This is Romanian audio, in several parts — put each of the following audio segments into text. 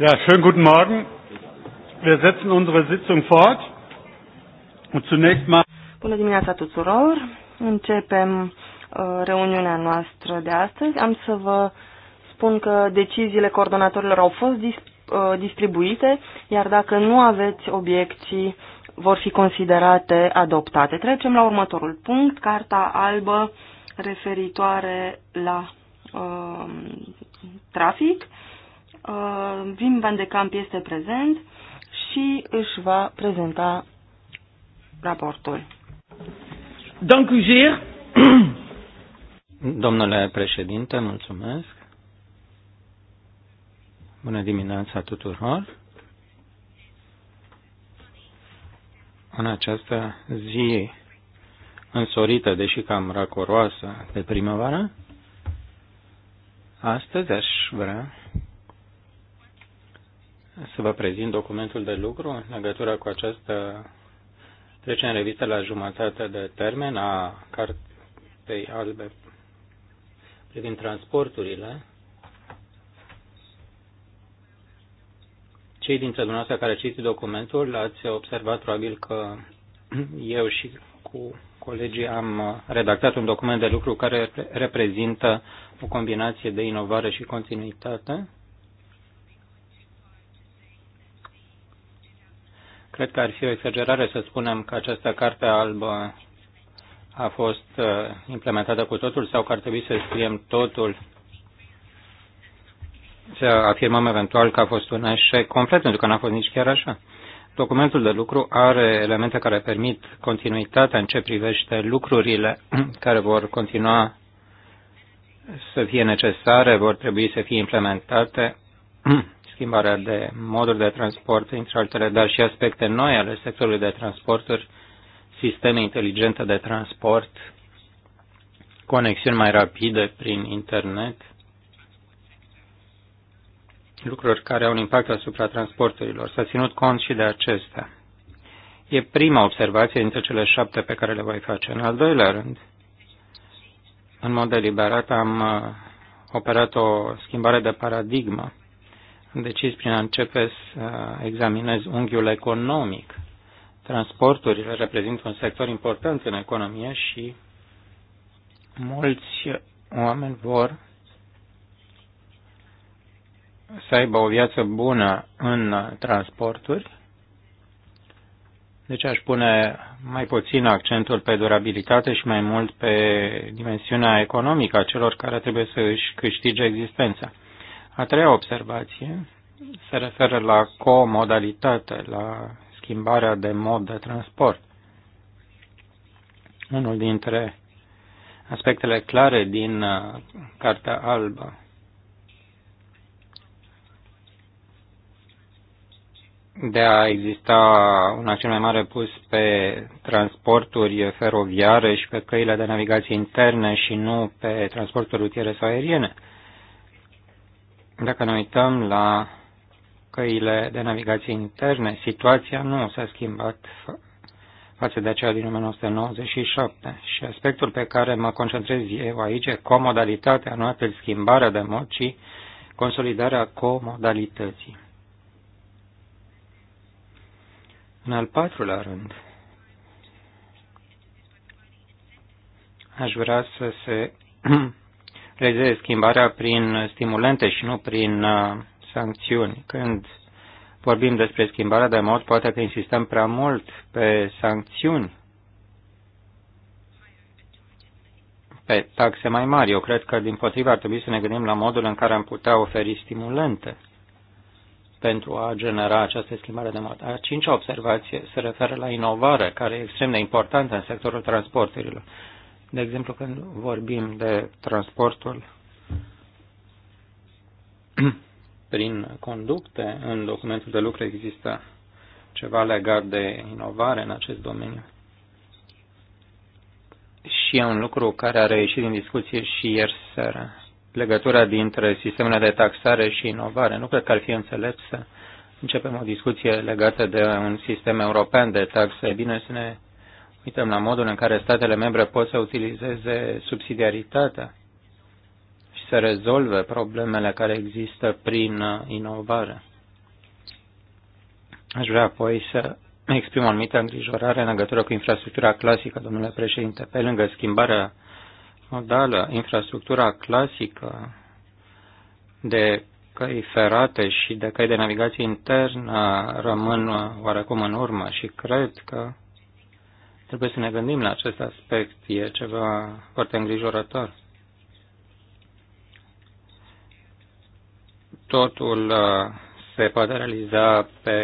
Ja, schönen guten Morgen. Wir setzen unsere Sitzung fort. Und zunächst mal. Bună dimineața tuturor. Începem uh, reuniunea noastră de astăzi. Am să vă spun că deciziile coordonatorilor au fost uh, distribuite, iar dacă nu aveți obiecții, vor fi considerate adoptate. Trecem la următorul punct, carta albă referitoare la uh, trafic uh, Wim van de Camp este prezent și își va prezenta raportul. Dank u zeer. Domnule președinte, mulțumesc. Bună dimineața tuturor. În această zi însorită, deși cam racoroasă, de primăvară, astăzi aș vrea să vă prezint documentul de lucru în legătură cu această trece în revistă la jumătate de termen a cartei albe privind transporturile. Cei dintre dumneavoastră care citiți documentul ați observat probabil că eu și cu colegii am redactat un document de lucru care reprezintă o combinație de inovare și continuitate Cred că ar fi o exagerare să spunem că această carte albă a fost uh, implementată cu totul sau că ar trebui să scriem totul, să afirmăm eventual că a fost un eșec complet, pentru că n-a fost nici chiar așa. Documentul de lucru are elemente care permit continuitatea în ce privește lucrurile care vor continua să fie necesare, vor trebui să fie implementate schimbarea de moduri de transport, între altele, dar și aspecte noi ale sectorului de transporturi, sisteme inteligente de transport, conexiuni mai rapide prin internet, lucruri care au un impact asupra transporturilor. S-a ținut cont și de acestea. E prima observație dintre cele șapte pe care le voi face. În al doilea rând, în mod deliberat, am uh, operat o schimbare de paradigmă decis prin a începe să examinez unghiul economic. Transporturile reprezintă un sector important în economie și mulți oameni vor să aibă o viață bună în transporturi. Deci aș pune mai puțin accentul pe durabilitate și mai mult pe dimensiunea economică a celor care trebuie să își câștige existența. A treia observație se referă la comodalitate, la schimbarea de mod de transport. Unul dintre aspectele clare din uh, Cartea Albă. de a exista un acel mai mare pus pe transporturi feroviare și pe căile de navigație interne și nu pe transporturi rutiere sau aeriene. Dacă ne uităm la căile de navigație interne, situația nu s-a schimbat față de aceea din 1997 și aspectul pe care mă concentrez eu aici e comodalitatea, nu atât schimbarea de mod, ci consolidarea comodalității. În al patrulea rând, aș vrea să se realizeze schimbarea prin stimulente și nu prin uh, sancțiuni. Când vorbim despre schimbarea de mod, poate că insistăm prea mult pe sancțiuni, pe taxe mai mari. Eu cred că, din potrivă, ar trebui să ne gândim la modul în care am putea oferi stimulente pentru a genera această schimbare de mod. A cincea observație se referă la inovare, care e extrem de importantă în sectorul transporturilor. De exemplu, când vorbim de transportul prin conducte, în documentul de lucru există ceva legat de inovare în acest domeniu. Și e un lucru care a reieșit din discuție și ieri seara. Legătura dintre sistemele de taxare și inovare. Nu cred că ar fi înțeles să începem o discuție legată de un sistem european de taxe. E bine să ne uităm la modul în care statele membre pot să utilizeze subsidiaritatea și să rezolve problemele care există prin uh, inovare. Aș vrea apoi să exprim o anumită îngrijorare în legătură cu infrastructura clasică, domnule președinte. Pe lângă schimbarea modală, infrastructura clasică de căi ferate și de căi de navigație internă rămân uh, oarecum în urmă și cred că Trebuie să ne gândim la acest aspect. E ceva foarte îngrijorător. Totul uh, se poate realiza pe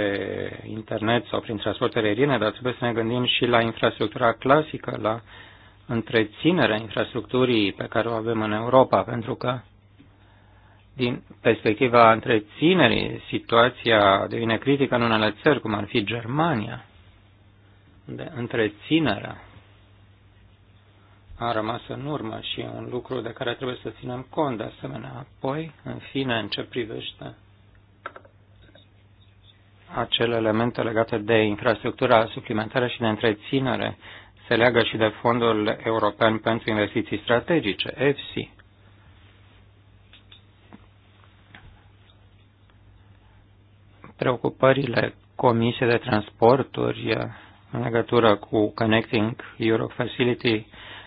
internet sau prin transport aeriene, dar trebuie să ne gândim și la infrastructura clasică, la întreținerea infrastructurii pe care o avem în Europa, pentru că din perspectiva întreținerii, situația devine critică în unele țări, cum ar fi Germania de întreținere a rămas în urmă și e un lucru de care trebuie să ținem cont de asemenea. Apoi, în fine, în ce privește acele elemente legate de infrastructura suplimentară și de întreținere se leagă și de Fondul European pentru Investiții Strategice, EFSI. Preocupările Comisiei de Transporturi în legătură cu Connecting Europe Facility,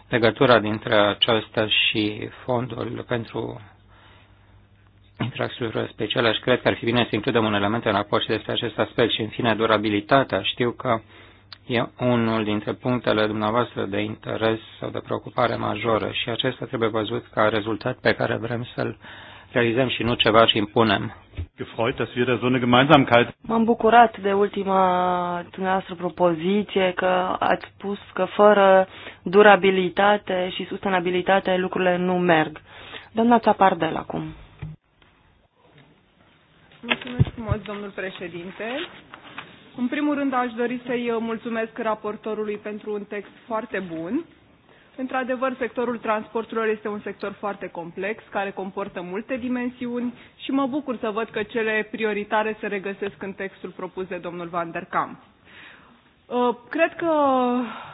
legătura dintre aceasta și fondul pentru infrastructură specială și cred că ar fi bine să includem un element în raport și despre acest aspect și, în fine, durabilitatea. Știu că e unul dintre punctele dumneavoastră de interes sau de preocupare majoră și acesta trebuie văzut ca rezultat pe care vrem să-l uh, realizăm și nu ceva și impunem. Da M-am bucurat de ultima dumneavoastră propoziție că ați spus că fără durabilitate și sustenabilitate lucrurile nu merg. Doamna Țapardel acum. Mulțumesc frumos, domnul președinte. În primul rând, aș dori să-i mulțumesc raportorului pentru un text foarte bun Într-adevăr, sectorul transporturilor este un sector foarte complex, care comportă multe dimensiuni și mă bucur să văd că cele prioritare se regăsesc în textul propus de domnul Van der Kamp. Uh, cred că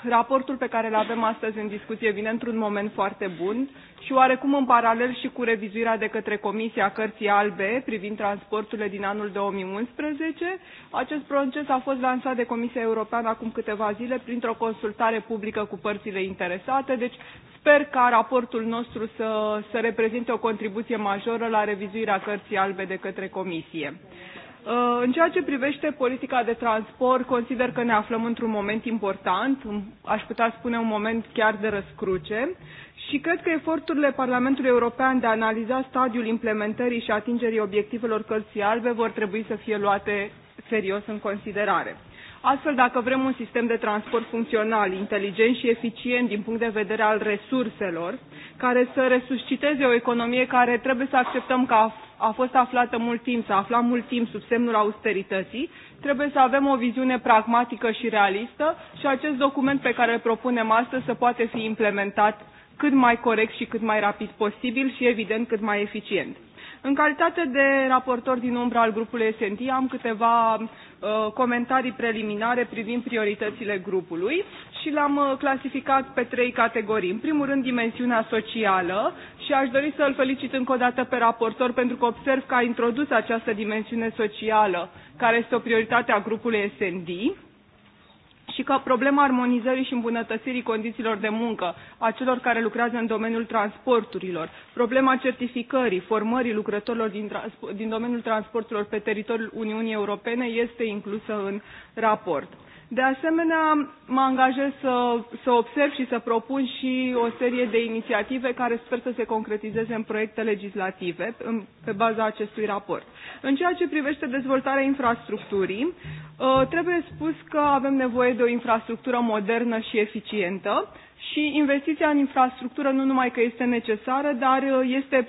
raportul pe care îl avem astăzi în discuție vine într-un moment foarte bun și oarecum în paralel și cu revizuirea de către Comisia Cărții Albe privind transporturile din anul 2011. Acest proces a fost lansat de Comisia Europeană acum câteva zile printr-o consultare publică cu părțile interesate, deci sper ca raportul nostru să, să reprezinte o contribuție majoră la revizuirea Cărții Albe de către Comisie. Uh, în ceea ce privește politica de transport, consider că ne aflăm într-un moment important, aș putea spune un moment chiar de răscruce și cred că eforturile Parlamentului European de a analiza stadiul implementării și atingerii obiectivelor cărții albe vor trebui să fie luate serios în considerare. Astfel, dacă vrem un sistem de transport funcțional, inteligent și eficient din punct de vedere al resurselor, care să resusciteze o economie care trebuie să acceptăm că a a fost aflată mult timp, s-a aflat mult timp sub semnul austerității, trebuie să avem o viziune pragmatică și realistă și acest document pe care îl propunem astăzi să poate fi implementat cât mai corect și cât mai rapid posibil și, evident, cât mai eficient. În calitate de raportor din umbra al grupului SND, am câteva Uh, comentarii preliminare privind prioritățile grupului și l-am uh, clasificat pe trei categorii. În primul rând, dimensiunea socială și aș dori să îl felicit încă o dată pe raportor pentru că observ că a introdus această dimensiune socială, care este o prioritate a grupului SND și ca problema armonizării și îmbunătățirii condițiilor de muncă a celor care lucrează în domeniul transporturilor, problema certificării, formării lucrătorilor din, din domeniul transporturilor pe teritoriul Uniunii Europene este inclusă în raport. De asemenea, mă angajez să, să observ și să propun și o serie de inițiative care sper să se concretizeze în proiecte legislative în, pe baza acestui raport. În ceea ce privește dezvoltarea infrastructurii, ă, trebuie spus că avem nevoie de o infrastructură modernă și eficientă și investiția în infrastructură nu numai că este necesară, dar ă, este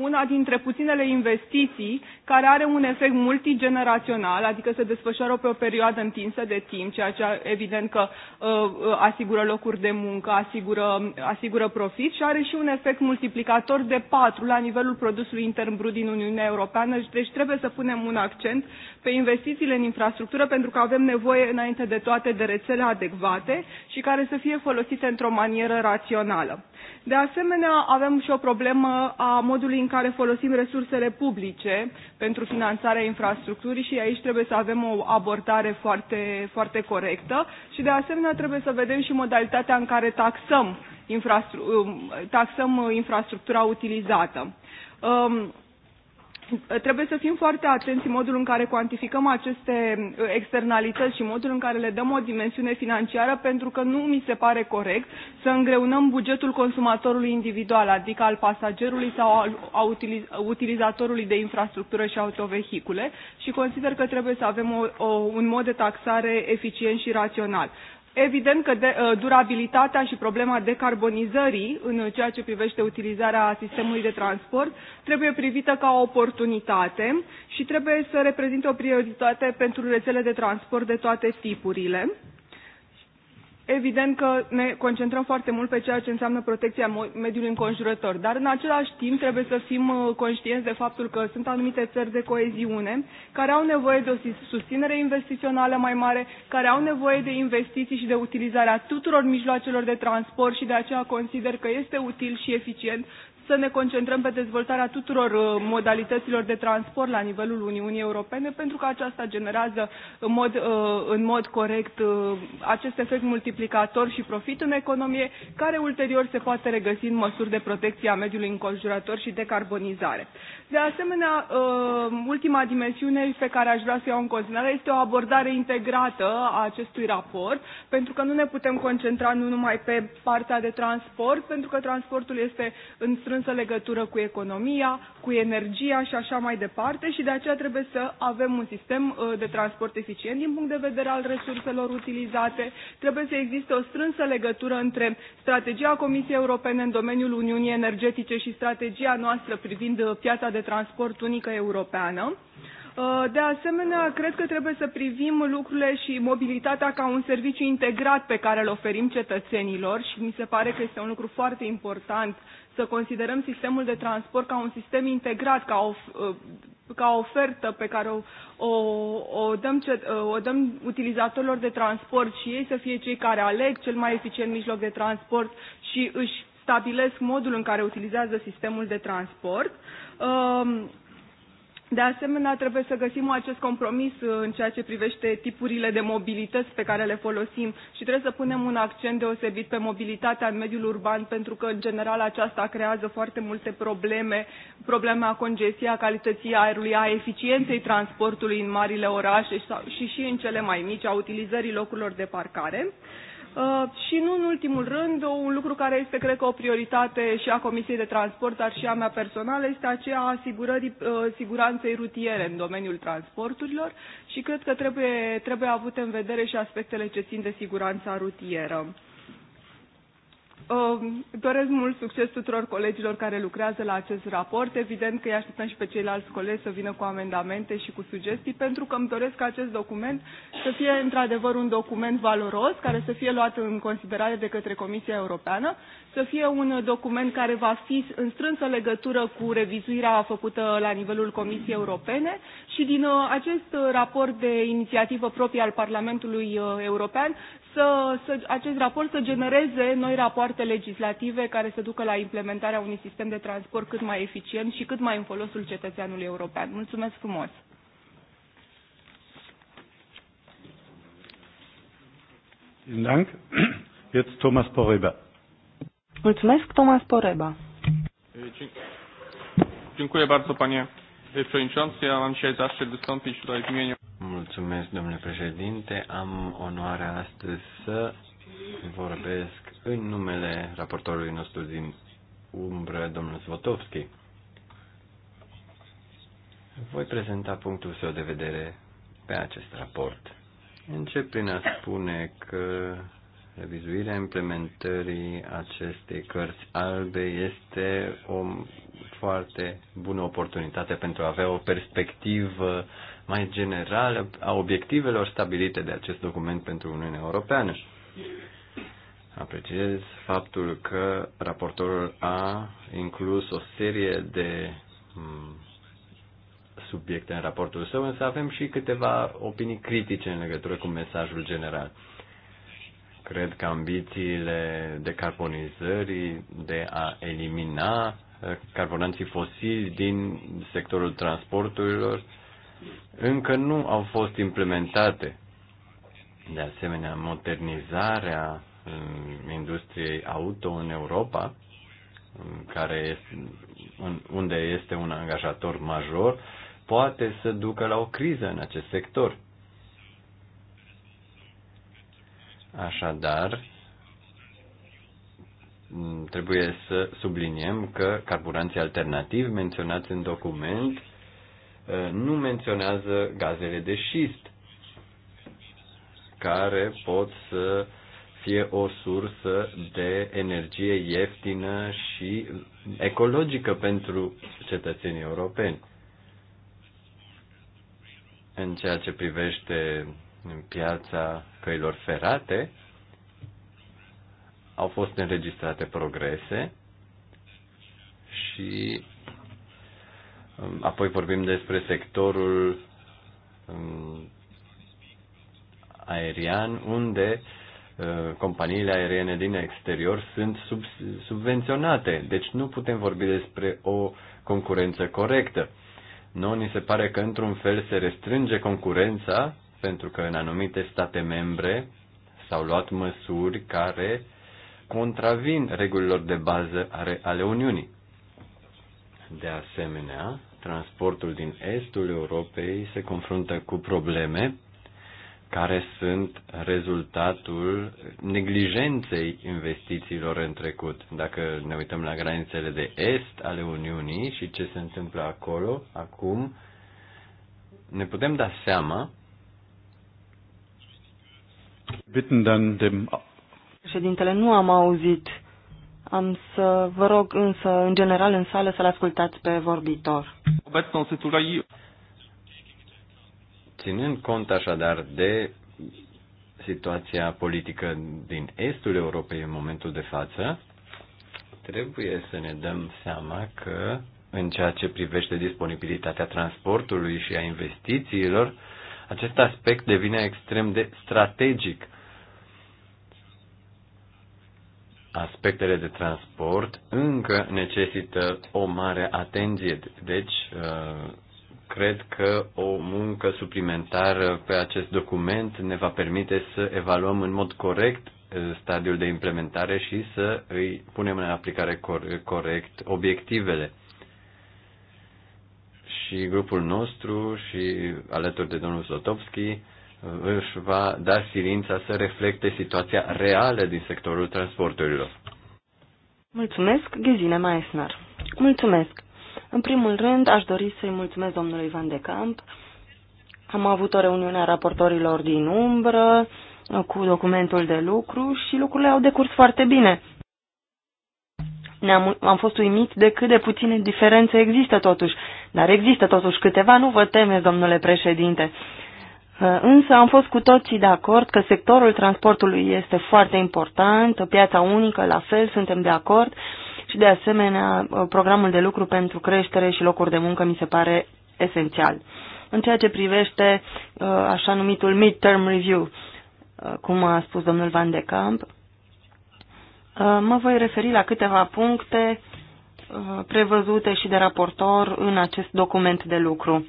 una dintre puținele investiții care are un efect multigenerațional, adică se desfășoară pe o perioadă întinsă de timp, ceea ce evident că uh, uh, asigură locuri de muncă, asigură, asigură profit și are și un efect multiplicator de patru la nivelul produsului intern brut din Uniunea Europeană. Deci trebuie să punem un accent pe investițiile în infrastructură pentru că avem nevoie înainte de toate de rețele adecvate și care să fie folosite într-o manieră rațională. De asemenea, avem și o problemă a modului modului în care folosim resursele publice pentru finanțarea infrastructurii și aici trebuie să avem o abordare foarte, foarte corectă și de asemenea trebuie să vedem și modalitatea în care taxăm, infrastru- um, taxăm infrastructura utilizată. Um, Ă, trebuie să fim foarte atenți în modul în care cuantificăm aceste ă, externalități și modul în care le dăm o dimensiune financiară, pentru că nu mi se pare corect să îngreunăm bugetul consumatorului individual, adică al pasagerului sau al utilizatorului de infrastructură și autovehicule și consider că trebuie să avem o, o, un mod de taxare eficient și rațional. Evident că de, uh, durabilitatea și problema decarbonizării în ceea ce privește utilizarea sistemului de transport trebuie privită ca o oportunitate și trebuie să reprezinte o prioritate pentru rețele de transport de toate tipurile. Evident că ne concentrăm foarte mult pe ceea ce înseamnă protecția mediului înconjurător, dar în același timp trebuie să fim uh, conștienți de faptul că sunt anumite țări de coeziune care au nevoie de o susținere investițională mai mare, care au nevoie de investiții și de utilizarea tuturor mijloacelor de transport și de aceea consider că este util și eficient să ne concentrăm pe dezvoltarea tuturor uh, modalităților de transport la nivelul Uniunii Europene, pentru că aceasta generează în mod, uh, în mod corect uh, acest efect multiplicator și profit în economie, care ulterior se poate regăsi în măsuri de protecție a mediului înconjurător și decarbonizare. De asemenea, ultima dimensiune pe care aș vrea să iau în considerare este o abordare integrată a acestui raport, pentru că nu ne putem concentra nu numai pe partea de transport, pentru că transportul este în strânsă legătură cu economia, cu energia și așa mai departe și de aceea trebuie să avem un sistem uh, de transport eficient din punct de vedere al resurselor utilizate. Trebuie să existe o strânsă legătură între strategia Comisiei Europene în domeniul Uniunii Energetice și strategia noastră privind uh, piața de transport unică europeană. Uh, de asemenea, cred că trebuie să privim lucrurile și mobilitatea ca un serviciu integrat pe care îl oferim cetățenilor și mi se pare că este un lucru foarte important să considerăm sistemul de transport ca un sistem integrat, ca o, uh, ca o ofertă pe care o, o, o, dăm uh, o dăm utilizatorilor de transport și ei să fie cei care aleg cel mai eficient mijloc de transport și își stabilesc modul în care utilizează sistemul de transport. Um, de asemenea, trebuie să găsim acest compromis uh, în ceea ce privește tipurile de mobilități pe care le folosim și trebuie să punem un accent deosebit pe mobilitatea în mediul urban, pentru că, în general, aceasta creează foarte multe probleme, problema congestiei, a calității aerului, a eficienței transportului în marile orașe și și în cele mai mici, a utilizării locurilor de parcare. Uh, Uh, și nu în ultimul rând, un lucru care este, cred că, o prioritate și a Comisiei de Transport, dar și a mea personală, este aceea a asigurării uh, siguranței rutiere în domeniul transporturilor și cred că trebuie, trebuie avut în vedere și aspectele ce țin de siguranța rutieră. Um, doresc mult succes tuturor colegilor care lucrează la acest raport. Evident că îi așteptăm și pe ceilalți colegi să vină cu amendamente și cu sugestii, pentru că îmi doresc ca acest document să fie într-adevăr un document valoros, care să fie luat în considerare de către Comisia Europeană, să fie un document care va fi în strânsă legătură cu revizuirea făcută la nivelul Comisiei Europene și din uh, acest raport de inițiativă proprie al Parlamentului uh, European să, să, acest raport să genereze noi rapoarte legislative care să ducă la implementarea unui sistem de transport cât mai eficient și cât mai în folosul cetățeanului european. Mulțumesc frumos! Dank. Jetzt Thomas Poreba. Mulțumesc, Thomas Poreba. Dziękuję bardzo, panie przewodniczący. Ja mam dzisiaj zaszczyt wystąpić tutaj w imieniu. Mulțumesc, domnule președinte. Am onoarea astăzi să vorbesc în numele raportorului nostru din umbră, domnul Zvotovski. Voi prezenta punctul său de vedere pe acest raport. Încep prin a spune că revizuirea implementării acestei cărți albe este o foarte bună oportunitate pentru a avea o perspectivă uh, mai generală a obiectivelor stabilite de acest document pentru Uniunea Europeană. Apreciez faptul că raportorul a inclus o serie de mm, subiecte în raportul său, însă avem și câteva opinii critice în legătură cu mesajul general. Cred că ambițiile decarbonizării de a elimina eh, carbonanții fosili din sectorul transporturilor încă nu au fost implementate. De asemenea, modernizarea mm, industriei auto în Europa, mm, care este, unde este un angajator major, poate să ducă la o criză în acest sector. Așadar, mm, trebuie să subliniem că carburanții alternativi menționați în document Uh, nu menționează gazele de șist, care pot să fie o sursă de energie ieftină și ecologică pentru cetățenii europeni. În ceea ce privește piața căilor ferate, au fost înregistrate progrese și Apoi vorbim despre sectorul um, aerian, unde uh, companiile aeriene din exterior sunt sub, subvenționate. Deci nu putem vorbi despre o concurență corectă. Noi ni se pare că într-un fel se restrânge concurența, pentru că în anumite state membre s-au luat măsuri care contravin regulilor de bază ale Uniunii. De asemenea, transportul din estul Europei se confruntă cu probleme care sunt rezultatul neglijenței investițiilor în trecut. Dacă ne uităm la granițele de est ale Uniunii și ce se întâmplă acolo, acum, ne putem da seama. Președintele, nu am auzit am să vă rog însă, în general, în sală să-l ascultați pe vorbitor. Ținând cont așadar de situația politică din estul Europei în momentul de față, trebuie să ne dăm seama că în ceea ce privește disponibilitatea transportului și a investițiilor, acest aspect devine extrem de strategic aspectele de transport încă necesită o mare atenție. Deci, uh, cred că o muncă suplimentară pe acest document ne va permite să evaluăm în mod corect uh, stadiul de implementare și să îi punem în aplicare corect obiectivele. Și grupul nostru și alături de domnul Sotovski își va da silința să reflecte situația reală din sectorul transporturilor. Mulțumesc, Ghezine Maesnar. Mulțumesc. În primul rând, aș dori să-i mulțumesc domnului Van de Camp. Am avut o reuniune a raportorilor din umbră uh, cu documentul de lucru și lucrurile au decurs foarte bine. Ne-am, am fost uimit de cât de puține diferențe există totuși, dar există totuși câteva, nu vă temeți, domnule președinte. Uh, însă am fost cu toții de acord că sectorul transportului este foarte important, piața unică, la fel, suntem de acord și de asemenea uh, programul de lucru pentru creștere și locuri de muncă mi se pare esențial. În ceea ce privește uh, așa numitul mid-term review, cum a spus domnul Van de Camp, mă voi referi la câteva puncte prevăzute și de raportor în acest document de lucru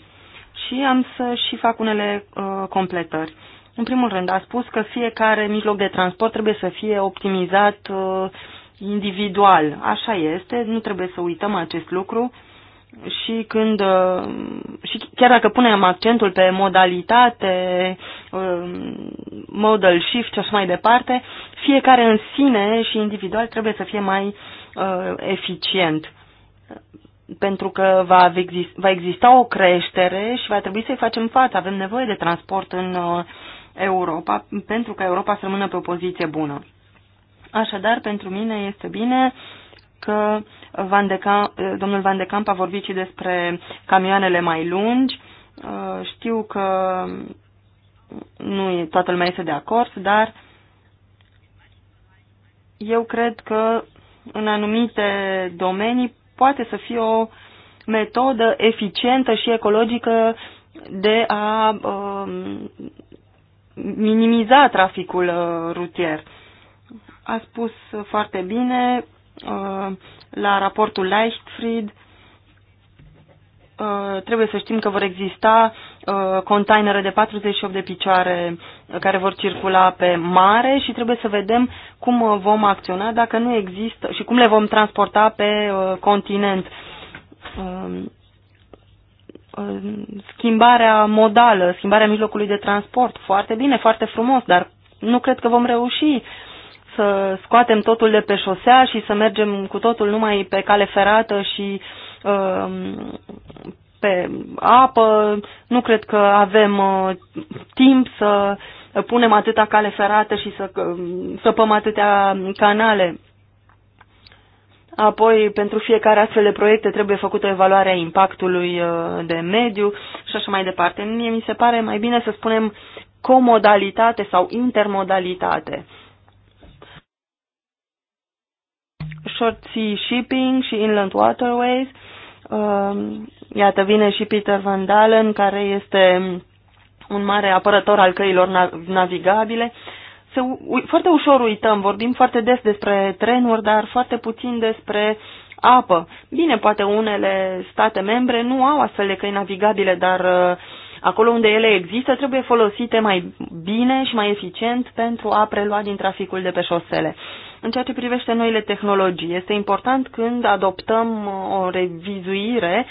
și am să și fac unele uh, completări. În primul rând, a spus că fiecare mijloc de transport trebuie să fie optimizat uh, individual. Așa este, nu trebuie să uităm acest lucru și când uh, și chiar dacă punem accentul pe modalitate, uh, model shift și așa mai departe, fiecare în sine și individual trebuie să fie mai uh, eficient pentru că va, exist, va exista o creștere și va trebui să-i facem față. Avem nevoie de transport în uh, Europa pentru ca Europa să rămână pe o poziție bună. Așadar, pentru mine este bine că Van de Camp, domnul Van de Camp a vorbit și despre camioanele mai lungi. Uh, știu că nu toată lumea este de acord, dar eu cred că în anumite domenii poate să fie o metodă eficientă și ecologică de a um, minimiza traficul uh, rutier. A spus foarte bine uh, la raportul Leichtfried Uh, trebuie să știm că vor exista uh, containere de 48 de picioare uh, care vor circula pe mare și trebuie să vedem cum vom acționa dacă nu există și cum le vom transporta pe continent. Um, schimbarea modală, schimbarea mijlocului de transport, foarte bine, foarte frumos, dar nu cred că vom reuși să scoatem totul de pe șosea și să mergem cu totul numai pe cale ferată și uh, Um, pe apă, nu cred că avem uh, timp să punem atâta cale ferată și să um, săpăm atâtea canale. Apoi, pentru fiecare astfel de proiecte trebuie făcută evaluarea impactului uh, de mediu și așa mai departe. Mie mi se pare mai bine să spunem comodalitate sau intermodalitate. Short sea shipping și inland waterways – Um, iată, vine și Peter Van Dalen, care este un mare apărător al căilor navigabile. Se, foarte ușor uităm, vorbim foarte des despre trenuri, dar foarte puțin despre apă. Bine, poate unele state membre nu au astfel de căi navigabile, dar uh, acolo unde ele există trebuie folosite mai bine și mai eficient pentru a prelua din traficul de pe șosele. În ceea ce privește noile tehnologii, este important când adoptăm uh, o revizuire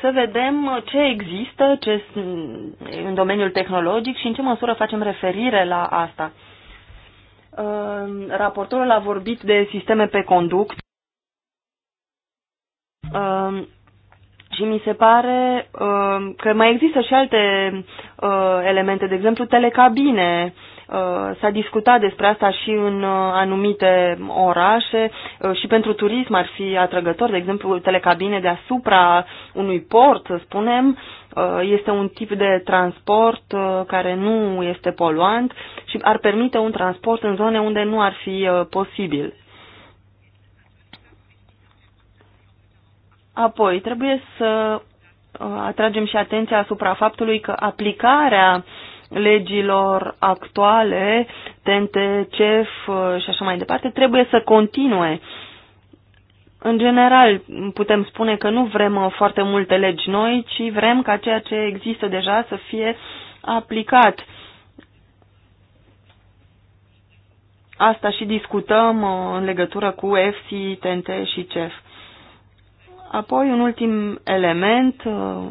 să vedem ce există ce, în domeniul tehnologic și în ce măsură facem referire la asta. Uh, raportorul a vorbit de sisteme pe conduct uh, și mi se pare că mai există și alte elemente, de exemplu telecabine, Uh, s-a discutat despre asta și în uh, anumite orașe uh, și pentru turism ar fi atrăgător, de exemplu, telecabine deasupra unui port, să spunem, este un tip de transport care nu este poluant și ar permite un transport în zone unde nu ar fi posibil. Apoi, trebuie să atragem și atenția asupra faptului că aplicarea legilor actuale, TNT, CEF uh, și așa mai departe, trebuie să continue. În general, putem spune că nu vrem uh, foarte multe legi noi, ci vrem ca ceea ce există deja să fie aplicat. Asta și discutăm uh, în legătură cu EFSI, TNT și CEF. Apoi, un ultim element,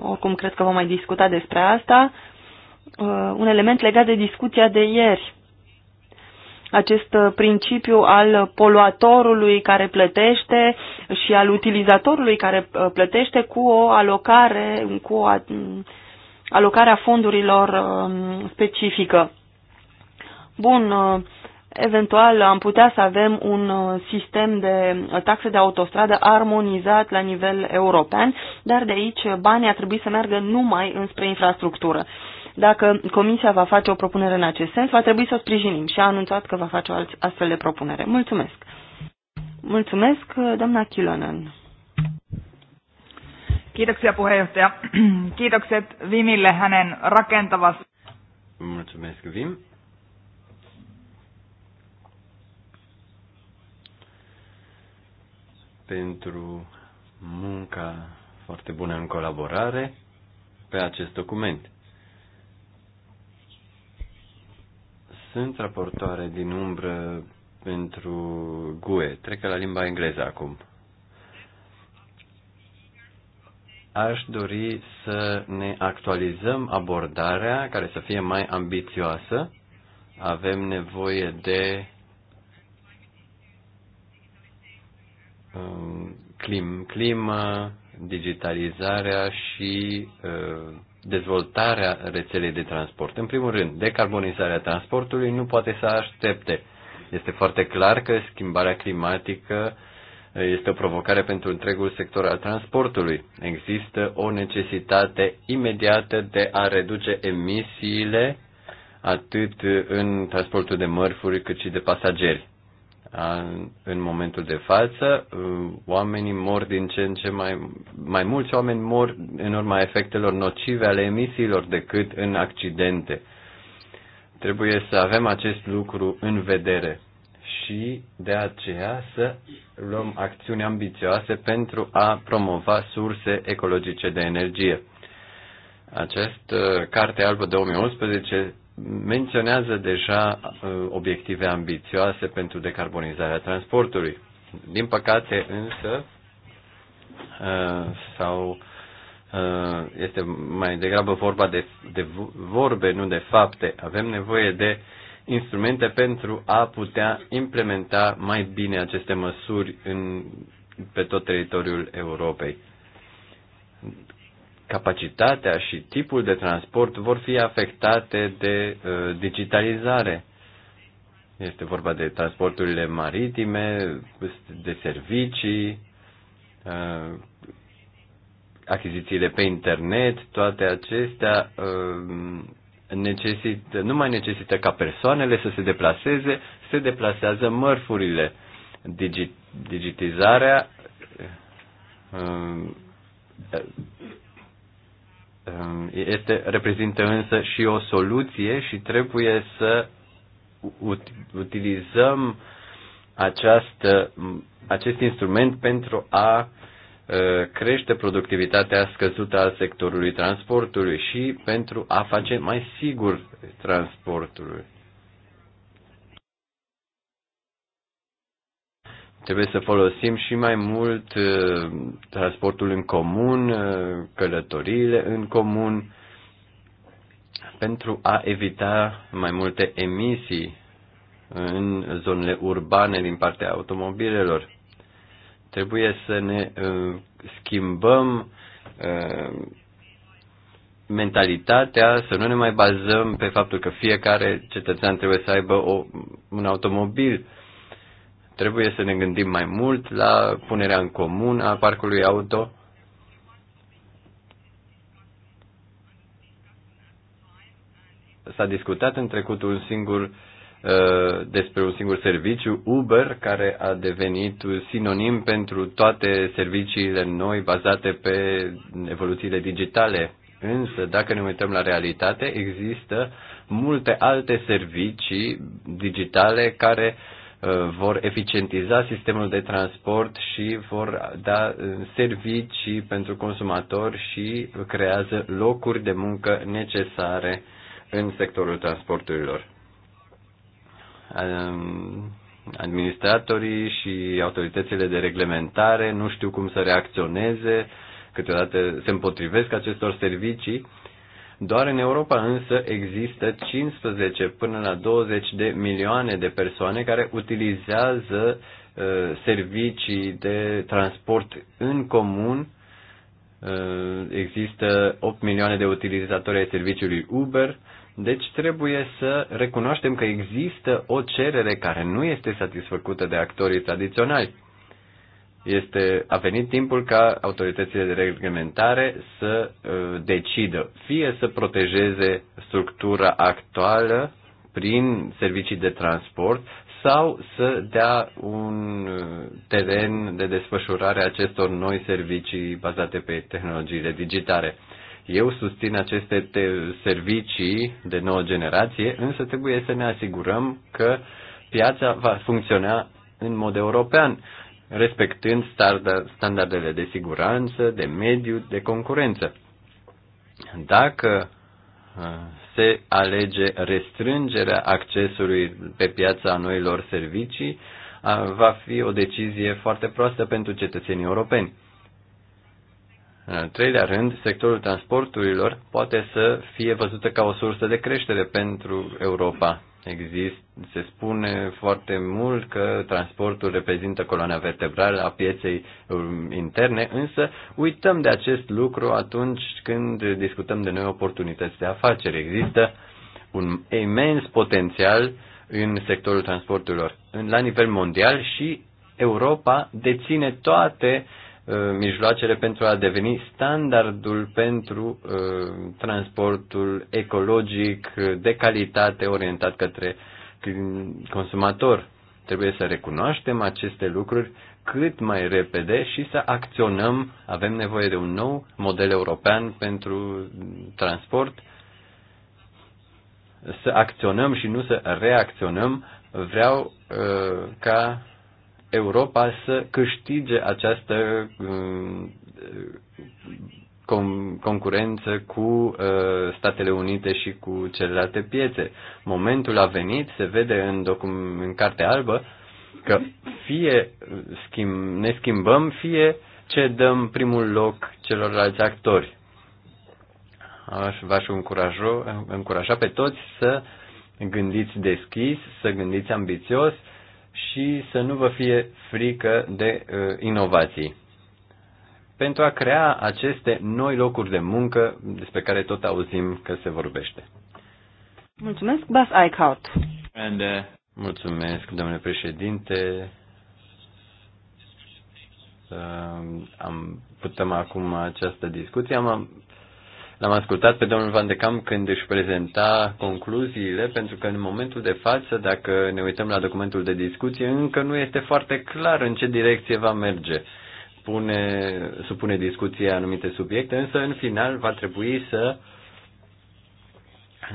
oricum cred că vom mai discuta despre asta, Uh, un element legat de discuția de ieri. Acest uh, principiu al poluatorului care plătește și al utilizatorului care uh, plătește cu o alocare, cu o alocarea fondurilor um, specifică. Bun, eventual am putea să avem un sistem de taxe de autostradă armonizat la nivel european, dar de aici banii ar trebui să meargă numai înspre infrastructură. Dacă Comisia va face o propunere în acest sens, va trebui să o sprijinim și a anunțat că va face o astfel de propunere. Mulțumesc! Mulțumesc, doamna Kilonen. Kiitoksia puheenjohtaja. Kiitokset Vimille hänen rakentavasta. Mulțumesc, Vim. pentru munca foarte bună în colaborare pe acest document. Sunt raportoare din umbră pentru GUE. Trec la limba engleză acum. Aș dori să ne actualizăm abordarea care să fie mai ambițioasă. Avem nevoie de um, clim, climă, digitalizarea și uh, dezvoltarea rețelei de transport. În primul rând, decarbonizarea transportului nu poate să aștepte. Este foarte clar că schimbarea climatică este o provocare pentru întregul sector al transportului. Există o necesitate imediată de a reduce emisiile atât în transportul de mărfuri cât și de pasageri în momentul de față, uh, oamenii mor din ce în ce mai, mai mulți oameni mor în urma efectelor nocive ale emisiilor decât în accidente. Trebuie să avem acest lucru în vedere și de aceea să luăm acțiuni ambițioase pentru a promova surse ecologice de energie. Această uh, carte albă 2011 menționează deja uh, obiective ambițioase pentru decarbonizarea transportului. Din păcate însă uh, sau uh, este mai degrabă vorba de, de vorbe, nu de fapte. Avem nevoie de instrumente pentru a putea implementa mai bine aceste măsuri în, pe tot teritoriul Europei capacitatea și tipul de transport vor fi afectate de uh, digitalizare. Este vorba de transporturile maritime, de servicii, uh, achizițiile pe internet, toate acestea uh, necesită, nu mai necesită ca persoanele să se deplaseze, se deplasează mărfurile. Digi, digitizarea uh, Ehm, este, reprezintă însă și o soluție și trebuie să utilizăm această, acest instrument pentru a crește productivitatea scăzută a sectorului transportului și pentru a face mai sigur transportul. Trebuie să folosim și mai mult uh, transportul în comun, uh, călătoriile în comun, pentru a evita mai multe emisii în zonele urbane din partea automobilelor. Trebuie să ne uh, schimbăm mentalitatea, să nu ne mai bazăm pe faptul că fiecare cetățean trebuie să aibă o, un automobil. Trebuie să ne gândim mai mult la punerea în comun a parcului auto. S-a discutat în trecut un singur uh, despre un singur serviciu, Uber, care a devenit sinonim pentru toate serviciile noi bazate pe evoluțiile digitale. Însă, dacă ne uităm la realitate, există multe alte servicii digitale care Uh, vor eficientiza sistemul de transport și vor da uh, servicii pentru consumatori și creează locuri de muncă necesare în sectorul transporturilor. Um, administratorii și autoritățile de reglementare nu știu cum să reacționeze, câteodată se împotrivesc acestor servicii doar în Europa însă există 15 până la 20 de milioane de persoane care utilizează uh, servicii de transport în comun. Uh, există 8 milioane de utilizatori ai serviciului Uber. Deci trebuie să recunoaștem că există o cerere care nu este satisfăcută de actorii tradiționali este, a venit timpul ca autoritățile de reglementare să uh, decidă fie să protejeze structura actuală prin servicii de transport sau să dea un uh, teren de desfășurare a acestor noi servicii bazate pe tehnologiile digitale. Eu susțin aceste servicii de nouă generație, însă trebuie să ne asigurăm că piața va funcționa în mod european respectând standardele de siguranță, de mediu, de concurență. Dacă uh, se alege restrângerea accesului pe piața a noilor servicii, uh, va fi o decizie foarte proastă pentru cetățenii europeni. În al treilea rând, sectorul transporturilor poate să fie văzută ca o sursă de creștere pentru Europa. Exist, se spune foarte mult că transportul reprezintă coloana vertebrală a pieței um, interne, însă uităm de acest lucru atunci când discutăm de noi oportunități de afaceri. Există un imens potențial în sectorul transporturilor la nivel mondial și Europa deține toate uh, Uh, mijloacele pentru a deveni standardul pentru uh, transportul ecologic de calitate orientat către consumator. Trebuie să recunoaștem aceste lucruri cât mai repede și să acționăm. Avem nevoie de un nou model european pentru transport, să acționăm și nu să reacționăm. Vreau uh, ca Europa să câștige această uh, concurență cu uh, Statele Unite și cu celelalte piețe. Momentul a venit, se vede în, în carte Albă, că fie schimb, ne schimbăm, fie ce dăm primul loc celorlalți actori. Aș, v-aș încuraja pe toți să gândiți deschis, să gândiți ambițios și să nu vă fie frică de uh, inovații. Pentru a crea aceste noi locuri de muncă despre care tot auzim că se vorbește. Mulțumesc, Bas Eichhout. And, uh... Mulțumesc, domnule președinte. Uh, am, putem acum această discuție. Am L-am ascultat pe domnul Van de Cam când își prezenta concluziile, pentru că în momentul de față, dacă ne uităm la documentul de discuție, încă nu este foarte clar în ce direcție va merge. Pune, supune discuție anumite subiecte, însă în final va trebui să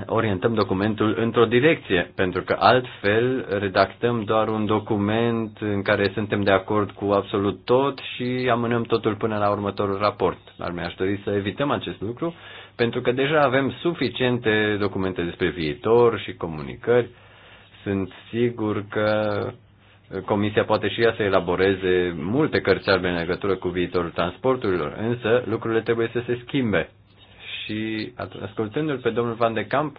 orientăm documentul într-o direcție, pentru că altfel redactăm doar un document în care suntem de acord cu absolut tot și amânăm totul până la următorul raport. Dar mi-aș dori să evităm acest lucru pentru că deja avem suficiente documente despre viitor și comunicări. Sunt sigur că Comisia poate și ea să elaboreze multe cărți albe în legătură cu viitorul transporturilor, însă lucrurile trebuie să se schimbe. Și ascultându-l pe domnul Van de Camp,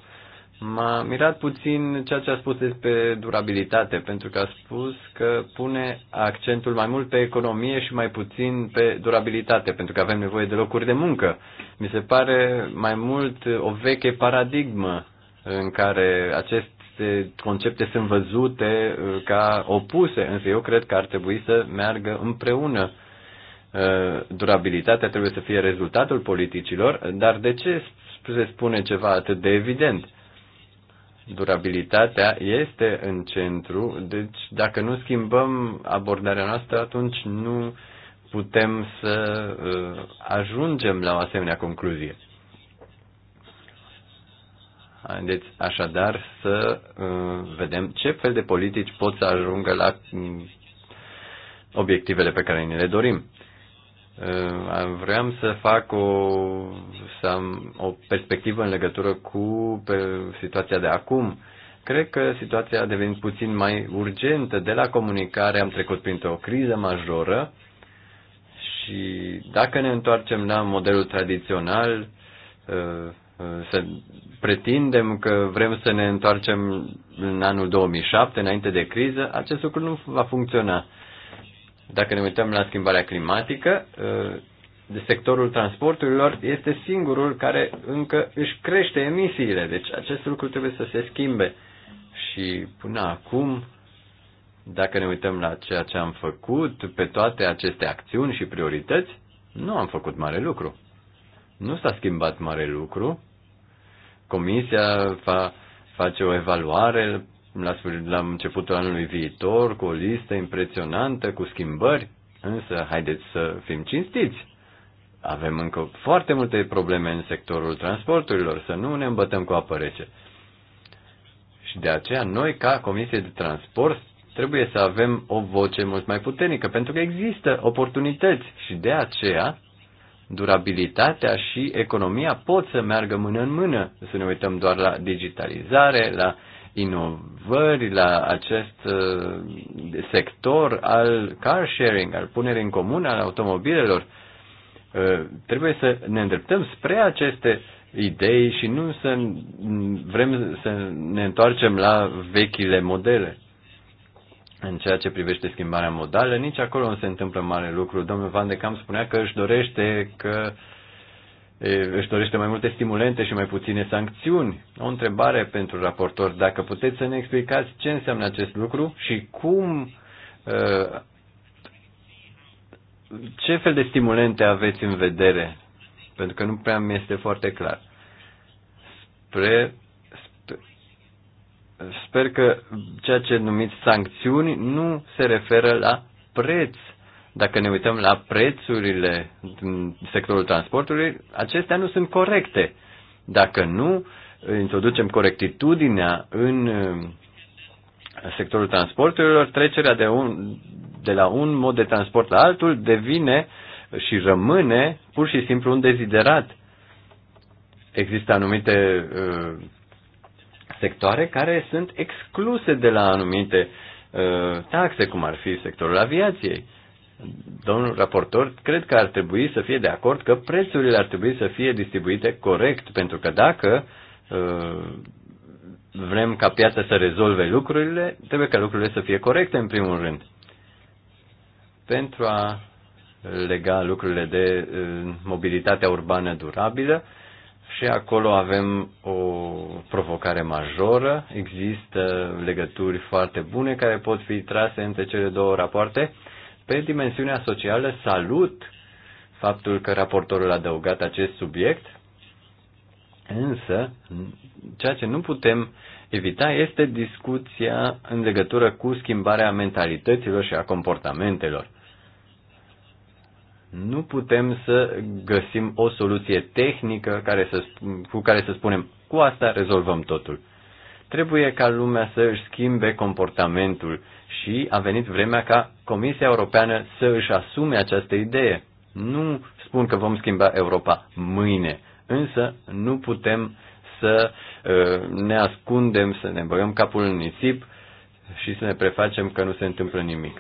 M-a mirat puțin ceea ce a spus despre durabilitate, pentru că a spus că pune accentul mai mult pe economie și mai puțin pe durabilitate, pentru că avem nevoie de locuri de muncă. Mi se pare mai mult o veche paradigmă în care aceste concepte sunt văzute uh, ca opuse, însă eu cred că ar trebui să meargă împreună. Uh, durabilitatea trebuie să fie rezultatul politicilor, dar de ce se spune ceva atât de evident? durabilitatea este în centru, deci dacă nu schimbăm abordarea noastră, atunci nu putem să uh, ajungem la o asemenea concluzie. Deci, așadar, să uh, vedem ce fel de politici pot să ajungă la mm, obiectivele pe care ni le dorim. Vreau să fac o, să am o perspectivă în legătură cu pe situația de acum. Cred că situația a devenit puțin mai urgentă. De la comunicare am trecut printr-o criză majoră și dacă ne întoarcem la modelul tradițional, ă, ă, să pretindem că vrem să ne întoarcem în anul 2007, înainte de criză, acest lucru nu va funcționa. Dacă ne uităm la schimbarea climatică, ă, de sectorul transporturilor este singurul care încă își crește emisiile. Deci acest lucru trebuie să se schimbe. Și până acum, dacă ne uităm la ceea ce am făcut, pe toate aceste acțiuni și priorități, nu am făcut mare lucru. Nu s-a schimbat mare lucru. Comisia fa, face o evaluare la, la începutul anului viitor, cu o listă impresionantă, cu schimbări, însă haideți să fim cinstiți. Avem încă foarte multe probleme în sectorul transporturilor, să nu ne îmbătăm cu apă rece. Și de aceea noi, ca Comisie de Transport, trebuie să avem o voce mult mai puternică, pentru că există oportunități și de aceea durabilitatea și economia pot să meargă mână în mână. Să ne uităm doar la digitalizare, la inovări la acest uh, sector al car sharing, al punerii în comun al automobilelor. Uh, trebuie să ne îndreptăm spre aceste idei și nu să vrem să ne întoarcem la vechile modele. În ceea ce privește schimbarea modală, nici acolo nu se întâmplă mare lucru. Domnul Van de Camp spunea că își dorește că uh, își dorește mai multe stimulente și mai puține sancțiuni. O întrebare pentru raportor, dacă puteți să ne explicați ce înseamnă acest lucru și cum, ce fel de stimulente aveți în vedere, pentru că nu prea mi este foarte clar. Spre, sper, sper că ceea ce numiți sancțiuni nu se referă la preț dacă ne uităm la prețurile în sectorul transportului, acestea nu sunt corecte. Dacă nu introducem corectitudinea în uh, sectorul transporturilor, trecerea de, un, de la un mod de transport la altul devine și rămâne pur și simplu un deziderat. Există anumite uh, sectoare care sunt excluse de la anumite uh, taxe, cum ar fi sectorul aviației. Uh, domnul raportor, cred că ar trebui să fie de acord că prețurile ar trebui să fie distribuite corect, pentru că dacă uh, vrem ca piața să rezolve lucrurile, trebuie ca lucrurile să fie corecte în primul rând. Pentru a lega lucrurile de uh, mobilitatea urbană durabilă, și acolo avem o provocare majoră. Există legături foarte bune care pot fi trase între cele două rapoarte pe dimensiunea socială salut faptul că raportorul a adăugat acest subiect, însă ceea ce nu putem evita este discuția în legătură cu schimbarea mentalităților și a comportamentelor. Nu putem să găsim o soluție tehnică care să, cu care să spunem cu asta rezolvăm totul. Trebuie ca lumea să își schimbe comportamentul, și a venit vremea ca Comisia Europeană să își asume această idee. Nu spun că vom schimba Europa mâine, însă nu putem să ă, ne ascundem, să ne băgăm capul în nisip și să ne prefacem că nu se întâmplă nimic.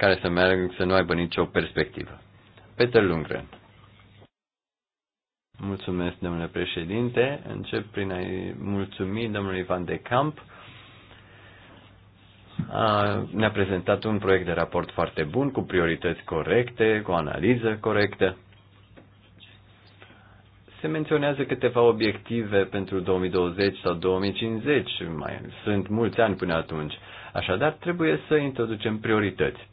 care să meargă să nu aibă nicio perspectivă. Peter Lundgren. Mulțumesc, domnule președinte. Încep prin a-i mulțumi domnului Van de Camp. Ne-a prezentat un proiect de raport foarte bun, cu priorități corecte, cu o analiză corectă. Se menționează câteva obiective pentru 2020 sau 2050, mai sunt mulți ani până atunci. Așadar, trebuie să introducem priorități.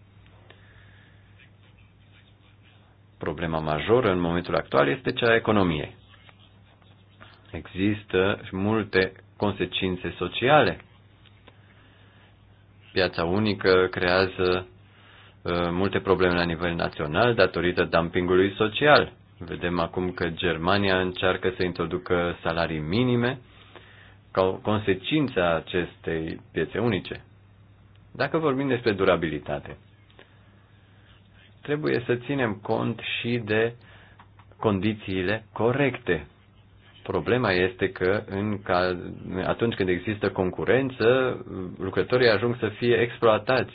Problema majoră în momentul actual este cea a economiei. Există multe consecințe sociale. Piața unică creează uh, multe probleme la nivel național datorită dumpingului social. Vedem acum că Germania încearcă să introducă salarii minime ca o consecință a acestei piețe unice. Dacă vorbim despre durabilitate, trebuie să ținem cont și de condițiile corecte. Problema este că în cal, atunci când există concurență, lucrătorii ajung să fie exploatați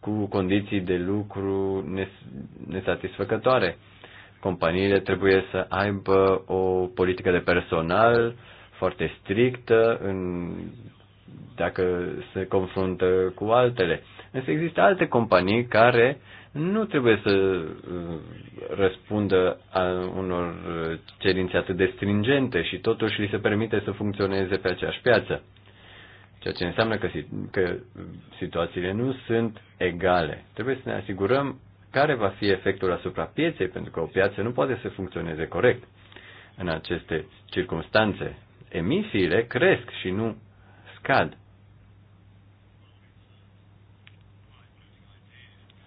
cu condiții de lucru nesatisfăcătoare. Companiile trebuie să aibă o politică de personal foarte strictă în, dacă se confruntă cu altele. Însă există alte companii care uh, nu trebuie să uh, răspundă a unor cerințe atât de stringente și totuși li se permite să funcționeze pe aceeași piață. Ceea ce înseamnă că, că situațiile nu sunt egale. Trebuie să ne asigurăm care va fi efectul asupra pieței, pentru că o piață nu poate să funcționeze corect în aceste circunstanțe. Emisiile cresc și nu scad.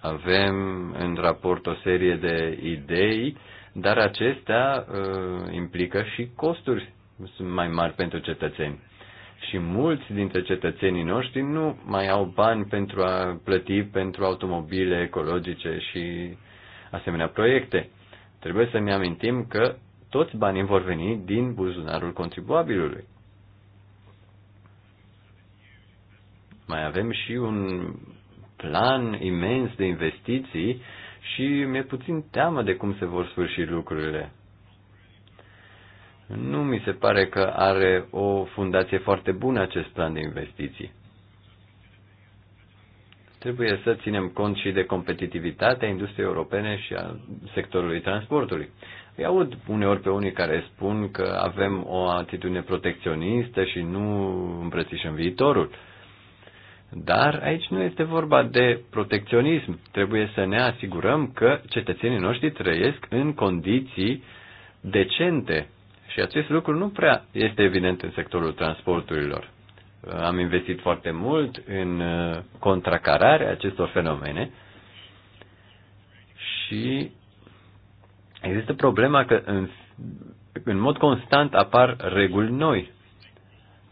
Avem în raport o serie de idei, dar acestea uh, implică și costuri mai mari pentru cetățeni. Și mulți dintre cetățenii noștri nu mai au bani pentru a plăti pentru automobile ecologice și asemenea proiecte. Trebuie să ne amintim că toți banii vor veni din buzunarul contribuabilului. Mai avem și un plan imens de investiții și mi-e puțin teamă de cum se vor sfârși lucrurile. Nu mi se pare că are o fundație foarte bună acest plan de investiții. Trebuie să ținem cont și de competitivitatea industriei europene și a sectorului transportului. Îi aud uneori pe unii care spun că avem o atitudine protecționistă și nu îmbrățișăm viitorul. Uh, dar aici nu este vorba de protecționism. Trebuie să ne asigurăm că cetățenii noștri trăiesc în condiții decente. Și acest lucru nu prea este evident în sectorul transporturilor. Am investit foarte mult în uh, contracararea acestor fenomene și există problema că în, în mod constant apar reguli noi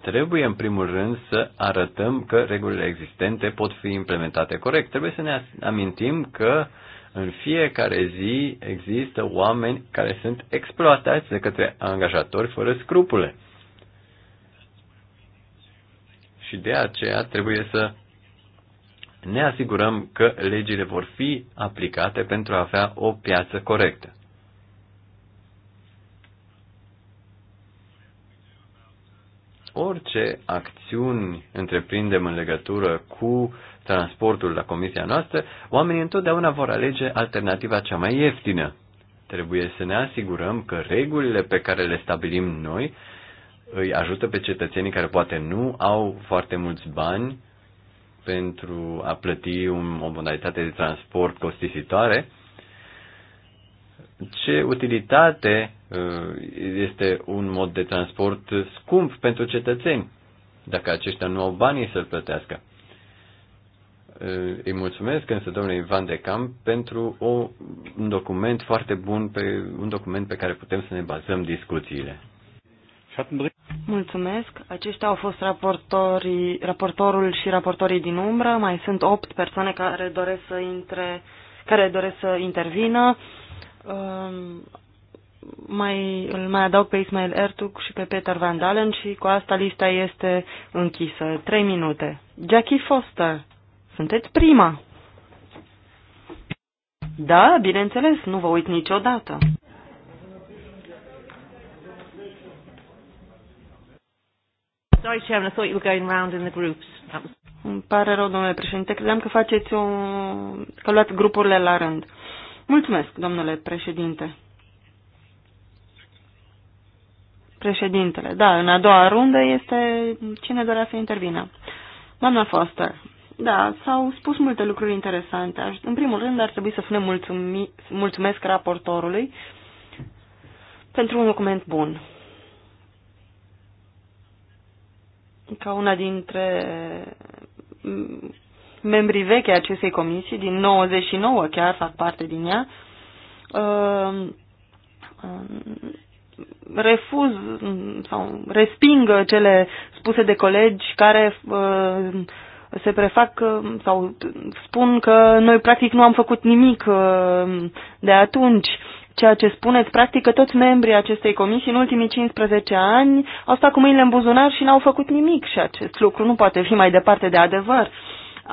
Trebuie, în primul rând, să arătăm că regulile existente pot fi implementate corect. Trebuie să ne amintim că în fiecare zi există oameni care sunt exploatați de către angajatori fără scrupule. Și de aceea trebuie să ne asigurăm că legile vor fi aplicate pentru a avea o piață corectă. orice acțiuni întreprindem în legătură cu transportul la comisia noastră, oamenii întotdeauna vor alege alternativa cea mai ieftină. Trebuie să ne asigurăm că regulile pe care le stabilim noi îi ajută pe cetățenii care poate nu au foarte mulți bani pentru a plăti un, o modalitate de transport costisitoare ce utilitate uh, este un mod de transport scump pentru cetățeni, dacă aceștia nu au banii să-l plătească. Uh, îi mulțumesc însă domnului Ivan de Camp pentru o, un document foarte bun, pe, un document pe care putem să ne bazăm discuțiile. Mulțumesc. Aceștia au fost raportorii, raportorul și raportorii din umbră. Mai sunt opt persoane care doresc să intre, care doresc să intervină um, mai, îl mai adaug pe Ismail Ertug și pe Peter Van Dalen și cu asta lista este închisă. Trei minute. Jackie Foster, sunteți prima. Da, bineînțeles, nu vă uit niciodată. Sorry, Chairman, I thought you were going round in the groups. Îmi pare rău, domnule președinte, credeam că faceți o... că luați grupurile la rând. Uh, Mulțumesc, domnule președinte. Președintele, da, în a doua rundă este cine dorea să intervină. Doamna Foster, da, s-au spus multe lucruri interesante. În primul rând ar trebui să spunem mulțumi, mulțumesc raportorului pentru un document bun. Ca una dintre membrii vechi ai acestei comisii, din 99 chiar fac parte din ea, uh, uh, refuz sau resping cele spuse de colegi care uh, se prefac sau spun că noi practic nu am făcut nimic de atunci. Ceea ce spuneți, practic că toți membrii acestei comisii în ultimii 15 ani au stat cu mâinile în buzunar și n-au făcut nimic și acest lucru nu poate fi mai departe de adevăr. Uh,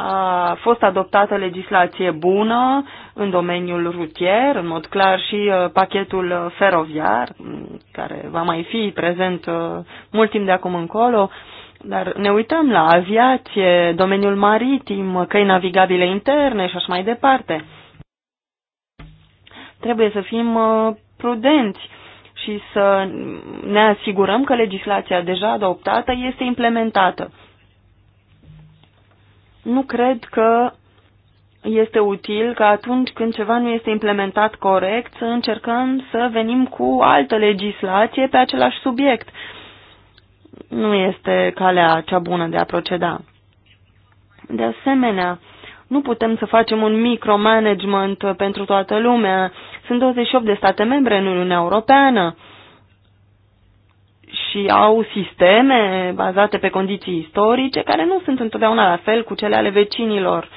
a fost adoptată legislație bună în domeniul rutier, în mod clar și uh, pachetul feroviar, care va mai fi prezent uh, mult timp de acum încolo, dar ne uităm la aviație, domeniul maritim, căi navigabile interne și așa mai departe. Trebuie să fim uh, prudenți și să ne asigurăm că legislația deja adoptată este implementată nu cred că este util că atunci când ceva nu este implementat corect să încercăm să venim cu altă legislație pe același subiect. Nu este calea cea bună de a proceda. De asemenea, nu putem să facem un micromanagement pentru toată lumea. Sunt 28 de state membre în Uniunea Europeană și au sisteme bazate pe condiții istorice care nu sunt întotdeauna la fel cu cele ale vecinilor.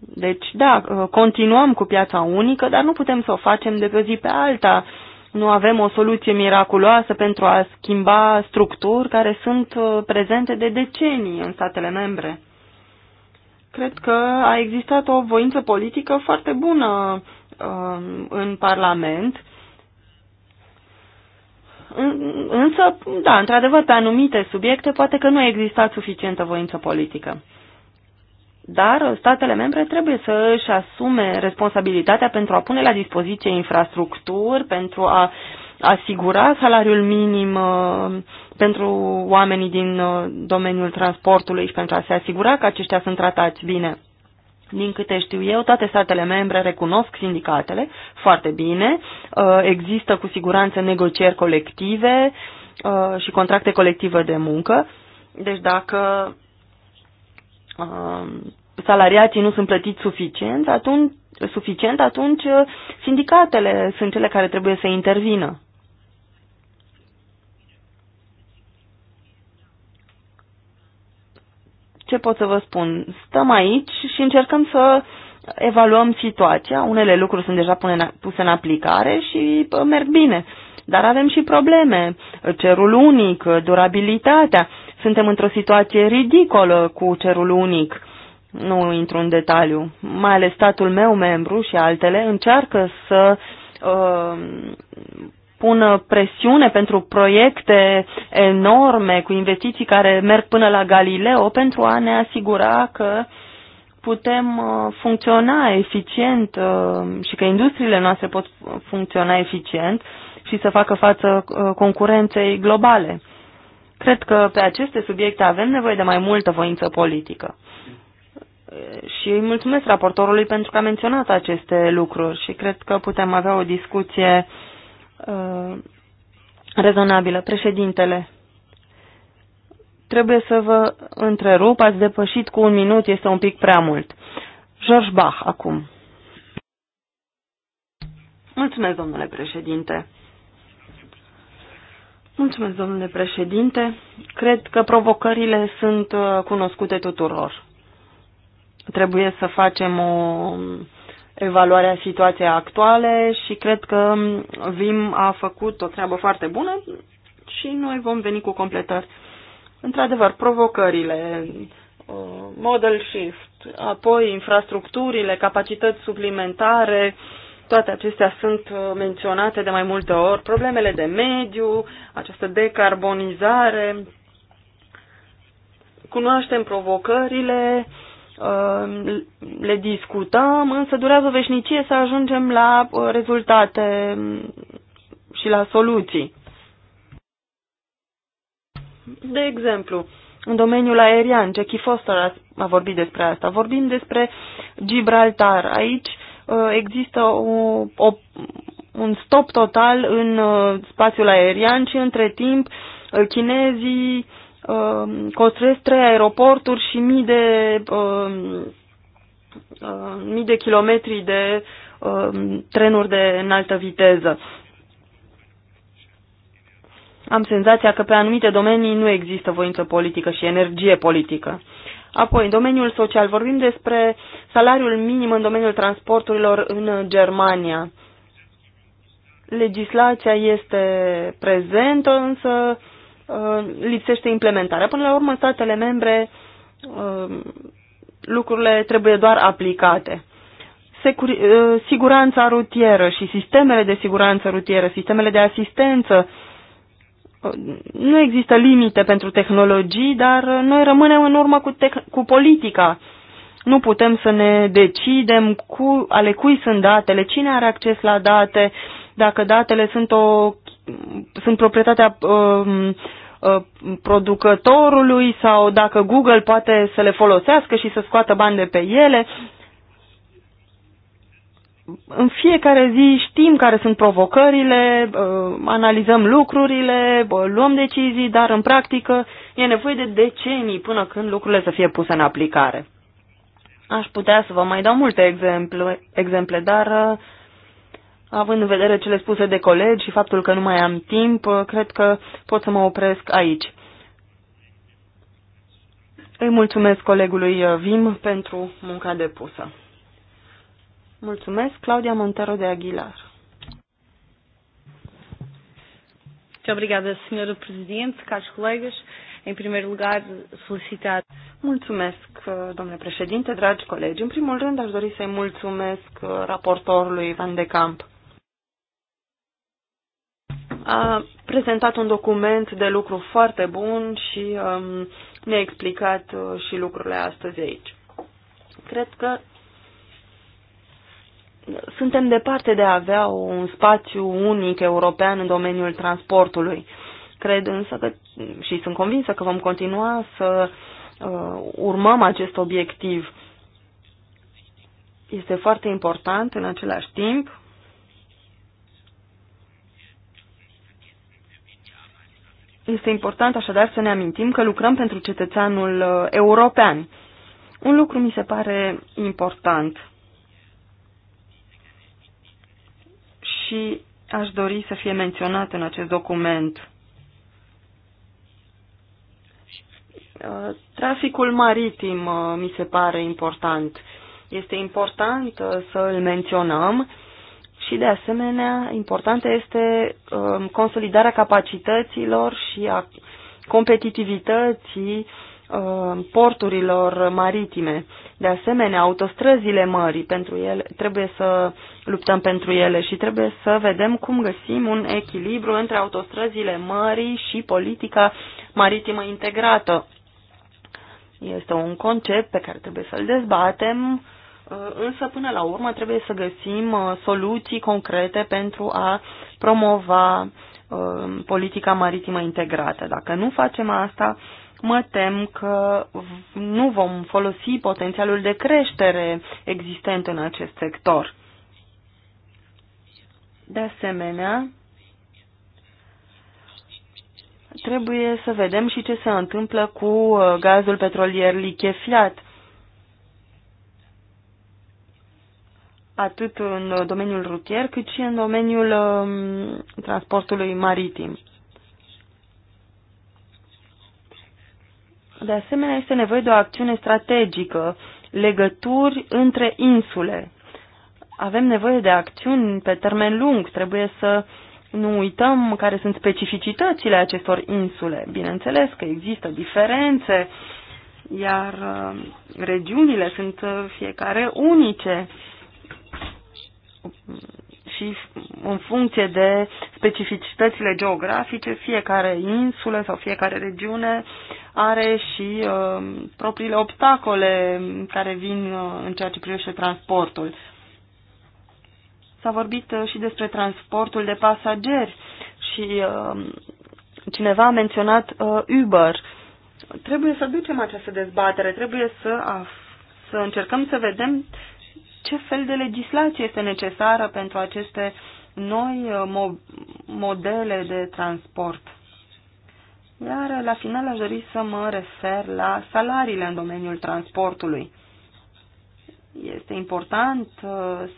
Deci, da, continuăm cu piața unică, dar nu putem să o facem de pe zi pe alta. Nu avem o soluție miraculoasă pentru a schimba structuri care sunt uh, prezente de decenii în statele membre. Cred că a existat o voință politică foarte bună uh, în Parlament Însă, da, într-adevăr, pe anumite subiecte poate că nu a existat suficientă voință politică. Dar statele membre trebuie să își asume responsabilitatea pentru a pune la dispoziție infrastructuri, pentru a asigura salariul minim uh, pentru oamenii din uh, domeniul transportului și pentru a se asigura că aceștia sunt tratați bine. Din câte știu eu, toate statele membre recunosc sindicatele foarte bine, uh, există cu siguranță negocieri colective uh, și contracte colective de muncă, deci dacă uh, salariații nu sunt plătiți suficient, atunci, suficient, atunci sindicatele sunt cele care trebuie să intervină. Ce pot să vă spun? Stăm aici și încercăm să evaluăm situația. Unele lucruri sunt deja puse în aplicare și merg bine. Dar avem și probleme. Cerul unic, durabilitatea. Suntem într-o situație ridicolă cu cerul unic. Nu intru în detaliu. Mai ales statul meu membru și altele încearcă să uh, pun presiune pentru proiecte enorme cu investiții care merg până la Galileo pentru a ne asigura că putem uh, funcționa eficient uh, și că industriile noastre pot funcționa eficient și să facă față uh, concurenței globale. Cred că pe aceste subiecte avem nevoie de mai multă voință politică. Și îi mulțumesc raportorului pentru că a menționat aceste lucruri și cred că putem avea o discuție uh, Uh, rezonabilă. Președintele, trebuie să vă întrerup, ați depășit cu un minut, este un pic prea mult. George Bach, acum. Mulțumesc, domnule președinte. Mulțumesc, domnule președinte. Cred că provocările sunt uh, cunoscute tuturor. Trebuie să facem o evaluarea situației actuale și cred că VIM a făcut o treabă foarte bună și noi vom veni cu completări. Într-adevăr, provocările, uh, model shift, apoi infrastructurile, capacități suplimentare, toate acestea sunt uh, menționate de mai multe ori, problemele de mediu, această decarbonizare. Cunoaștem provocările, Uh, le discutăm, însă durează o veșnicie să ajungem la uh, rezultate și la soluții. De exemplu, în domeniul aerian, Jackie Foster a, a vorbit despre asta. Vorbim despre Gibraltar. Aici uh, există o, o, un stop total în spațiul aerian și între timp chinezii Um, construiesc trei aeroporturi și mii de, uh, mii de kilometri de uh, trenuri de înaltă viteză. Am senzația că pe anumite domenii nu există voință politică și energie politică. Apoi, în domeniul social, vorbim despre salariul minim în domeniul transporturilor în Germania. Legislația este prezentă, însă Uh, lipsește implementarea. Până la urmă, statele membre, uh, lucrurile trebuie doar aplicate. Securi, uh, siguranța rutieră și sistemele de siguranță rutieră, sistemele de asistență, nu există limite pentru tehnologii, dar noi rămânem în urmă cu, cu politica. Nu putem să ne decidem cu, ale cui sunt datele, cine are acces la date, dacă datele sunt, o, sunt proprietatea uh, Uh, producătorului sau dacă Google poate să le folosească și să scoată bani de pe ele. În fiecare zi știm care sunt provocările, uh, analizăm lucrurile, uh, luăm decizii, dar în practică e nevoie de decenii până când lucrurile să fie puse în aplicare. Aș putea să vă mai dau multe exemple, exemple dar Având în vedere cele spuse de colegi și faptul că nu mai am timp, cred că pot să mă opresc aici. Îi mulțumesc colegului Vim pentru munca depusă. Mulțumesc, Claudia Montero de Aguilar. Muito obrigada, Sra. Presidente, caros colegas. Em primeiro lugar, solicitar. Mulțumesc, domnule președinte, dragi colegi. În primul rând, aș dori să-i mulțumesc raportorului Van de Camp a prezentat un document de lucru foarte bun și um, ne-a explicat uh, și lucrurile astăzi aici. Cred că suntem departe de a avea un spațiu unic european în domeniul transportului. Cred însă că, și sunt convinsă că vom continua să uh, urmăm acest obiectiv. Este foarte important în același timp Este important așadar să ne amintim că lucrăm pentru cetățeanul uh, european. Un lucru mi se pare important și aș dori să fie menționat în acest document. Uh, traficul maritim uh, mi se pare important. Este important să îl menționăm și, de asemenea, importantă este um, consolidarea capacităților și a competitivității um, porturilor maritime. De asemenea, autostrăzile mării, pentru ele, trebuie să luptăm pentru ele și trebuie să vedem cum găsim un echilibru între autostrăzile mării și politica maritimă integrată. Este un concept pe care trebuie să-l dezbatem Uh, însă, până la urmă, trebuie să găsim uh, soluții concrete pentru a promova uh, politica maritimă integrată. Dacă nu facem asta, mă tem că nu vom folosi potențialul de creștere existent în acest sector. De asemenea, trebuie să vedem și ce se întâmplă cu gazul petrolier lichefiat. atât în domeniul rutier, cât și în domeniul um, transportului maritim. De asemenea, este nevoie de o acțiune strategică, legături între insule. Avem nevoie de acțiuni pe termen lung, trebuie să nu uităm care sunt specificitățile acestor insule. Bineînțeles că există diferențe, iar um, regiunile sunt uh, fiecare unice și în funcție de specificitățile geografice, fiecare insulă sau fiecare regiune are și uh, propriile obstacole care vin uh, în ceea ce privește transportul. S-a vorbit uh, și despre transportul de pasageri și uh, cineva a menționat uh, Uber. Trebuie să ducem această dezbatere, trebuie să, uh, să încercăm să vedem ce fel de legislație este necesară pentru aceste noi uh, mo- modele de transport. Iar la final aș dori să mă refer la salariile în domeniul transportului. Este important uh,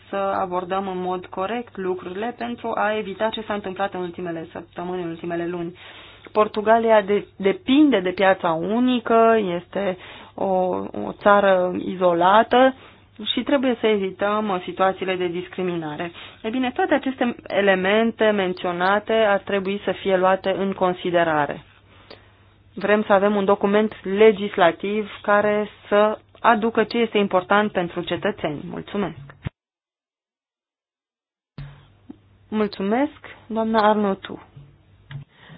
să abordăm în mod corect lucrurile pentru a evita ce s-a întâmplat în ultimele săptămâni, în ultimele luni. Portugalia de, depinde de piața unică, este o, o țară izolată, și trebuie să evităm uh, situațiile de discriminare. E bine, toate aceste elemente menționate ar trebui să fie luate în considerare. Vrem să avem un document legislativ care să aducă ce este important pentru cetățeni. Mulțumesc! Mulțumesc, doamna Arnotu.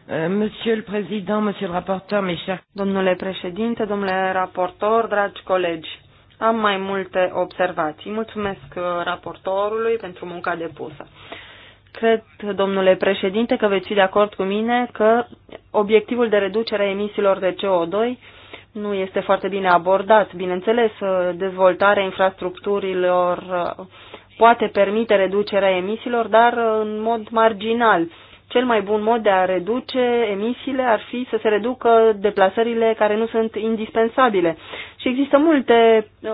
Euh, monsieur le Président, Monsieur le Rapporteur, mes chers... Domnule președinte, domnule raportor, dragi colegi, am mai multe observații. Mulțumesc uh, raportorului pentru munca depusă. Cred, domnule președinte, că veți fi de acord cu mine că obiectivul de reducere a emisiilor de CO2 nu este foarte bine abordat. Bineînțeles, uh, dezvoltarea infrastructurilor uh, poate permite reducerea emisiilor, dar în mod marginal. Cel mai bun mod de a reduce emisiile ar fi să se reducă deplasările care nu sunt indispensabile și există multe uh,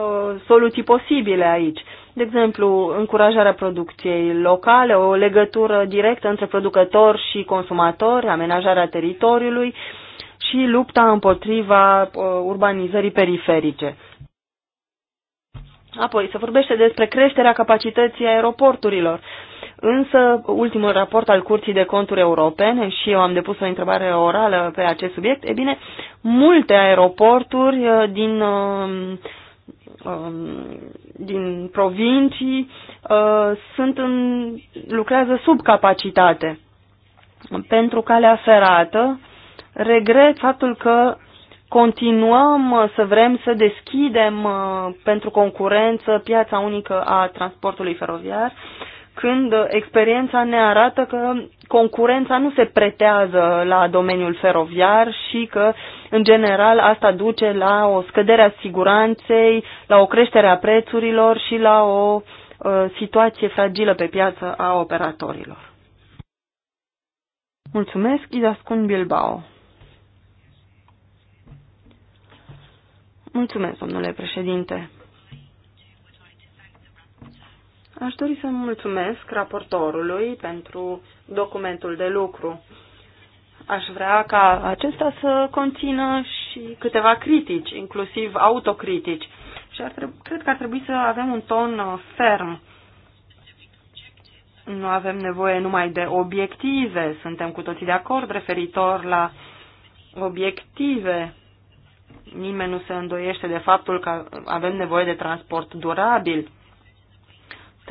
soluții posibile aici. De exemplu, încurajarea producției locale, o legătură directă între producător și consumator, amenajarea teritoriului și lupta împotriva uh, urbanizării periferice. Apoi, se vorbește despre creșterea capacității aeroporturilor. Însă, ultimul raport al Curții de Conturi Europene, și eu am depus o întrebare orală pe acest subiect, e bine, multe aeroporturi uh, din, um, um, din provincii uh, sunt în, lucrează sub capacitate. Pentru calea ferată, regret faptul că continuăm uh, să vrem să deschidem pentru concurență piața unică a transportului feroviar când uh, experiența ne arată că concurența nu se pretează la domeniul feroviar și că, în general, asta duce la o scădere a siguranței, la o creștere a prețurilor și la o uh, situație fragilă pe piață a operatorilor. Mulțumesc, Idascun Bilbao. Mulțumesc, domnule președinte. Aș dori să mulțumesc raportorului pentru documentul de lucru. Aș vrea ca acesta să conțină și câteva critici, inclusiv autocritici. Și ar trebui, cred că ar trebui să avem un ton uh, ferm. Nu avem nevoie numai de obiective, suntem cu toții de acord referitor la obiective. Nimeni nu se îndoiește de faptul că avem nevoie de transport durabil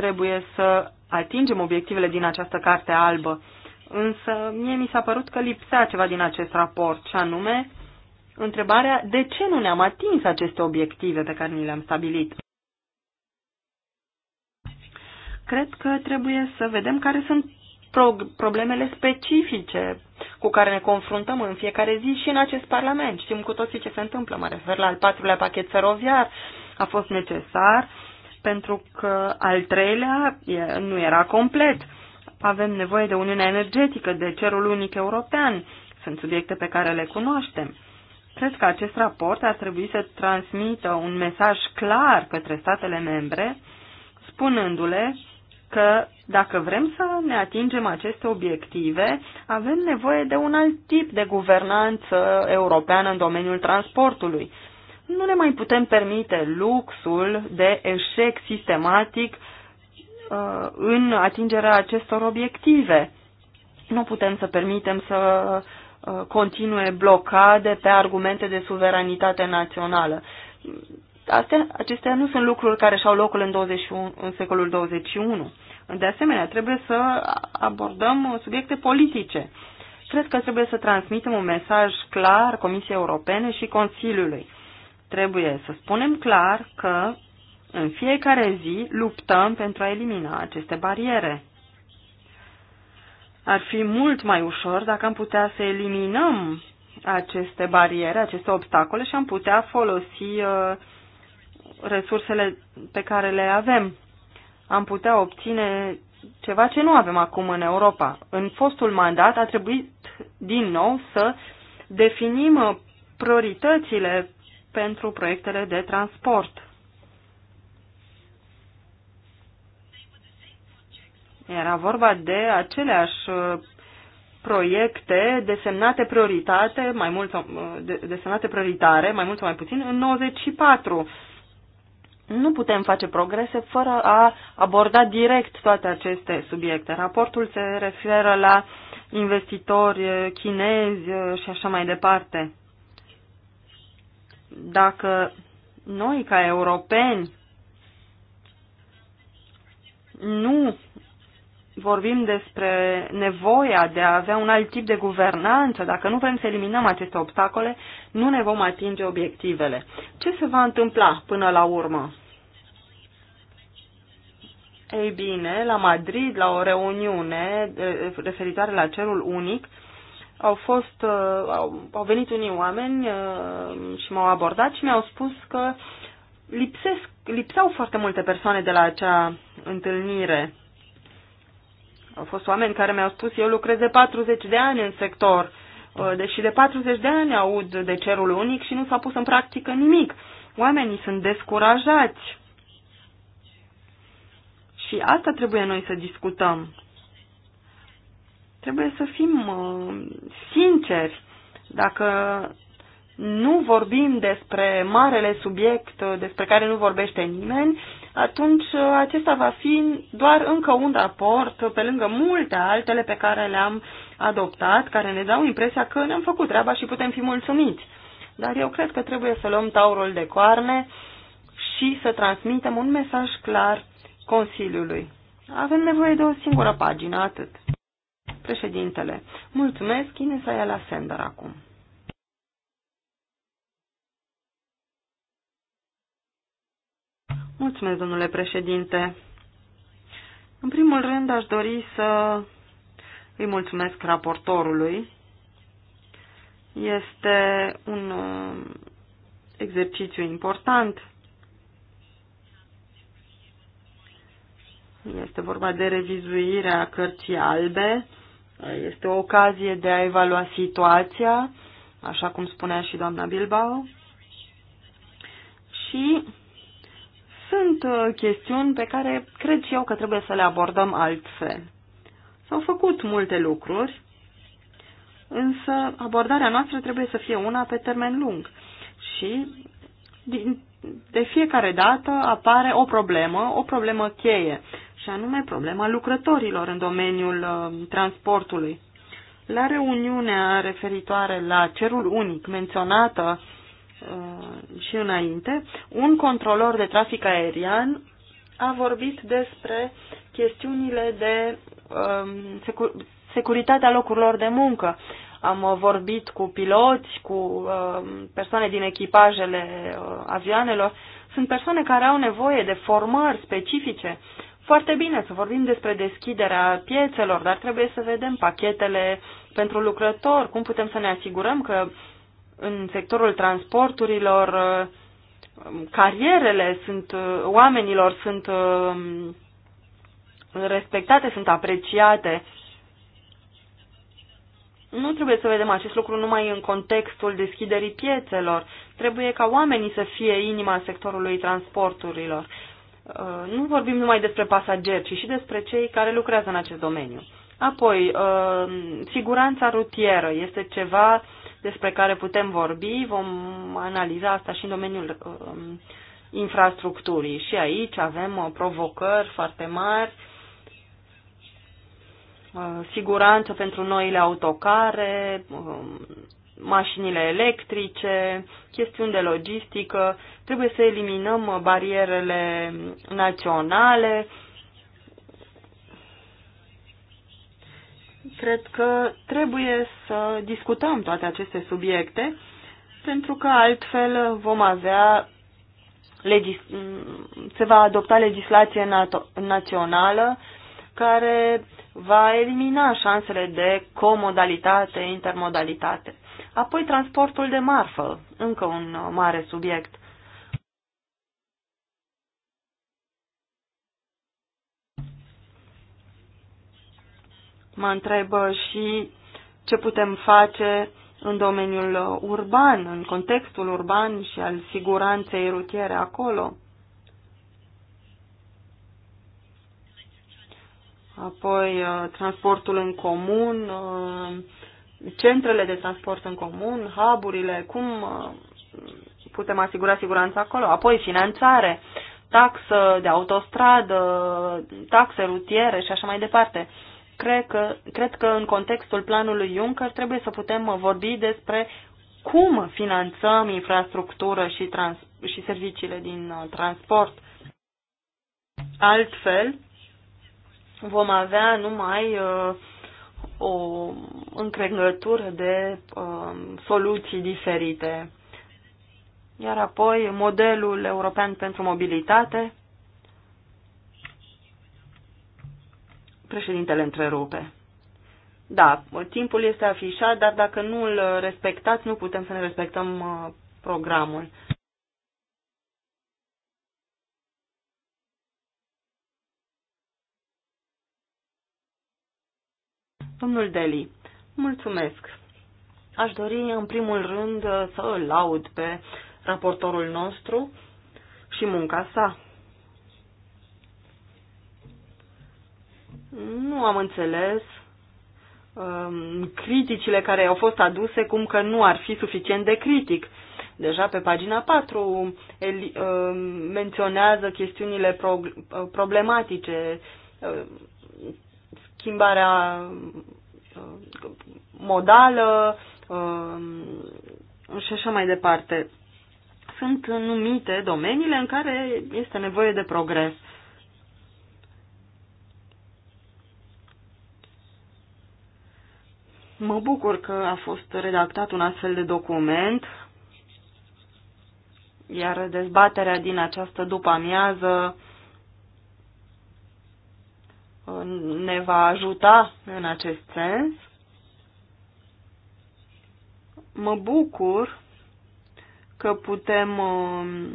trebuie să atingem obiectivele din această carte albă. Însă mie mi s-a părut că lipsea ceva din acest raport, și anume întrebarea de ce nu ne-am atins aceste obiective pe care ni le-am stabilit. Cred că trebuie să vedem care sunt problemele specifice cu care ne confruntăm în fiecare zi și în acest Parlament. Știm cu toții ce se întâmplă, mă refer la al patrulea pachet feroviar, a fost necesar pentru că al treilea nu era complet. Avem nevoie de Uniunea Energetică, de cerul unic european. Sunt subiecte pe care le cunoaștem. Cred că acest raport ar trebui să transmită un mesaj clar către statele membre, spunându-le că dacă vrem să ne atingem aceste obiective, avem nevoie de un alt tip de guvernanță europeană în domeniul transportului. Nu ne mai putem permite luxul de eșec sistematic uh, în atingerea acestor obiective. Nu putem să permitem să uh, continue blocade pe argumente de suveranitate națională. Astea, acestea nu sunt lucruri care și-au locul în, 21, în secolul 21. De asemenea, trebuie să abordăm subiecte politice. Cred că trebuie să transmitem un mesaj clar Comisiei Europene și Consiliului. Trebuie să spunem clar că în fiecare zi luptăm pentru a elimina aceste bariere. Ar fi mult mai ușor dacă am putea să eliminăm aceste bariere, aceste obstacole și am putea folosi uh, resursele pe care le avem. Am putea obține ceva ce nu avem acum în Europa. În fostul mandat a trebuit din nou să definim prioritățile pentru proiectele de transport. Era vorba de aceleași uh, proiecte desemnate prioritate, mai mult sau, uh, de, desemnate prioritare, mai mult sau mai puțin, în 94. Nu putem face progrese fără a aborda direct toate aceste subiecte. Raportul se referă la investitori uh, chinezi și așa mai departe dacă noi ca europeni nu vorbim despre nevoia de a avea un alt tip de guvernanță, dacă nu vrem să eliminăm aceste obstacole, nu ne vom atinge obiectivele. Ce se va întâmpla până la urmă? Ei bine, la Madrid, la o reuniune eh, referitoare la cerul unic, au fost, uh, au, au venit unii oameni uh, și m-au abordat și mi-au spus că lipsesc, lipseau foarte multe persoane de la acea întâlnire. Au fost oameni care mi-au spus, eu lucrez de 40 de ani în sector, uh, deși de 40 de ani aud de cerul unic și nu s-a pus în practică nimic. Oamenii sunt descurajați. Și asta trebuie noi să discutăm. Trebuie să fim uh, sinceri. Dacă nu vorbim despre marele subiect uh, despre care nu vorbește nimeni, atunci uh, acesta va fi doar încă un raport pe lângă multe altele pe care le-am adoptat, care ne dau impresia că ne-am făcut treaba și putem fi mulțumiți. Dar eu cred că trebuie să luăm taurul de coarne și să transmitem un mesaj clar Consiliului. Avem nevoie de o singură pagină, atât. Președintele, mulțumesc, Inesa la Sender acum. Mulțumesc, domnule președinte. În primul rând, aș dori să îi mulțumesc raportorului. Este un uh, exercițiu important. Este vorba de revizuirea cărții albe este o ocazie de a evalua situația, așa cum spunea și doamna Bilbao. Și sunt uh, chestiuni pe care cred și eu că trebuie să le abordăm altfel. S-au făcut multe lucruri, însă abordarea noastră trebuie să fie una pe termen lung. Și din, de fiecare dată apare o problemă, o problemă cheie și anume problema lucrătorilor în domeniul uh, transportului. La reuniunea referitoare la cerul unic menționată uh, și înainte, un controlor de trafic aerian a vorbit despre chestiunile de um, secur securitatea locurilor de muncă. Am vorbit cu piloți, cu um, persoane din echipajele uh, avioanelor. Sunt persoane care au nevoie de formări specifice. Foarte bine să vorbim despre deschiderea piețelor, dar trebuie să vedem pachetele pentru lucrător, cum putem să ne asigurăm că în sectorul transporturilor uh, carierele sunt, uh, oamenilor sunt uh, respectate, sunt apreciate. Nu trebuie să vedem acest lucru numai în contextul deschiderii piețelor. Trebuie ca oamenii să fie inima sectorului transporturilor. Uh, nu vorbim numai despre pasageri, ci și despre cei care lucrează în acest domeniu. Apoi, uh, siguranța rutieră este ceva despre care putem vorbi, vom analiza asta și în domeniul uh, infrastructurii. Și aici avem provocări foarte mari, siguranță pentru noile autocare, mașinile electrice, chestiuni de logistică, trebuie să eliminăm uh, barierele naționale. Cred că trebuie să discutăm toate aceste subiecte, pentru că altfel vom avea mm, se va adopta legislație națională care va elimina șansele de comodalitate, intermodalitate. Apoi transportul de marfă, încă un uh, mare subiect. Mă întrebă uh, și ce putem face în domeniul uh, urban, în contextul urban și al siguranței rutiere acolo. Apoi transportul în comun, centrele de transport în comun, hub-urile, cum uh, putem asigura siguranța acolo. Apoi finanțare, taxă de autostradă, taxe rutiere și așa mai departe. Cred că, cred că în contextul planului Juncker trebuie să putem vorbi despre cum finanțăm infrastructură și, trans, și serviciile din uh, transport. Altfel, vom avea numai uh, o încrengătură de um, soluții diferite. Iar apoi modelul european pentru mobilitate. Președintele întrerupe. Da, timpul este afișat, dar dacă nu îl respectați, nu putem să ne respectăm uh, programul. Domnul Deli, mulțumesc. Aș dori în primul rând să îl laud pe raportorul nostru și munca sa. Nu am înțeles um, criticile care au fost aduse cum că nu ar fi suficient de critic. Deja pe pagina 4 el, um, menționează chestiunile pro, problematice, um, schimbarea uh, modală uh, și așa mai departe. Sunt numite domeniile în care este nevoie de progres. Mă bucur că a fost redactat un astfel de document, iar dezbaterea din această după-amiază ne va ajuta în acest sens. Mă bucur că putem um,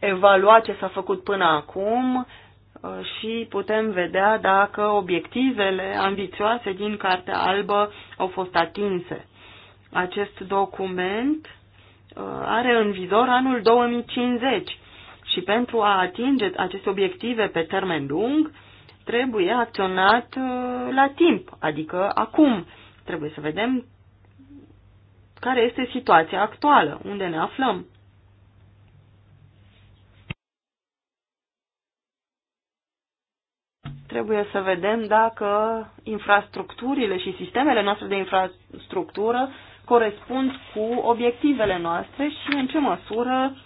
evalua ce s-a făcut până acum uh, și putem vedea dacă obiectivele ambițioase din Cartea Albă au fost atinse. Acest document uh, are în vizor anul 2050 și pentru a atinge aceste obiective pe termen lung, trebuie acționat uh, la timp, adică acum. Trebuie să vedem care este situația actuală, unde ne aflăm. Trebuie să vedem dacă infrastructurile și sistemele noastre de infrastructură corespund cu obiectivele noastre și în ce măsură uh,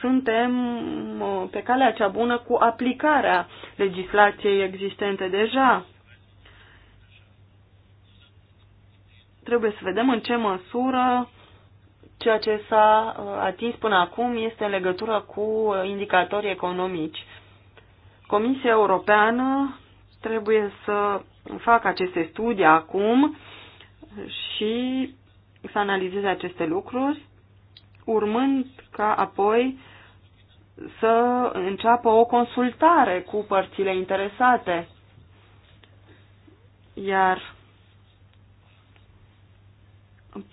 suntem pe calea cea bună cu aplicarea legislației existente deja. Trebuie să vedem în ce măsură ceea ce s-a uh, atins până acum este în legătură cu indicatorii economici. Comisia Europeană trebuie să facă aceste studii acum și să analizeze aceste lucruri urmând ca apoi să înceapă o consultare cu părțile interesate. Iar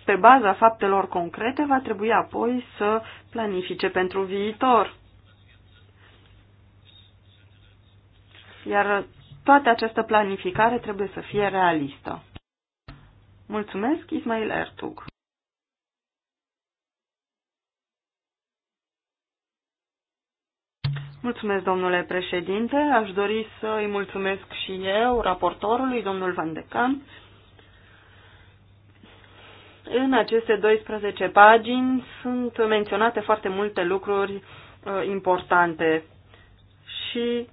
pe baza faptelor concrete va trebui apoi să planifice pentru viitor. Iar toată această planificare trebuie să fie realistă. Mulțumesc, Ismail Ertug. Mulțumesc, domnule președinte. Aș dori să îi mulțumesc și eu, raportorului, domnul Van de Camp. În aceste 12 pagini sunt menționate foarte multe lucruri uh, importante și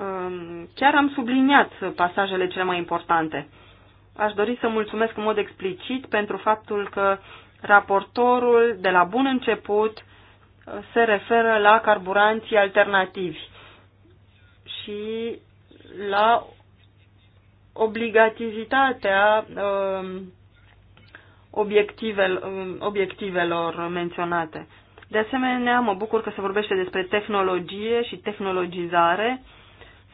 um, chiar am subliniat pasajele cele mai importante. Aș dori să mulțumesc în mod explicit pentru faptul că raportorul de la bun început uh, se referă la carburanții alternativi și la obligativitatea um, um, obiectivelor menționate. De asemenea, mă bucur că se vorbește despre tehnologie și tehnologizare,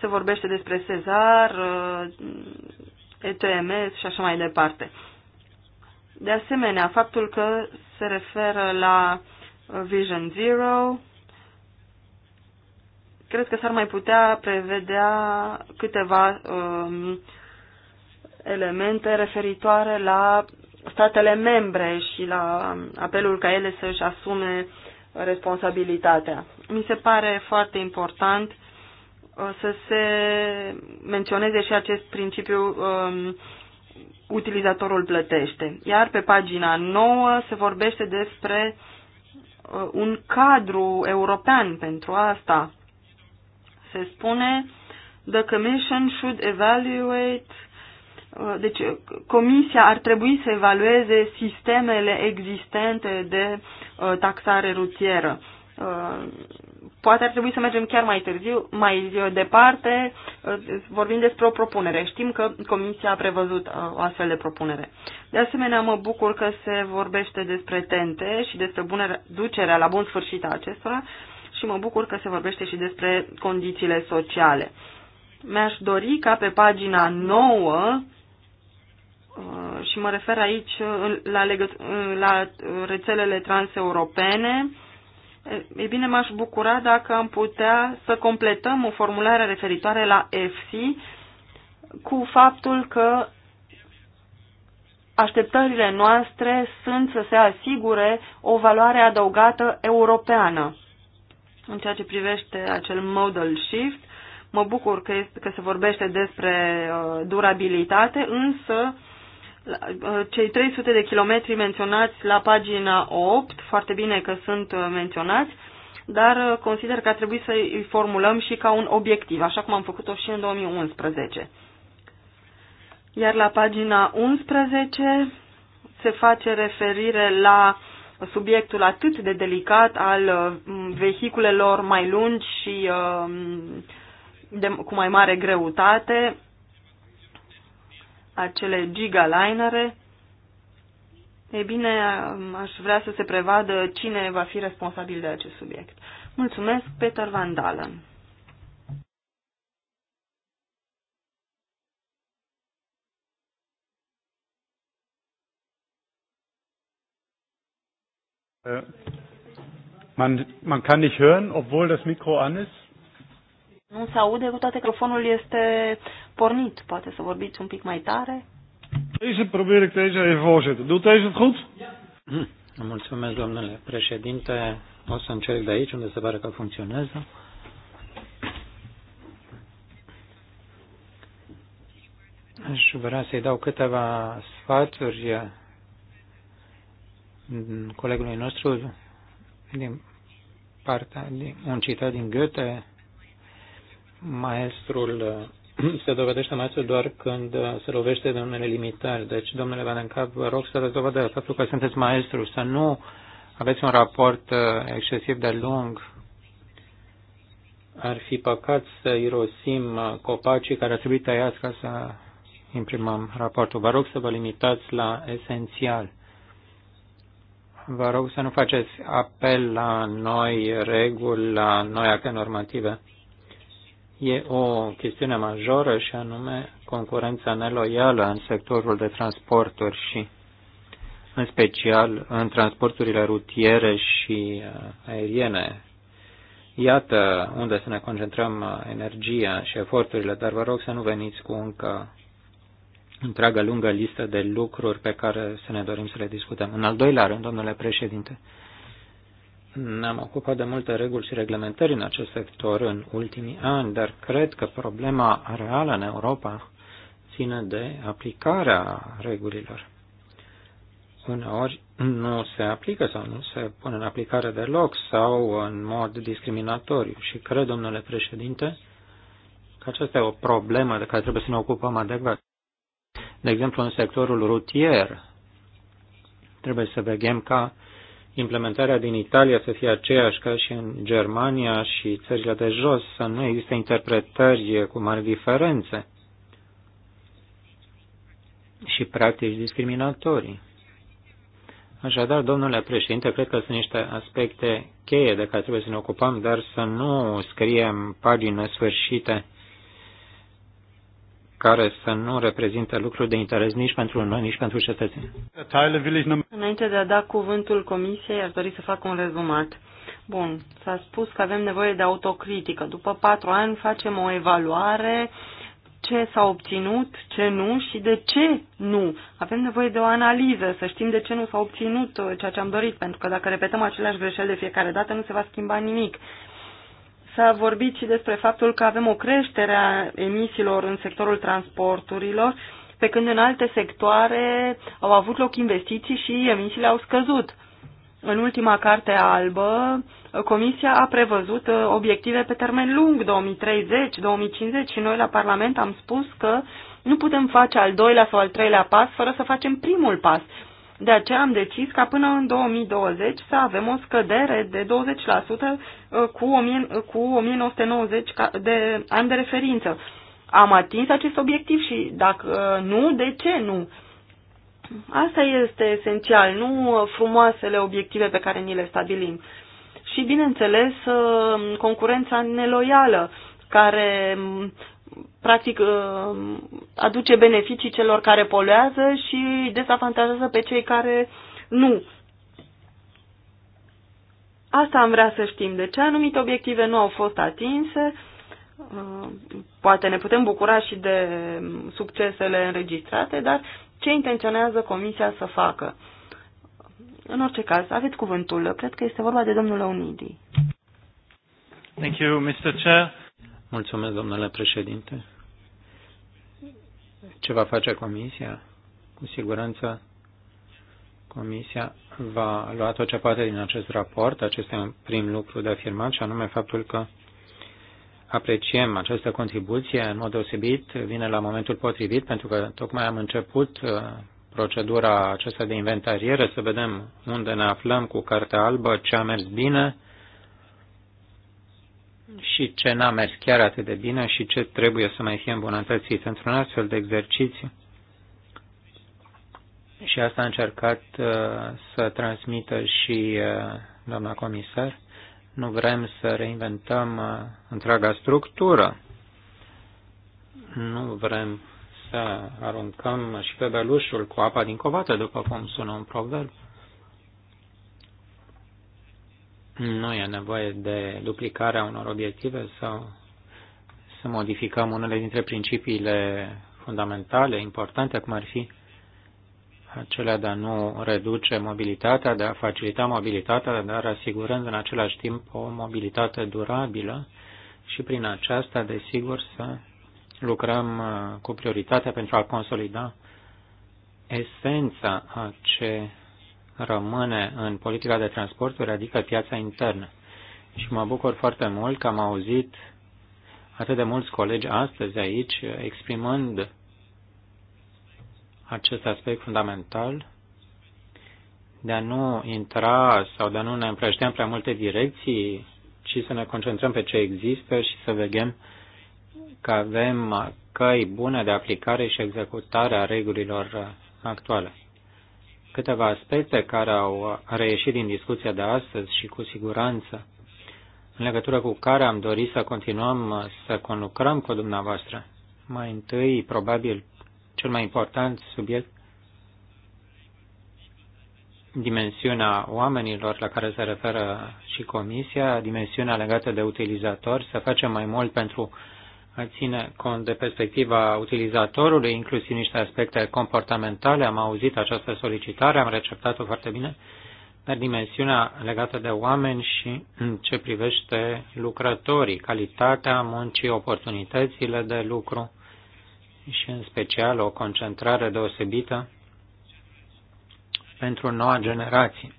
se vorbește despre Cezar, uh, ETMS și așa mai departe. De asemenea, faptul că se referă la Vision Zero. Cred că s-ar mai putea prevedea câteva um, elemente referitoare la statele membre și la apelul ca ele să-și asume responsabilitatea. Mi se pare foarte important uh, să se menționeze și acest principiu um, utilizatorul plătește. Iar pe pagina 9 se vorbește despre uh, Uh, un cadru european pentru asta. Se spune the commission should evaluate uh, deci comisia ar trebui să evalueze sistemele existente de uh, taxare rutieră poate ar trebui să mergem chiar mai târziu, mai departe, vorbim despre o propunere. Știm că Comisia a prevăzut uh, o astfel de propunere. De asemenea, mă bucur că se vorbește despre tente și despre bună ducerea la bun sfârșit a acestora și mă bucur că se vorbește și despre condițiile sociale. Mi-aș dori ca pe pagina 9 uh, și mă refer aici uh, la, legăt- la rețelele transeuropene, E bine, m-aș bucura dacă am putea să completăm o formulare referitoare la EFSI cu faptul că așteptările noastre sunt să se asigure o valoare adăugată europeană. În ceea ce privește acel modal shift, mă bucur că, este, că se vorbește despre uh, durabilitate, însă cei 300 de kilometri menționați la pagina 8, foarte bine că sunt uh, menționați, dar uh, consider că ar trebui să îi formulăm și ca un obiectiv, așa cum am făcut-o și în 2011. Iar la pagina 11 se face referire la subiectul atât de delicat al uh, vehiculelor mai lungi și de, cu mai mare greutate, acele gigalinere, e bine, aș vrea să se prevadă cine va fi responsabil de acest subiect. Mulțumesc, Peter Van Dalen. Uh, man, man kann nicht hören, obwohl das Mikro an ist. Nu se aude, cu toate microfonul este pornit. Poate să vorbiți un pic mai tare? Deze probeer ik deze even voorzitter. Doet deze het goed? Hm. Mulțumesc, domnule președinte. O să încerc de aici, unde se pare că funcționează. Aș vrea să-i dau câteva sfaturi colegului nostru din partea, din, un citat din Goethe, maestrul se dovedește mai doar când se lovește de unele limitări. Deci, domnule Van Cap, vă rog să dați de faptul că sunteți maestru, să nu aveți un raport uh, excesiv de lung. Ar fi păcat să irosim uh, copacii care ar trebui tăiați ca să imprimăm raportul. Vă rog să vă limitați la esențial. Vă rog să nu faceți apel la noi reguli, la noi acte normative E o chestiune majoră și anume concurența neloială în sectorul de transporturi și în special în transporturile rutiere și uh, aeriene. Iată unde să ne concentrăm uh, energia și eforturile, dar vă rog să nu veniți cu încă întreagă lungă listă de lucruri pe care să ne dorim să le discutăm. În al doilea rând, domnule președinte, ne-am ocupat de multe reguli și reglementări în acest sector în ultimii ani, dar cred că problema reală în Europa ține de aplicarea regulilor. Uneori nu se aplică sau nu se pune în aplicare deloc sau în mod discriminatoriu. Și cred, domnule președinte, că aceasta e o problemă de care trebuie să ne ocupăm adecvat. De exemplu, în sectorul rutier trebuie să vegem ca implementarea din Italia să fie aceeași ca și în Germania și țările de jos, să nu există interpretări cu mari diferențe și practici discriminatorii. Așadar, domnule președinte, cred că sunt niște aspecte cheie de care trebuie să ne ocupăm, dar să nu scriem pagini nesfârșite care să nu reprezinte lucruri de interes nici pentru noi, nici pentru cetățeni. Înainte de a da cuvântul comisiei, aș dori să fac un rezumat. Bun, s-a spus că avem nevoie de autocritică. După patru ani facem o evaluare ce s-a obținut, ce nu și de ce nu. Avem nevoie de o analiză, să știm de ce nu s-a obținut uh, ceea ce am dorit, pentru că dacă repetăm aceleași greșeli de fiecare dată, nu se va schimba nimic. S-a vorbit și despre faptul că avem o creștere a emisiilor în sectorul transporturilor, pe când în alte sectoare au avut loc investiții și emisiile au scăzut. În ultima carte albă, Comisia a prevăzut uh, obiective pe termen lung, 2030-2050, și noi la Parlament am spus că nu putem face al doilea sau al treilea pas fără să facem primul pas. De aceea am decis ca până în 2020 să avem o scădere de 20% uh, cu, uh, cu 1990 de ani de referință. Am atins acest obiectiv și dacă uh, nu, de ce nu? Asta este esențial, nu frumoasele obiective pe care ni le stabilim. Și, bineînțeles, concurența neloială, care mm, practic uh, aduce beneficii celor care poluează și dezavantajează pe cei care nu. Asta am vrea să știm. De ce anumite obiective nu au fost atinse? Uh, poate ne putem bucura și de succesele înregistrate, dar ce intenționează Comisia să facă? În orice caz, aveți cuvântul. Cred că este vorba de domnul Leonidi. Thank you, Mr. Chair. Mulțumesc, domnule președinte. Ce va face comisia? Cu siguranță comisia va lua tot ce poate din acest raport. Acesta e un prim lucru de afirmat și anume faptul că apreciem această contribuție în mod deosebit, vine la momentul potrivit, pentru că tocmai am început uh, procedura aceasta de inventariere, să vedem unde ne aflăm cu Cartea Albă, ce a mers bine, și ce n-a mers chiar atât de bine și ce trebuie să mai fie îmbunătățit într-un astfel de exercițiu. Și asta a încercat uh, să transmită și uh, doamna comisar. Nu vrem să reinventăm uh, întreaga structură. Nu vrem să aruncăm și pe belușul cu apa din covată, după cum sună un proverb. Nu e nevoie de duplicarea unor obiective sau să modificăm unele dintre principiile fundamentale, importante, cum ar fi acelea de a nu reduce mobilitatea, de a facilita mobilitatea, dar asigurând în același timp o mobilitate durabilă și prin aceasta, desigur, să lucrăm uh, cu prioritatea pentru a consolida esența a ce rămâne în politica de transporturi, adică piața internă. Și mă bucur foarte mult că am auzit atât de mulți colegi astăzi aici exprimând acest aspect fundamental de a nu intra sau de a nu ne împrăștea în prea multe direcții, ci să ne concentrăm pe ce există și să vedem că avem căi bune de aplicare și executare a regulilor actuale câteva aspecte care au reieșit din discuția de astăzi și cu siguranță în legătură cu care am dorit să continuăm să conlucrăm cu dumneavoastră. Mai întâi, probabil, cel mai important subiect, dimensiunea oamenilor la care se referă și comisia, dimensiunea legată de utilizatori, să facem mai mult pentru uh, ține cont de perspectiva utilizatorului, inclusiv niște aspecte comportamentale. Am auzit această solicitare, am receptat-o foarte bine, dar dimensiunea legată de oameni și în ce privește lucrătorii, calitatea muncii, oportunitățile de lucru și în special o concentrare deosebită pentru noua generație.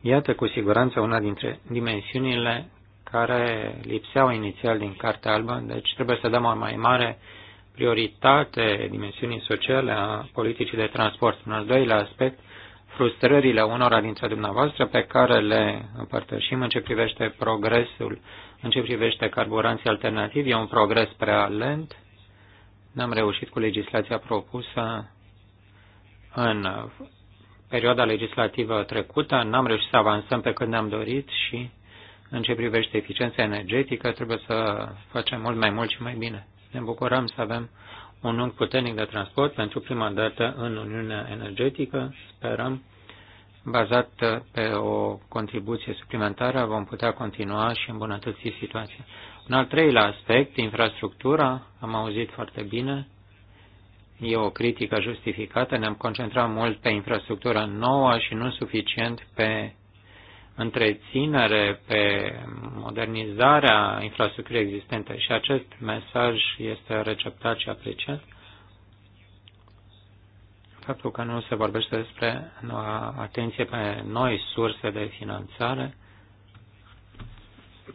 Iată cu siguranță una dintre dimensiunile care lipseau inițial din Cartea Albă, deci trebuie să dăm o mai mare prioritate dimensiunii sociale a politicii de transport. În al doilea aspect, frustrările unora dintre dumneavoastră pe care le împărtășim în ce privește progresul, în ce privește carburanții alternativi. E un progres prea lent. N-am reușit cu legislația propusă în perioada legislativă trecută, n-am reușit să avansăm pe cât ne-am dorit și în ce privește eficiența energetică, trebuie să facem mult mai mult și mai bine. Ne bucurăm să avem un unghi puternic de transport pentru prima dată în Uniunea Energetică. Sperăm, bazat pe o contribuție suplimentară, vom putea continua și îmbunătăți situația. Un al treilea aspect, infrastructura, am auzit foarte bine, e o critică justificată, ne-am concentrat mult pe infrastructura nouă și nu suficient pe întreținere, pe modernizarea infrastructurii existente și acest mesaj este receptat și apreciat. Faptul că nu se vorbește despre atenție pe noi surse de finanțare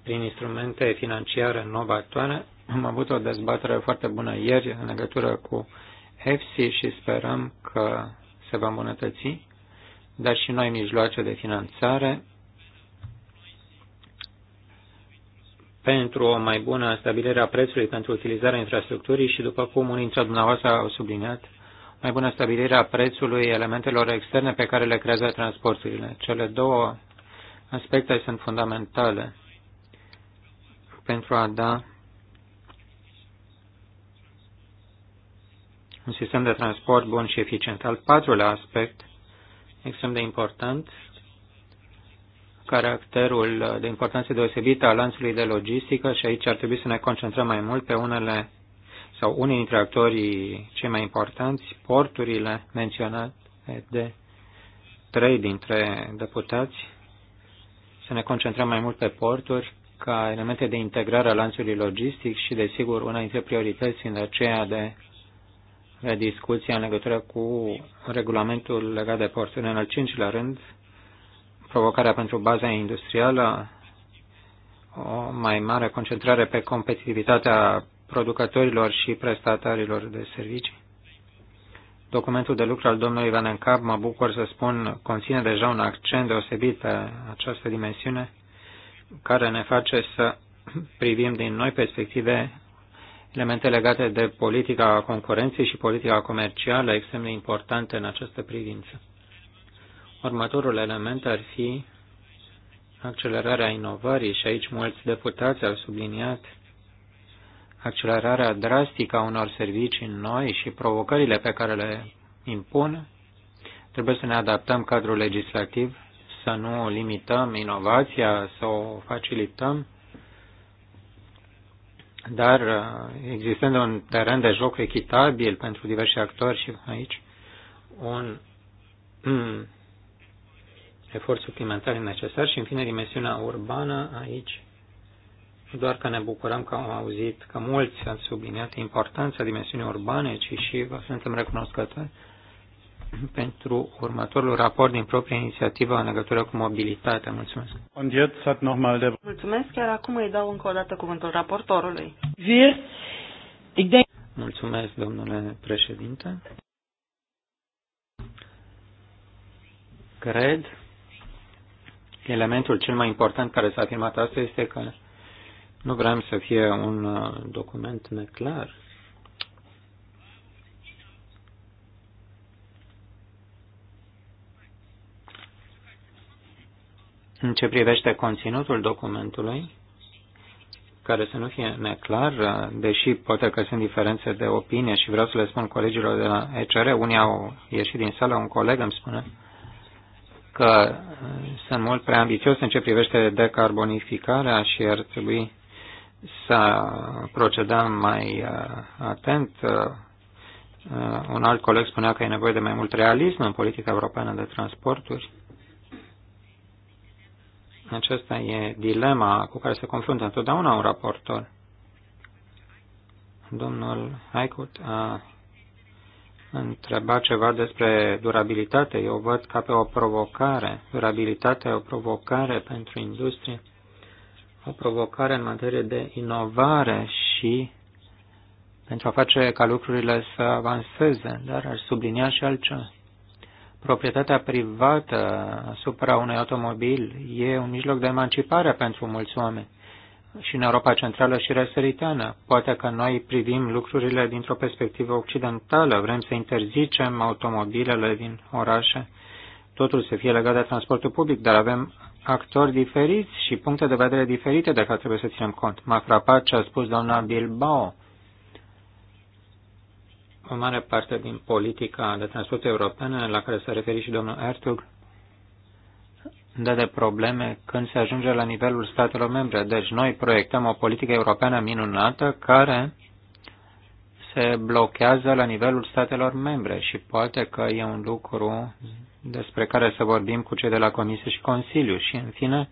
prin instrumente financiare novatoare. Am avut o dezbatere foarte bună ieri în legătură cu EFSI și sperăm că se va îmbunătăți, dar și noi mijloace de finanțare pentru o mai bună stabilire a prețului pentru utilizarea infrastructurii și, după cum unii dintre dumneavoastră au subliniat, mai bună stabilire a prețului elementelor externe pe care le creează transporturile. Cele două aspecte sunt fundamentale pentru a da un sistem de transport bun și eficient. Al patrulea aspect, extrem de important, caracterul de importanță deosebită a lanțului de logistică și aici ar trebui să ne concentrăm mai mult pe unele sau unii dintre actorii cei mai importanți, porturile menționate de trei dintre deputați, să ne concentrăm mai mult pe porturi ca elemente de integrare a lanțului logistic și, desigur, una dintre priorități în aceea de discuția în legătură cu regulamentul legat de porturi. În al cincilea rând, provocarea pentru baza industrială, o mai mare concentrare pe competitivitatea producătorilor și prestatarilor de servicii. Documentul de lucru al domnului Van Encap, mă bucur să spun, conține deja un accent deosebit pe această dimensiune, care ne face să privim din noi perspective elemente legate de politica concurenței și politica comercială extrem de importante în această privință. Următorul element ar fi accelerarea inovării și aici mulți deputați au subliniat accelerarea drastică a unor servicii noi și provocările pe care le impun. Trebuie să ne adaptăm cadrul legislativ, să nu limităm inovația, să o facilităm, dar uh, existând un teren de joc echitabil pentru diversi actori și aici, un efort suplimentar necesar și, în fine, dimensiunea urbană aici. Doar că ne bucurăm că am auzit că mulți au subliniat importanța dimensiunii urbane, ci și vă suntem recunoscători pentru următorul raport din propria inițiativă în legătură cu mobilitatea. Mulțumesc. Mulțumesc, chiar acum îi dau încă o dată cuvântul raportorului. Mulțumesc, domnule președinte. Cred Elementul cel mai important care s-a afirmat asta este că nu vrem să fie un uh, document neclar. În ce privește conținutul documentului, care să nu fie neclar, uh, deși poate că sunt diferențe de opinie și vreau să le spun colegilor de la ECR, unii au ieșit din sală, un coleg îmi spune, că uh, sunt mult prea ambițios în ce privește decarbonificarea și ar trebui să procedăm mai uh, atent. Uh, un alt coleg spunea că e nevoie de mai mult realism în politica europeană de transporturi. Aceasta e dilema cu care se confruntă întotdeauna un raportor. Domnul Haicut a întreba ceva despre durabilitate. Eu văd ca pe o provocare. Durabilitatea e o provocare pentru industrie, o provocare în materie de inovare și pentru a face ca lucrurile să avanseze, dar aș sublinia și altceva. Proprietatea privată asupra unui automobil e un mijloc de emancipare pentru mulți oameni și în Europa Centrală și Răsăritană. Poate că noi privim lucrurile dintr-o perspectivă occidentală, vrem să interzicem automobilele din orașe, totul să fie legat de transportul public, dar avem actori diferiți și puncte de vedere diferite de care trebuie să ținem cont. M-a frapat ce a spus doamna Bilbao. O mare parte din politica de transport europeană la care s-a referit și domnul Ertug dă de probleme când se ajunge la nivelul statelor membre. Deci noi proiectăm o politică europeană minunată care se blochează la nivelul statelor membre și poate că e un lucru despre care să vorbim cu cei de la Comisie și Consiliu. Și, în fine,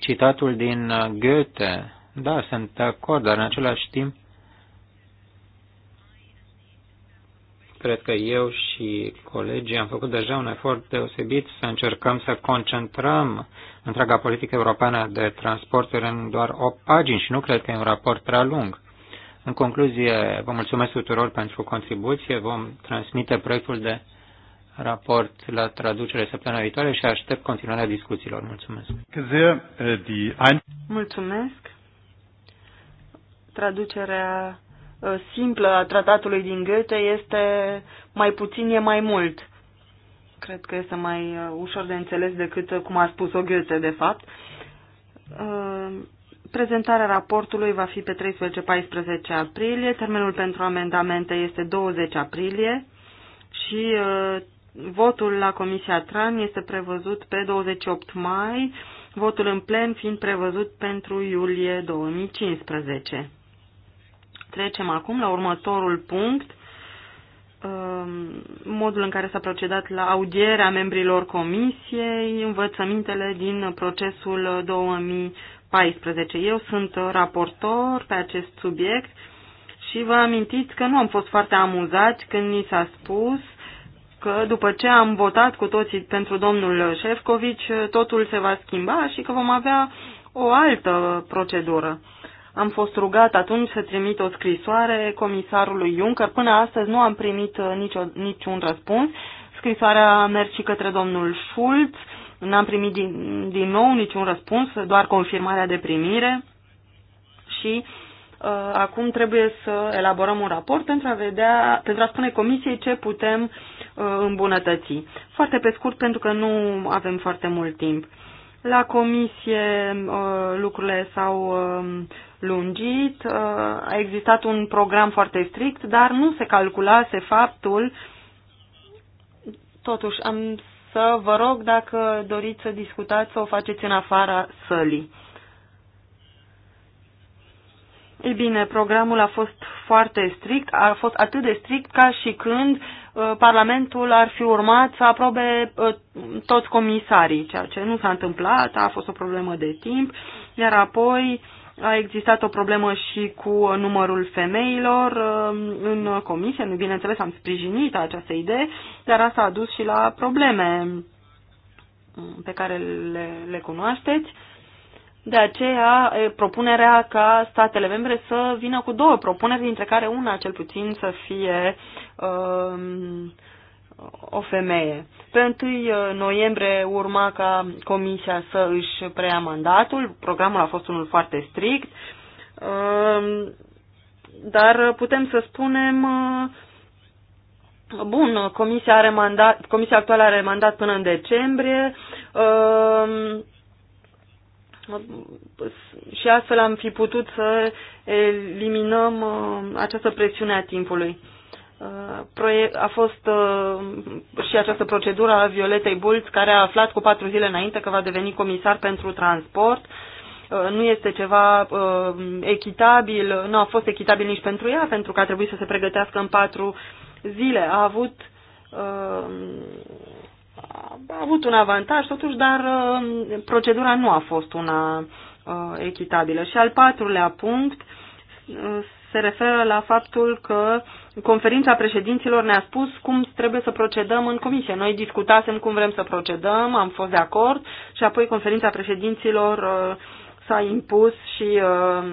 citatul din Goethe, da, sunt de acord, dar în același timp Cred că eu și colegii am făcut deja un efort deosebit să încercăm să concentrăm întreaga politică europeană de transporturi în doar 8 pagini și nu cred că e un raport prea lung. În concluzie, vă mulțumesc tuturor pentru contribuție. Vom transmite proiectul de raport la traducere săptămâna viitoare și aștept continuarea discuțiilor. Mulțumesc. Mulțumesc. Traducerea Uh, simplă a tratatului din Goethe este mai puțin e mai mult. Cred că este mai uh, ușor de înțeles decât uh, cum a spus-o Goethe, de fapt. Prezentarea raportului va fi pe 13-14 aprilie, termenul pentru amendamente este 20 aprilie și votul la Comisia TRAN este prevăzut pe 28 mai, votul în plen fiind prevăzut pentru iulie 2015. Trecem acum la următorul punct, um, modul în care s-a procedat la audierea membrilor comisiei, învățămintele din procesul 2014. Eu sunt raportor pe acest subiect și vă amintiți că nu am fost foarte amuzați când ni s-a spus că după ce am votat cu toții pentru domnul Șefcovici, totul se va schimba și că vom avea o altă procedură. Am fost rugat atunci să trimit o scrisoare comisarului Juncker. Până astăzi nu am primit uh, nicio, niciun răspuns. Scrisoarea a mers și către domnul Schulz. N-am primit din, din nou niciun răspuns, doar confirmarea de primire. Și uh, acum trebuie să elaborăm un raport pentru a, vedea, pentru a spune comisiei ce putem uh, îmbunătăți. Foarte pe scurt, pentru că nu avem foarte mult timp. La comisie uh, lucrurile s-au uh, lungit, uh, a existat un program foarte strict, dar nu se calculase faptul. Totuși, am să vă rog dacă doriți să discutați, să o faceți în afara sălii. Ei bine, programul a fost foarte strict, a fost atât de strict ca și când Uh, Parlamentul ar fi urmat să aprobe uh, toți comisarii, ceea ce nu s-a întâmplat, a fost o problemă de timp, iar apoi a existat o problemă și cu numărul femeilor uh, în comisie. Nu bineînțeles, am sprijinit această idee, dar asta a dus și la probleme pe care le, le cunoașteți. De aceea, propunerea ca statele membre să vină cu două propuneri, dintre care una cel puțin să fie um, o femeie. Pe 1 uh, noiembrie urma ca comisia să își preia mandatul, programul a fost unul foarte strict, um, dar putem să spunem, uh, bun, comisia, are mandat, comisia actuală are mandat până în decembrie, um, și astfel am fi putut să eliminăm uh, această presiune a timpului. Uh, a fost uh, și această procedură a Violetei Bulț, care a aflat cu patru zile înainte că va deveni comisar pentru transport. Nu este ceva echitabil, nu a fost echitabil nici pentru ea, pentru că a trebuit să se pregătească în patru zile. A avut a avut un avantaj totuși, dar uh, procedura nu a fost una uh, echitabilă. Și al patrulea punct uh, se referă la faptul că conferința președinților ne-a spus cum trebuie să procedăm în comisie. Noi discutasem cum vrem să procedăm, am fost de acord și apoi conferința președinților uh, s-a impus și uh,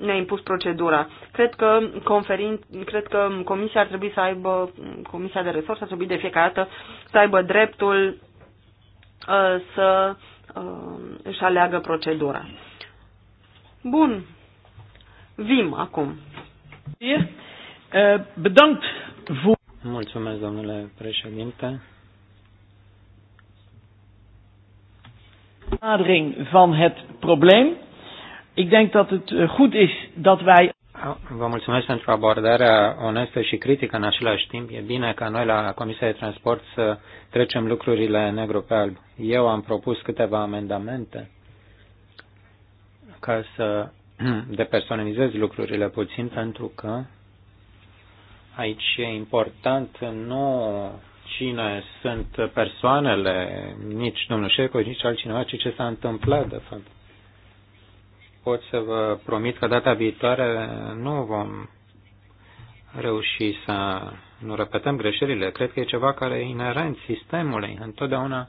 ne-a impus procedura. Cred că, conferin, cred că comisia ar trebui să aibă, comisia de resurse ar trebui de fiecare dată să aibă dreptul uh, să uh, își aleagă procedura. Bun. Vim acum. Bedankt. Mulțumesc, domnule președinte. Benadering van het probleem. Ik denk dat het eh, goed is dat wij. Ah, vă mulțumesc pentru abordarea onestă și critică în același timp. E bine ca noi la Comisia de Transport să trecem lucrurile negru pe alb. Eu am propus câteva amendamente ca să depersonalizez lucrurile puțin, pentru că aici e important nu cine sunt persoanele, nici domnul Șeco, nici altcineva, ci ce s-a întâmplat, de fapt. Pot să vă promit că data viitoare nu vom reuși să nu repetăm greșelile. Cred că e ceva care e inerent sistemului. Întotdeauna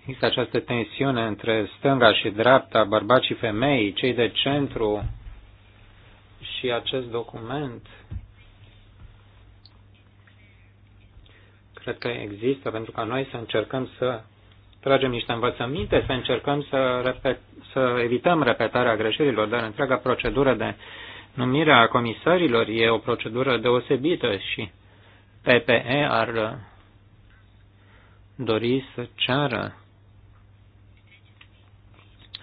există această tensiune între stânga și dreapta, bărbați și femei, cei de centru și acest document Cred că există pentru ca noi să încercăm să tragem niște învățăminte, să încercăm să, repet, să evităm repetarea greșelilor, dar întreaga procedură de numire a comisarilor e o procedură deosebită și PPE ar dori să ceară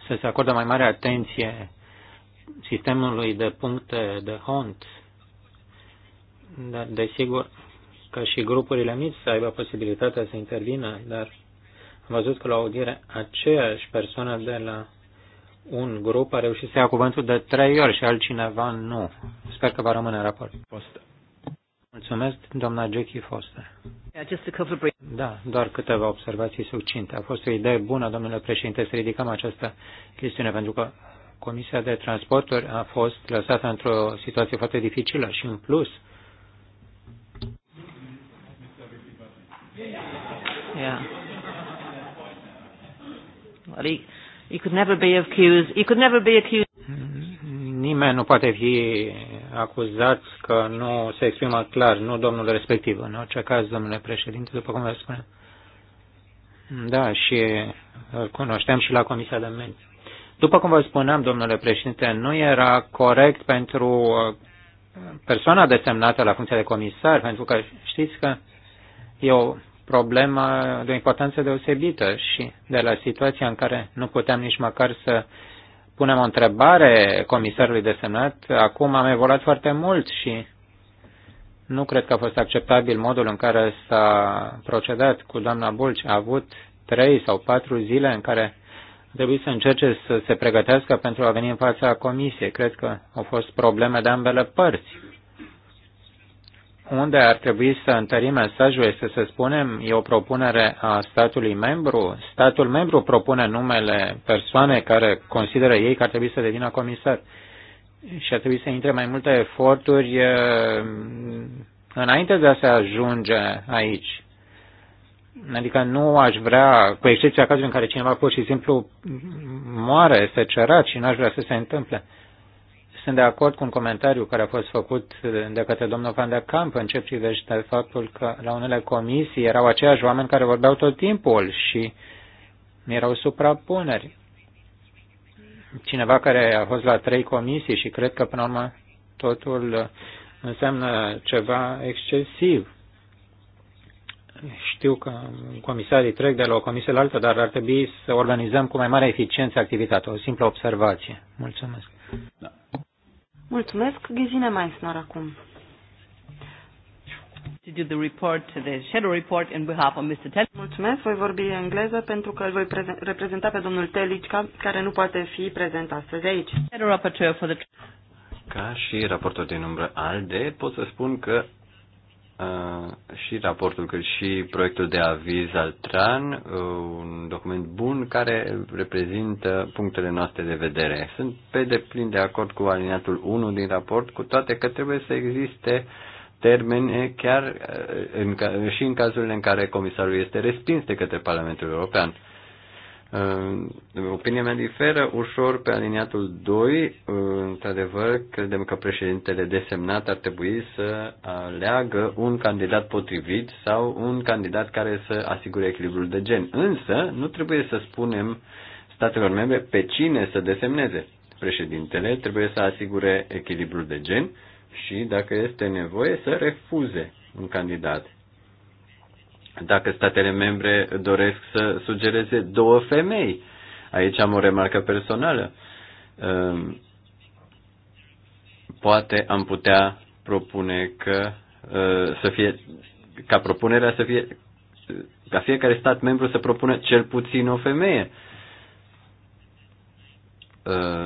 să se acordă mai mare atenție sistemului de puncte de hont. Dar, desigur, ca și grupurile mici să aibă posibilitatea să intervină, dar am văzut că la audiere aceeași persoană de la un grup a reușit să ia cuvântul de trei ori și altcineva nu. Sper că va rămâne în raport. Foster. Mulțumesc, doamna Jackie Foster. Da, doar câteva observații succinte. A fost o idee bună, domnule președinte, să ridicăm această chestiune, pentru că Comisia de Transporturi a fost lăsată într-o situație foarte dificilă și, în plus, Yeah. Well, he, he could never be accused. He could never be accused. Nimeni nu poate fi acuzat că nu se exprimă clar, nu domnul respectiv. În orice caz, domnule președinte, după cum vă spune. Da, și îl cunoșteam și la Comisia de Mediu. După cum vă spuneam, domnule președinte, nu era corect pentru uh, persoana desemnată la funcția de comisar, pentru că știți că e o problemă de o importanță deosebită și de la situația în care nu puteam nici măcar să punem o întrebare comisarului desemnat, acum am evoluat foarte mult și nu cred că a fost acceptabil modul în care s-a procedat cu doamna Bulci. A avut trei sau patru zile în care a trebuit să încerce să se pregătească pentru a veni în fața comisiei. Cred că au fost probleme de ambele părți unde ar trebui să întărim mesajul este să spunem, e o propunere a statului membru. Statul membru propune numele persoane care consideră ei că ar trebui să devină comisar. Și ar trebui să intre mai multe eforturi înainte de a se ajunge aici. Adică nu aș vrea, cu excepția cazului în care cineva pur și simplu moare, este cerat și n-aș vrea să se întâmple. Uh, sunt de acord cu un comentariu care a fost făcut de către domnul Van de Camp în ce privește faptul că la unele comisii erau aceiași oameni care vorbeau tot timpul și erau suprapuneri. Cineva care a fost la trei comisii și cred că, până la urmă, totul înseamnă ceva excesiv. Știu că comisarii trec de la o comisie la alta, dar ar trebui să organizăm cu mai mare eficiență activitatea. O simplă observație. Mulțumesc. Da. Mulțumesc, Ghezine Meissner, acum. To do the report, the shadow report in behalf of Mr. Telic. Mulțumesc, voi vorbi engleză pentru că îl voi reprezenta pe domnul Telic, care nu poate fi prezent astăzi aici. ca și raportul din umbră ALDE, pot să spun că și raportul, cât și proiectul de aviz al TRAN, uh, un document bun care reprezintă punctele noastre de vedere. Sunt pe deplin de acord cu aliniatul 1 din raport, cu toate că trebuie să existe termene chiar uh, în, și în cazurile în care comisarul este respins de către Parlamentul European. Ehm, opinia mea diferă ușor pe aliniatul 2. Ehm, într-adevăr, credem că președintele desemnat ar trebui să aleagă un candidat potrivit sau un candidat care să asigure echilibrul de gen. Însă, nu trebuie să spunem statelor membre pe cine să desemneze. Președintele trebuie să asigure echilibrul de gen și, dacă este nevoie, să refuze un candidat dacă statele membre doresc să sugereze două femei. Aici am o remarcă personală. Ehm, poate am putea propune că să fie ca propunerea să fie ca fiecare stat membru să propună cel puțin o femeie.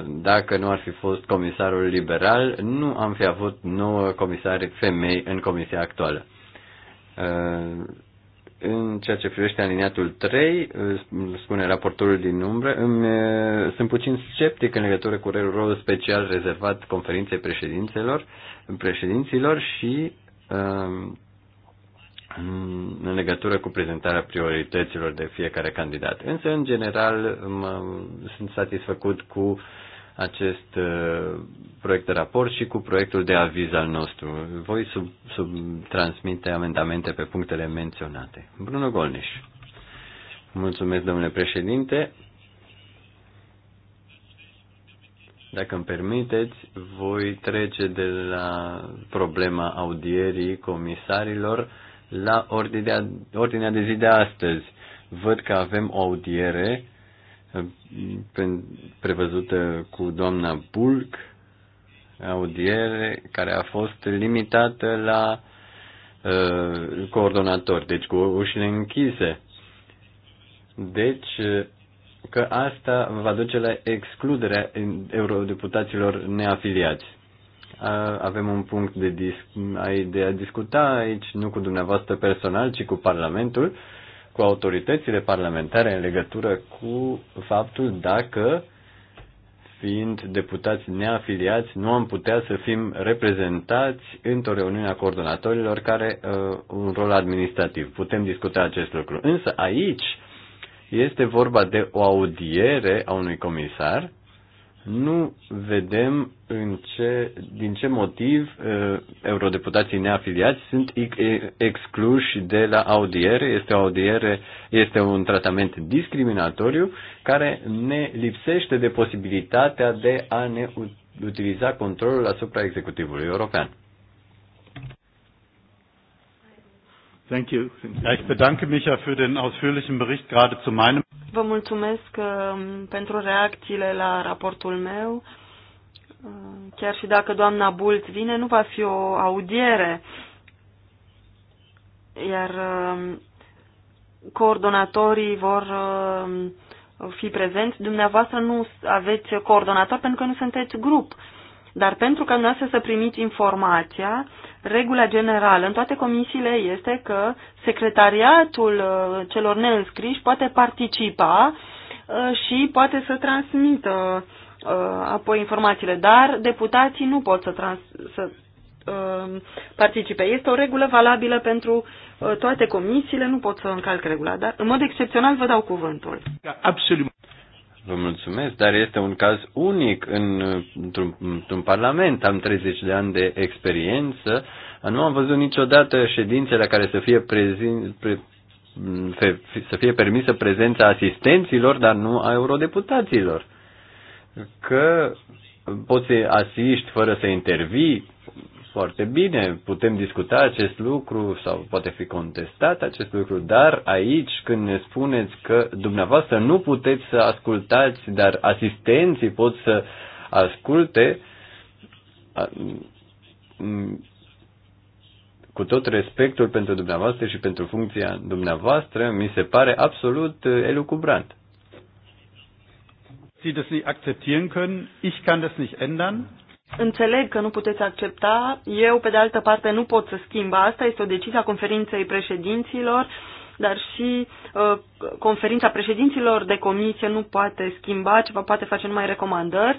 Dacă nu ar fi fost comisarul liberal, nu am fi avut nouă comisari femei în comisia actuală în ceea ce privește aliniatul 3, spune raportorul din umbră, îmi, sunt puțin sceptic în legătură cu rolul special rezervat conferinței președințelor, președinților și um, în legătură cu prezentarea priorităților de fiecare candidat. Însă, în general, sunt satisfăcut cu acest uh, proiect de raport și cu proiectul de aviz al nostru. Voi sub, sub transmite amendamente pe punctele menționate. Bruno Golneș. Mulțumesc, domnule președinte. Dacă îmi permiteți, voi trece de la problema audierii comisarilor la ordinea, ordinea de zi de astăzi. Văd că avem o audiere prevăzută cu doamna Bulc, audiere care a fost limitată la uh, coordonatori, deci cu ușile închise. Deci, uh, că asta va duce la excluderea eurodeputaților neafiliați. Avem un punct de, dis- de a discuta aici, nu cu dumneavoastră personal, ci cu Parlamentul, cu autoritățile parlamentare în legătură cu faptul dacă, fiind deputați neafiliați, nu am putea să fim reprezentați într-o reuniune a coordonatorilor care uh, un rol administrativ. Putem discuta acest lucru. Însă aici este vorba de o audiere a unui comisar nu vedem în ce, din ce motiv uh, eurodeputații neafiliați sunt excluși de la audiere. Este o audiere, este un tratament discriminatoriu care ne lipsește de posibilitatea de a ne utiliza controlul asupra executivului european. Thank you. Thank you. Ich bedanke mich ja für den ausführlichen Bericht gerade zu meinem. Vă mulțumesc uh, pentru reacțiile la raportul meu. Uh, chiar și dacă doamna Bult vine, nu va fi o audiere. Iar uh, coordonatorii vor fi prezenți. Dumneavoastră nu aveți coordonator pentru că nu sunteți grup. Dar pentru că nu să primiți informația, regula generală în toate comisiile este că secretariatul uh, celor neînscriși poate participa uh, și poate să transmită uh, apoi informațiile, dar deputații nu pot să, trans, să participe. Este o regulă valabilă pentru toate comisiile, nu pot să încalc regula, dar în mod excepțional vă dau cuvântul. Absolut. Vă mulțumesc, dar este un caz unic în, într-un, într-un parlament. Am 30 de ani de experiență. Nu am văzut niciodată ședințe la care să fie, prezin, pre, fe, să fie permisă prezența asistenților, dar nu a eurodeputaților. Că poți să asiști fără să intervii, foarte bine, putem discuta acest lucru sau poate fi contestat acest lucru, dar aici când ne spuneți că dumneavoastră nu puteți să ascultați, dar asistenții pot să asculte, cu tot respectul pentru dumneavoastră și pentru funcția dumneavoastră, mi se pare absolut uh, elucubrant. Sie das nicht akzeptieren können, ich kann das nicht ändern. Înțeleg că nu puteți accepta. Eu, pe de altă parte, nu pot să schimb asta. Este o decizie a conferinței președinților, dar și uh, conferința președinților de comisie nu poate schimba ceva, poate face numai recomandări.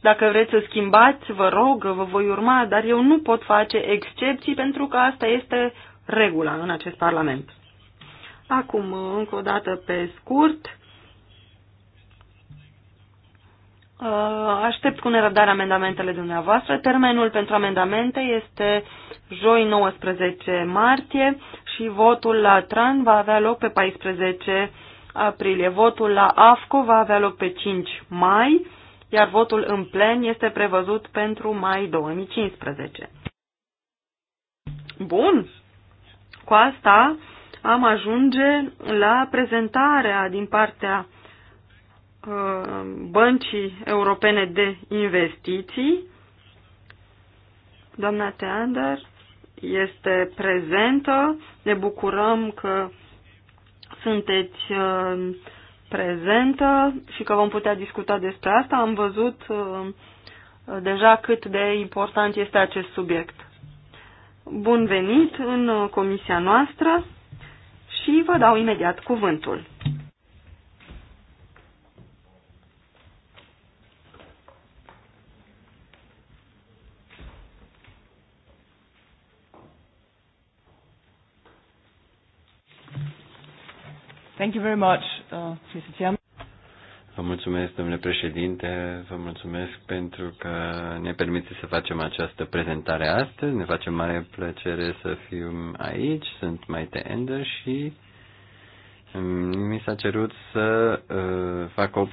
Dacă vreți să schimbați, vă rog, vă voi urma, dar eu nu pot face excepții pentru că asta este regula în acest Parlament. Acum, încă o dată pe scurt, Uh, aștept cu nerăbdare amendamentele dumneavoastră. Termenul pentru amendamente este joi 19 martie și votul la TRAN va avea loc pe 14 aprilie. Votul la AFCO va avea loc pe 5 mai, iar votul în plen este prevăzut pentru mai 2015. Bun. Cu asta am ajunge la prezentarea din partea Băncii Europene de Investiții. Doamna Teander este prezentă. Ne bucurăm că sunteți uh, prezentă și că vom putea discuta despre asta. Am văzut uh, deja cât de important este acest subiect. Bun venit în uh, comisia noastră și vă dau imediat cuvântul. Thank you very much, uh, Mr. Chairman. Vă mulțumesc, domnule președinte, vă mulțumesc pentru că ne permite să facem această prezentare astăzi. Ne face mare plăcere să fim aici. Sunt Maite Ender și mm, mi s-a cerut să uh, fac o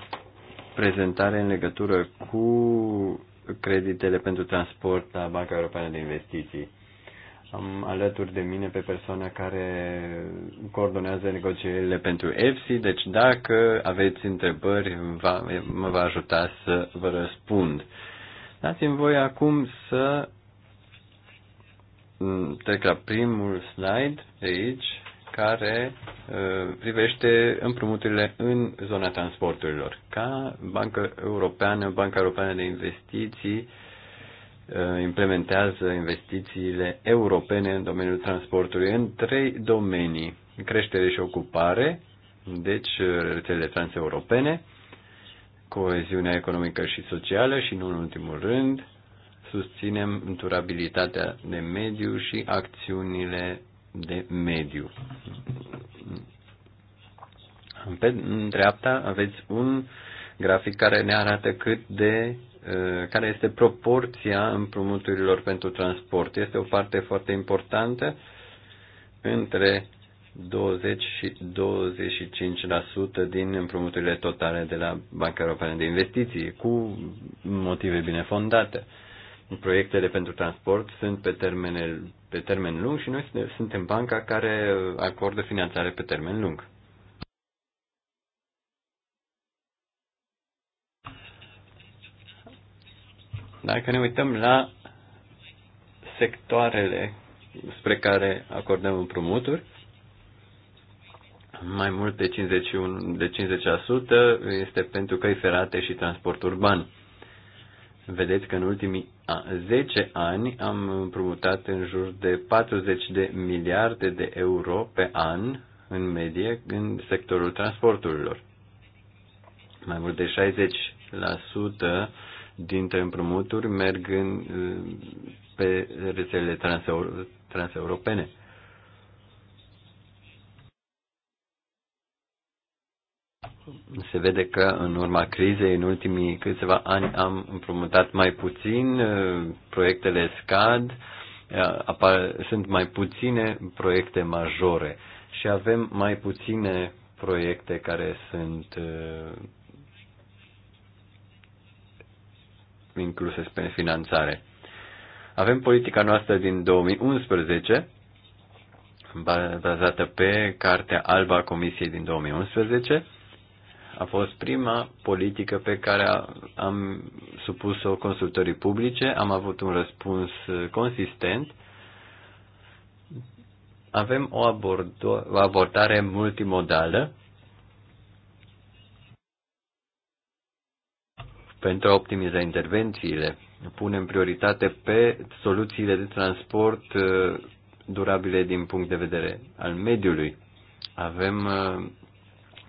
prezentare în legătură cu creditele pentru transport la Banca Europeană de Investiții am alături de mine pe persoana care coordonează negocierile pentru EFSI, deci dacă aveți întrebări, va, mă va ajuta să vă răspund. Dați-mi voi acum să trec la primul slide de aici, care uh, privește împrumuturile în zona transporturilor. Ca Banca Europeană, Banca Europeană de Investiții, Uh, implementează investițiile europene în domeniul transportului în trei domenii, creștere și ocupare, deci uh, rețelele transeuropene, coeziunea economică și socială și, nu în ultimul rând, susținem durabilitatea de mediu și acțiunile de mediu. În dreapta aveți un grafic care ne arată cât de Uh, care este proporția împrumuturilor pentru transport. Este o parte foarte importantă între 20 și 25% din împrumuturile totale de la Banca Europeană de Investiții, cu motive bine fondate. Proiectele pentru transport sunt pe termen, pe termen lung și noi suntem banca care acordă finanțare pe termen lung. Dacă ne uităm la sectoarele spre care acordăm împrumuturi, mai mult de, 51, de 50% este pentru căi ferate și transport urban. Vedeți că în ultimii 10 ani am împrumutat în jur de 40 de miliarde de euro pe an în medie în sectorul transporturilor. Mai mult de 60% dintre împrumuturi merg în, uh, pe rețelele transeuro, transeuropene. Se vede că în urma crizei, în ultimii câțiva ani, am împrumutat mai puțin, uh, proiectele scad, uh, apar, sunt mai puține proiecte majore și avem mai puține proiecte care sunt incluse pe finanțare. Avem politica noastră din 2011, bazată pe Cartea alba a Comisiei din 2011. A fost prima politică pe care am supus-o consultării publice, am avut un răspuns uh, consistent. Avem o abordare multimodală Pentru a optimiza intervențiile, punem prioritate pe soluțiile de transport uh, durabile din punct de vedere al mediului. Avem uh,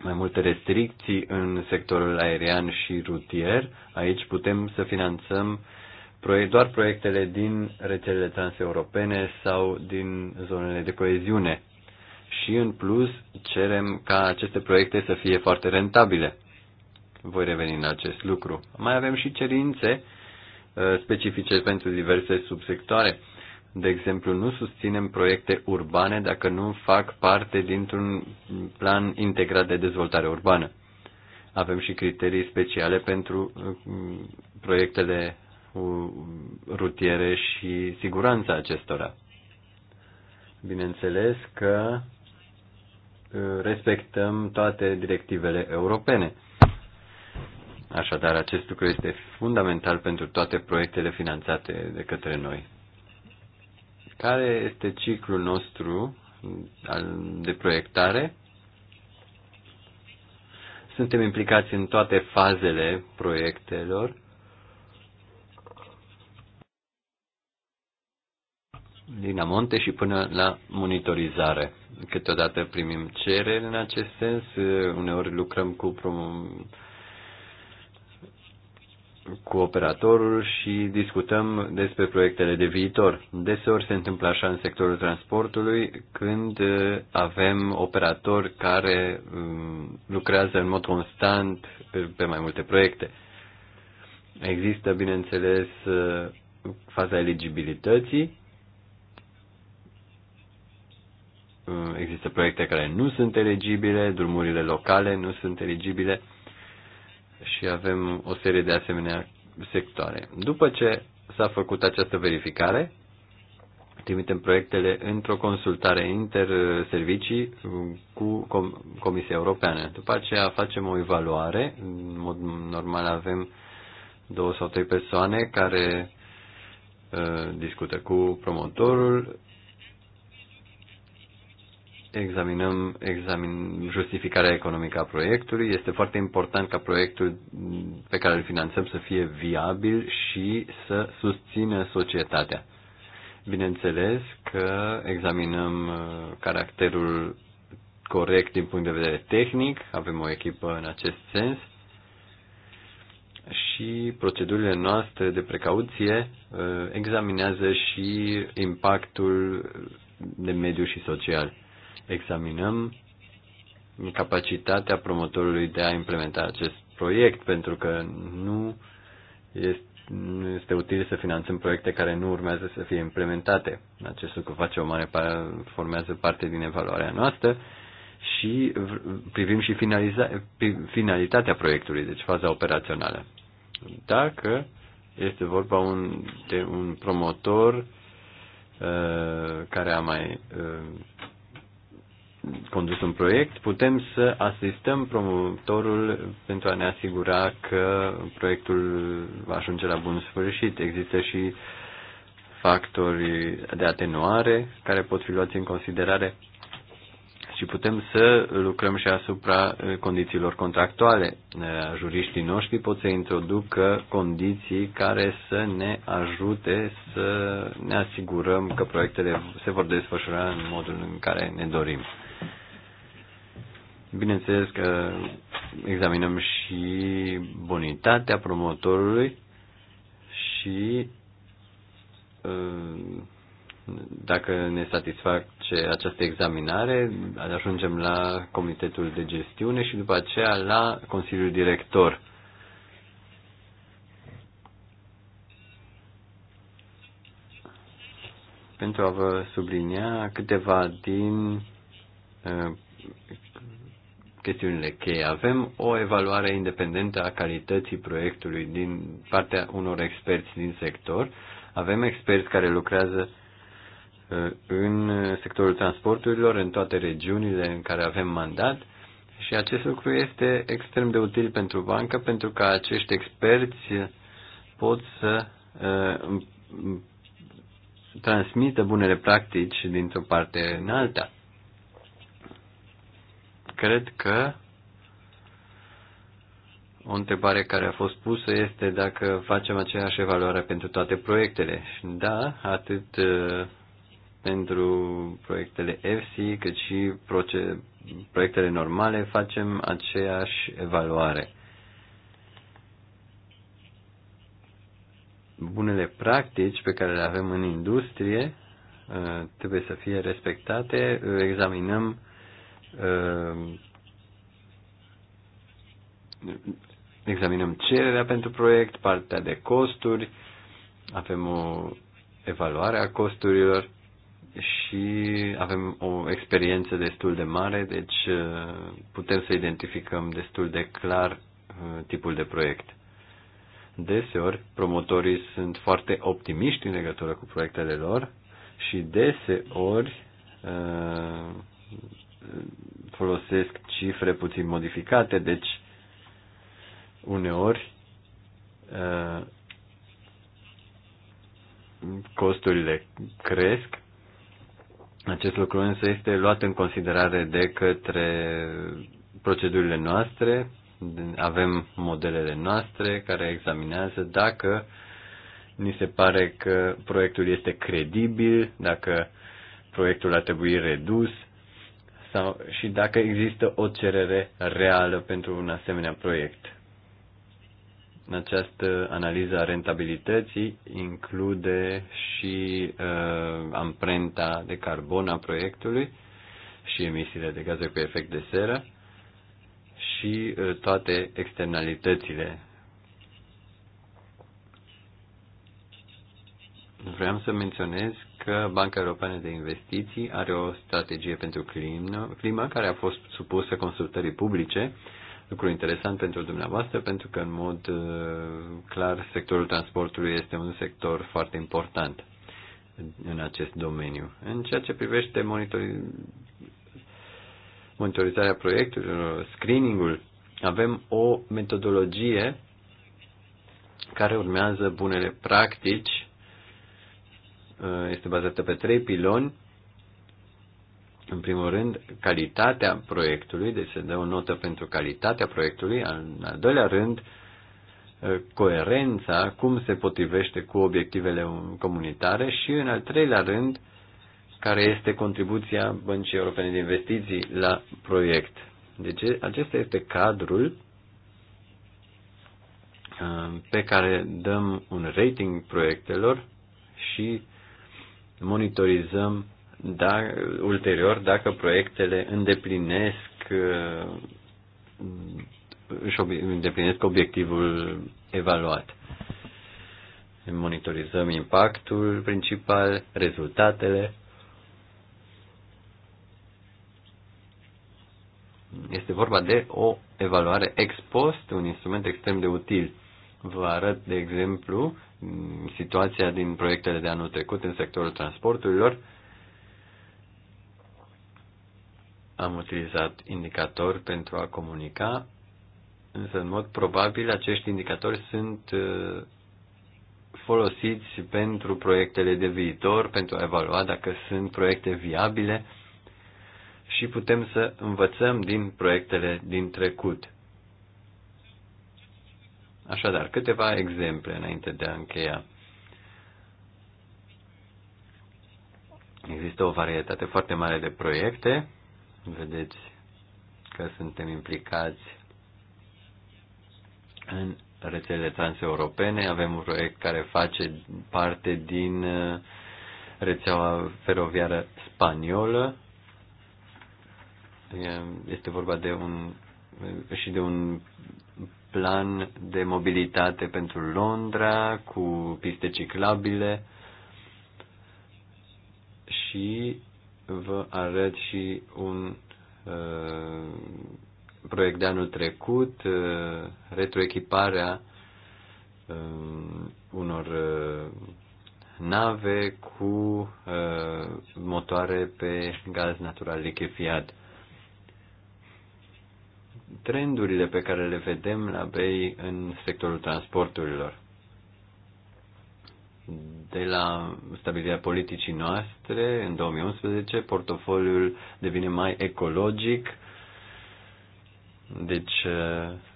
mai multe restricții în sectorul aerian și rutier. Aici putem să finanțăm doar proiectele din rețelele transeuropene sau din zonele de coeziune. Și în plus cerem ca aceste proiecte să fie foarte rentabile. Voi reveni în acest lucru. Mai avem și cerințe uh, specifice pentru diverse subsectoare. De exemplu, nu susținem proiecte urbane dacă nu fac parte dintr-un plan integrat de dezvoltare urbană. Avem și criterii speciale pentru uh, proiectele uh, rutiere și siguranța acestora. Bineînțeles că respectăm toate directivele europene. Așadar, acest lucru este fundamental pentru toate proiectele finanțate de către noi. Care este ciclul nostru de proiectare? Suntem implicați în toate fazele proiectelor. din amonte și până la monitorizare. Câteodată primim cereri în acest sens, uneori lucrăm cu prom- cu operatorul și discutăm despre proiectele de viitor. Deseori se întâmplă așa în sectorul transportului când uh, avem operatori care um, lucrează în mod constant uh, pe mai multe proiecte. Există, bineînțeles, uh, faza eligibilității. Există proiecte care nu sunt eligibile, drumurile locale nu sunt eligibile și avem o serie de asemenea sectoare. După ce s-a făcut această verificare, trimitem proiectele într-o consultare interservicii cu Comisia Europeană. După aceea facem o evaluare. În mod normal avem două sau trei persoane care uh, discută cu promotorul, examinăm examin, justificarea economică a proiectului. Este foarte important ca proiectul pe care îl finanțăm să fie viabil și să susțină societatea. Bineînțeles că examinăm uh, caracterul corect din punct de vedere tehnic, avem o echipă în acest sens și procedurile noastre de precauție uh, examinează și impactul de mediu și social examinăm capacitatea promotorului de a implementa acest proiect, pentru că nu este, nu este util să finanțăm proiecte care nu urmează să fie implementate. Acest lucru face o mare formează parte din evaluarea noastră și privim și finaliza, finalitatea proiectului, deci faza operațională. Dacă este vorba un, de un promotor uh, care a mai uh, condus un proiect, putem să asistăm promotorul pentru a ne asigura că proiectul va ajunge la bun sfârșit. Există și factori de atenuare care pot fi luați în considerare și putem să lucrăm și asupra condițiilor contractuale. Juriștii noștri pot să introducă condiții care să ne ajute să ne asigurăm că proiectele se vor desfășura în modul în care ne dorim. Bineînțeles că examinăm și bonitatea promotorului și uh, dacă ne satisface această examinare, ajungem la comitetul de gestiune și după aceea la Consiliul Director. Pentru a vă sublinia câteva din uh, chestiunile cheie. Avem o evaluare independentă a calității proiectului din partea unor experți din sector. Avem experți care lucrează uh, în sectorul transporturilor, în toate regiunile în care avem mandat și acest lucru este extrem de util pentru bancă pentru că acești experți pot să uh, transmită bunele practici dintr-o parte în alta cred că o întrebare care a fost pusă este dacă facem aceeași evaluare pentru toate proiectele. Da, atât uh, pentru proiectele FC, cât și proiectele normale facem aceeași evaluare. Bunele practici pe care le avem în industrie uh, trebuie să fie respectate. Examinăm Ehm, examinăm cererea pentru proiect, partea de costuri, avem o evaluare a costurilor și avem o experiență destul de mare, deci eh, putem să identificăm destul de clar eh, tipul de proiect. Deseori, promotorii sunt foarte optimiști în legătură cu proiectele lor și deseori eh, folosesc cifre puțin modificate, deci uneori uh, costurile cresc. Acest lucru însă este luat în considerare de către procedurile noastre. Avem modelele noastre care examinează dacă ni se pare că proiectul este credibil, dacă proiectul ar trebui redus sau și dacă există o cerere reală pentru un asemenea proiect. Această analiză a rentabilității include și uh, amprenta de carbon a proiectului și emisiile de gaze cu efect de seră și uh, toate externalitățile. Vreau să menționez că Banca Europeană de Investiții are o strategie pentru climă, climă care a fost supusă consultării publice. Lucru interesant pentru dumneavoastră, pentru că, în mod uh, clar, sectorul transportului este un sector foarte important în acest domeniu. În ceea ce privește monitori... monitorizarea proiectelor, screening-ul, avem o metodologie care urmează bunele practici Uh, este bazată pe trei piloni. În primul rând, calitatea proiectului, deci se dă o notă pentru calitatea proiectului. În al doilea rând, uh, coerența, cum se potrivește cu obiectivele comunitare și, în al treilea rând, care este contribuția Băncii Europene de Investiții la proiect. Deci acesta este cadrul uh, pe care dăm un rating proiectelor și monitorizăm da, ulterior dacă proiectele îndeplinesc uh, își îndeplinesc obiectivul evaluat. Monitorizăm impactul principal, rezultatele. Este vorba de o evaluare ex post, un instrument extrem de util. Vă arăt, de exemplu, situația din proiectele de anul trecut în sectorul transporturilor. Am utilizat indicator pentru a comunica, însă în mod probabil acești indicatori sunt uh, folosiți pentru proiectele de viitor, pentru a evalua dacă sunt proiecte viabile și putem să învățăm din proiectele din trecut. Așadar, câteva exemple înainte de a încheia. Există o varietate foarte mare de proiecte. Vedeți că suntem implicați în rețelele transeuropene. Avem un proiect care face parte din uh, rețeaua feroviară spaniolă. Este vorba de un și de un plan de mobilitate pentru Londra cu piste ciclabile și vă arăt și un uh, proiect de anul trecut, uh, retroechiparea uh, unor uh, nave cu uh, motoare pe gaz natural lichefiat. Uh, trendurile pe care le vedem la BEI în sectorul transporturilor. De la stabilirea politicii noastre, în 2011, portofoliul devine mai ecologic, deci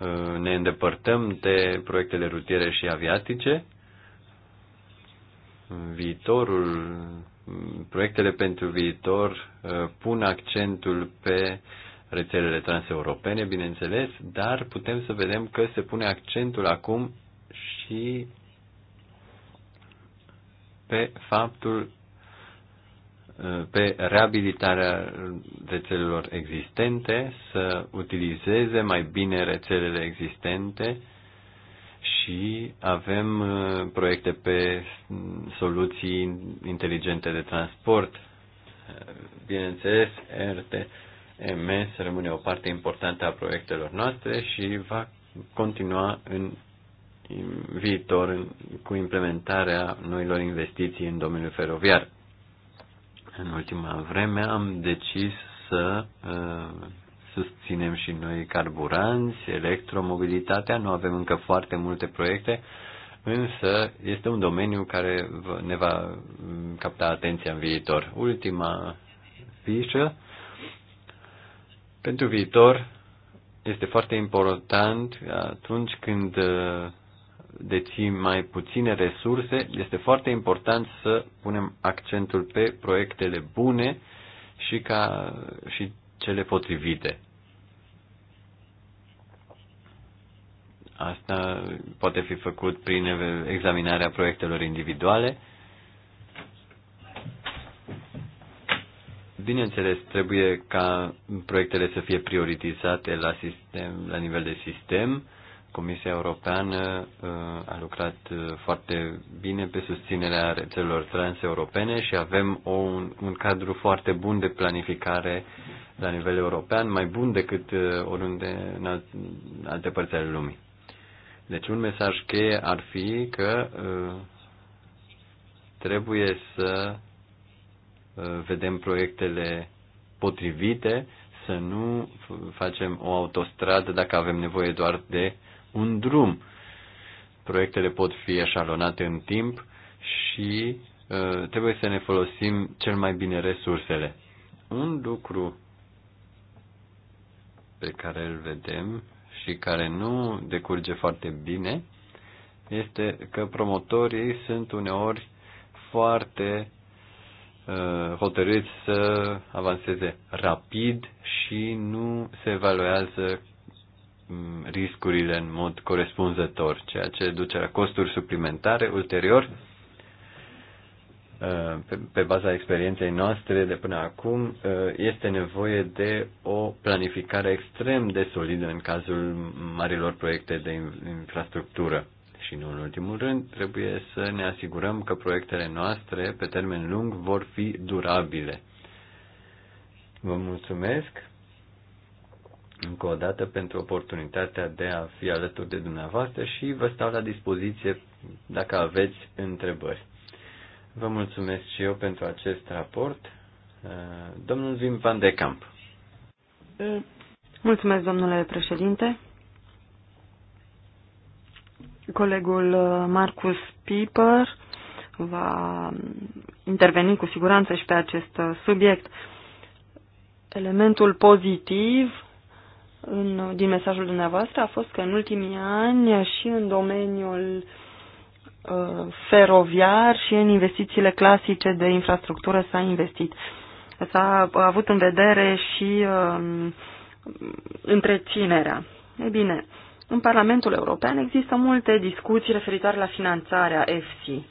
uh, ne îndepărtăm de proiectele rutiere și aviatice. Viitorul, proiectele pentru viitor uh, pun accentul pe uh, rețelele transeuropene, bineînțeles, dar putem să vedem că se pune accentul acum și pe faptul pe reabilitarea rețelelor existente, să utilizeze mai bine rețelele existente și avem uh, proiecte pe soluții inteligente de transport, bineînțeles, RT EMS rămâne o parte importantă a proiectelor noastre și va continua în viitor cu implementarea noilor investiții în domeniul feroviar. În ultima vreme am decis să uh, susținem și noi carburanți, electromobilitatea, nu avem încă foarte multe proiecte, însă este un domeniu care ne va capta atenția în viitor. Ultima fișă pentru viitor este foarte important atunci când uh, deții mai puține resurse, este foarte important să punem accentul pe proiectele bune și, ca, și cele potrivite. Asta poate fi făcut prin examinarea proiectelor individuale Bineînțeles, trebuie ca proiectele să fie prioritizate la, sistem, la nivel de sistem. Comisia Europeană uh, a lucrat uh, foarte bine pe susținerea rețelelor transeuropene și avem o, un, un cadru foarte bun de planificare la nivel european, mai bun decât uh, oriunde în alte părți ale lumii. Deci un mesaj cheie ar fi că trebuie să Uh, vedem proiectele potrivite, să nu facem o autostradă dacă avem nevoie doar de un drum. Proiectele pot fi eșalonate în timp și uh, trebuie să ne folosim cel mai bine resursele. Un lucru pe care îl vedem și care nu decurge foarte bine este că promotorii sunt uneori foarte Uh, hotărâți să avanseze rapid și nu se evaluează mm, riscurile în mod corespunzător, ceea ce duce la costuri suplimentare ulterior. Uh, pe, pe baza experienței noastre de până acum, uh, este nevoie de o planificare extrem de solidă în cazul marilor proiecte de infrastructură. Și nu în ultimul rând, trebuie să ne asigurăm că proiectele noastre pe termen lung vor fi durabile. Vă mulțumesc încă o dată pentru oportunitatea de a fi alături de dumneavoastră și vă stau la dispoziție dacă aveți întrebări. Vă mulțumesc și eu pentru acest raport. Domnul Vim Van de Camp. Mulțumesc, domnule președinte. Colegul uh, Marcus Piper va interveni cu siguranță și pe acest uh, subiect. Elementul pozitiv în, din mesajul dumneavoastră a fost că în ultimii ani și în domeniul uh, feroviar și în investițiile clasice de infrastructură s-a investit. S-a uh, avut în vedere și uh, întreținerea. Ei bine, în Parlamentul European există multe discuții referitoare la finanțarea EFSI.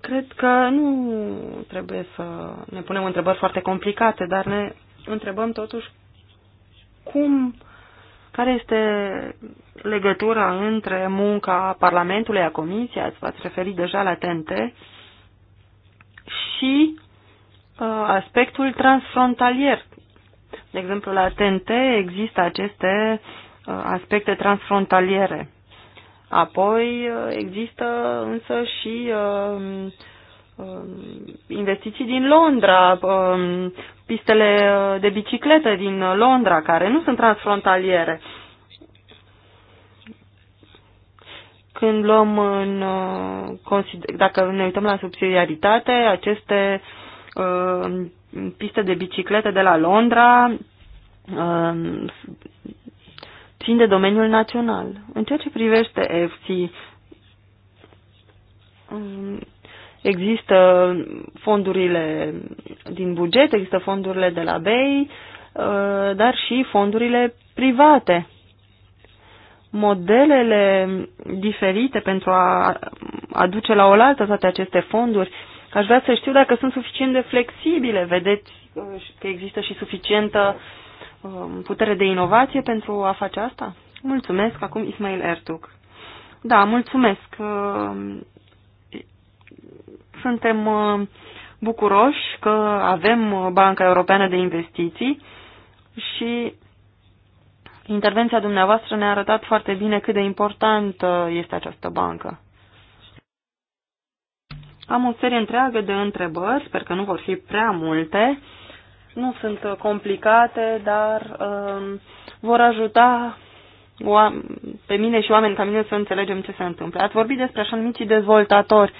Cred că nu trebuie să ne punem întrebări foarte complicate, dar ne întrebăm totuși cum, care este legătura între munca Parlamentului, a Comisiei, ați v-ați referit deja la TNT, și Uh, aspectul transfrontalier. De exemplu, la TNT există aceste uh, aspecte transfrontaliere. Apoi uh, există însă și investiții din Londra, pistele de bicicletă din Londra, care nu sunt transfrontaliere. Când luăm în, dacă ne uităm la subsidiaritate, aceste uh, Uh, piste de biciclete de la Londra fiind uh, țin de domeniul național. În ceea ce privește FC, um, există fondurile din buget, există fondurile de la BEI, uh, dar și fondurile private. Modelele diferite pentru a aduce la oaltă toate aceste fonduri Aș vrea să știu dacă sunt suficient de flexibile. Vedeți uh, că există și suficientă um, putere de inovație pentru a face asta? Mulțumesc. Acum Ismail Ertug. Da, mulțumesc. Uh, suntem uh, bucuroși că avem Banca Europeană de Investiții și intervenția dumneavoastră ne-a arătat foarte bine cât de importantă este această bancă. Am o serie întreagă de întrebări, sper că nu vor fi prea multe. Nu sunt uh, complicate, dar uh, vor ajuta pe mine și oameni ca mine să înțelegem ce se întâmplă. Ați vorbit despre așa numiții dezvoltatori.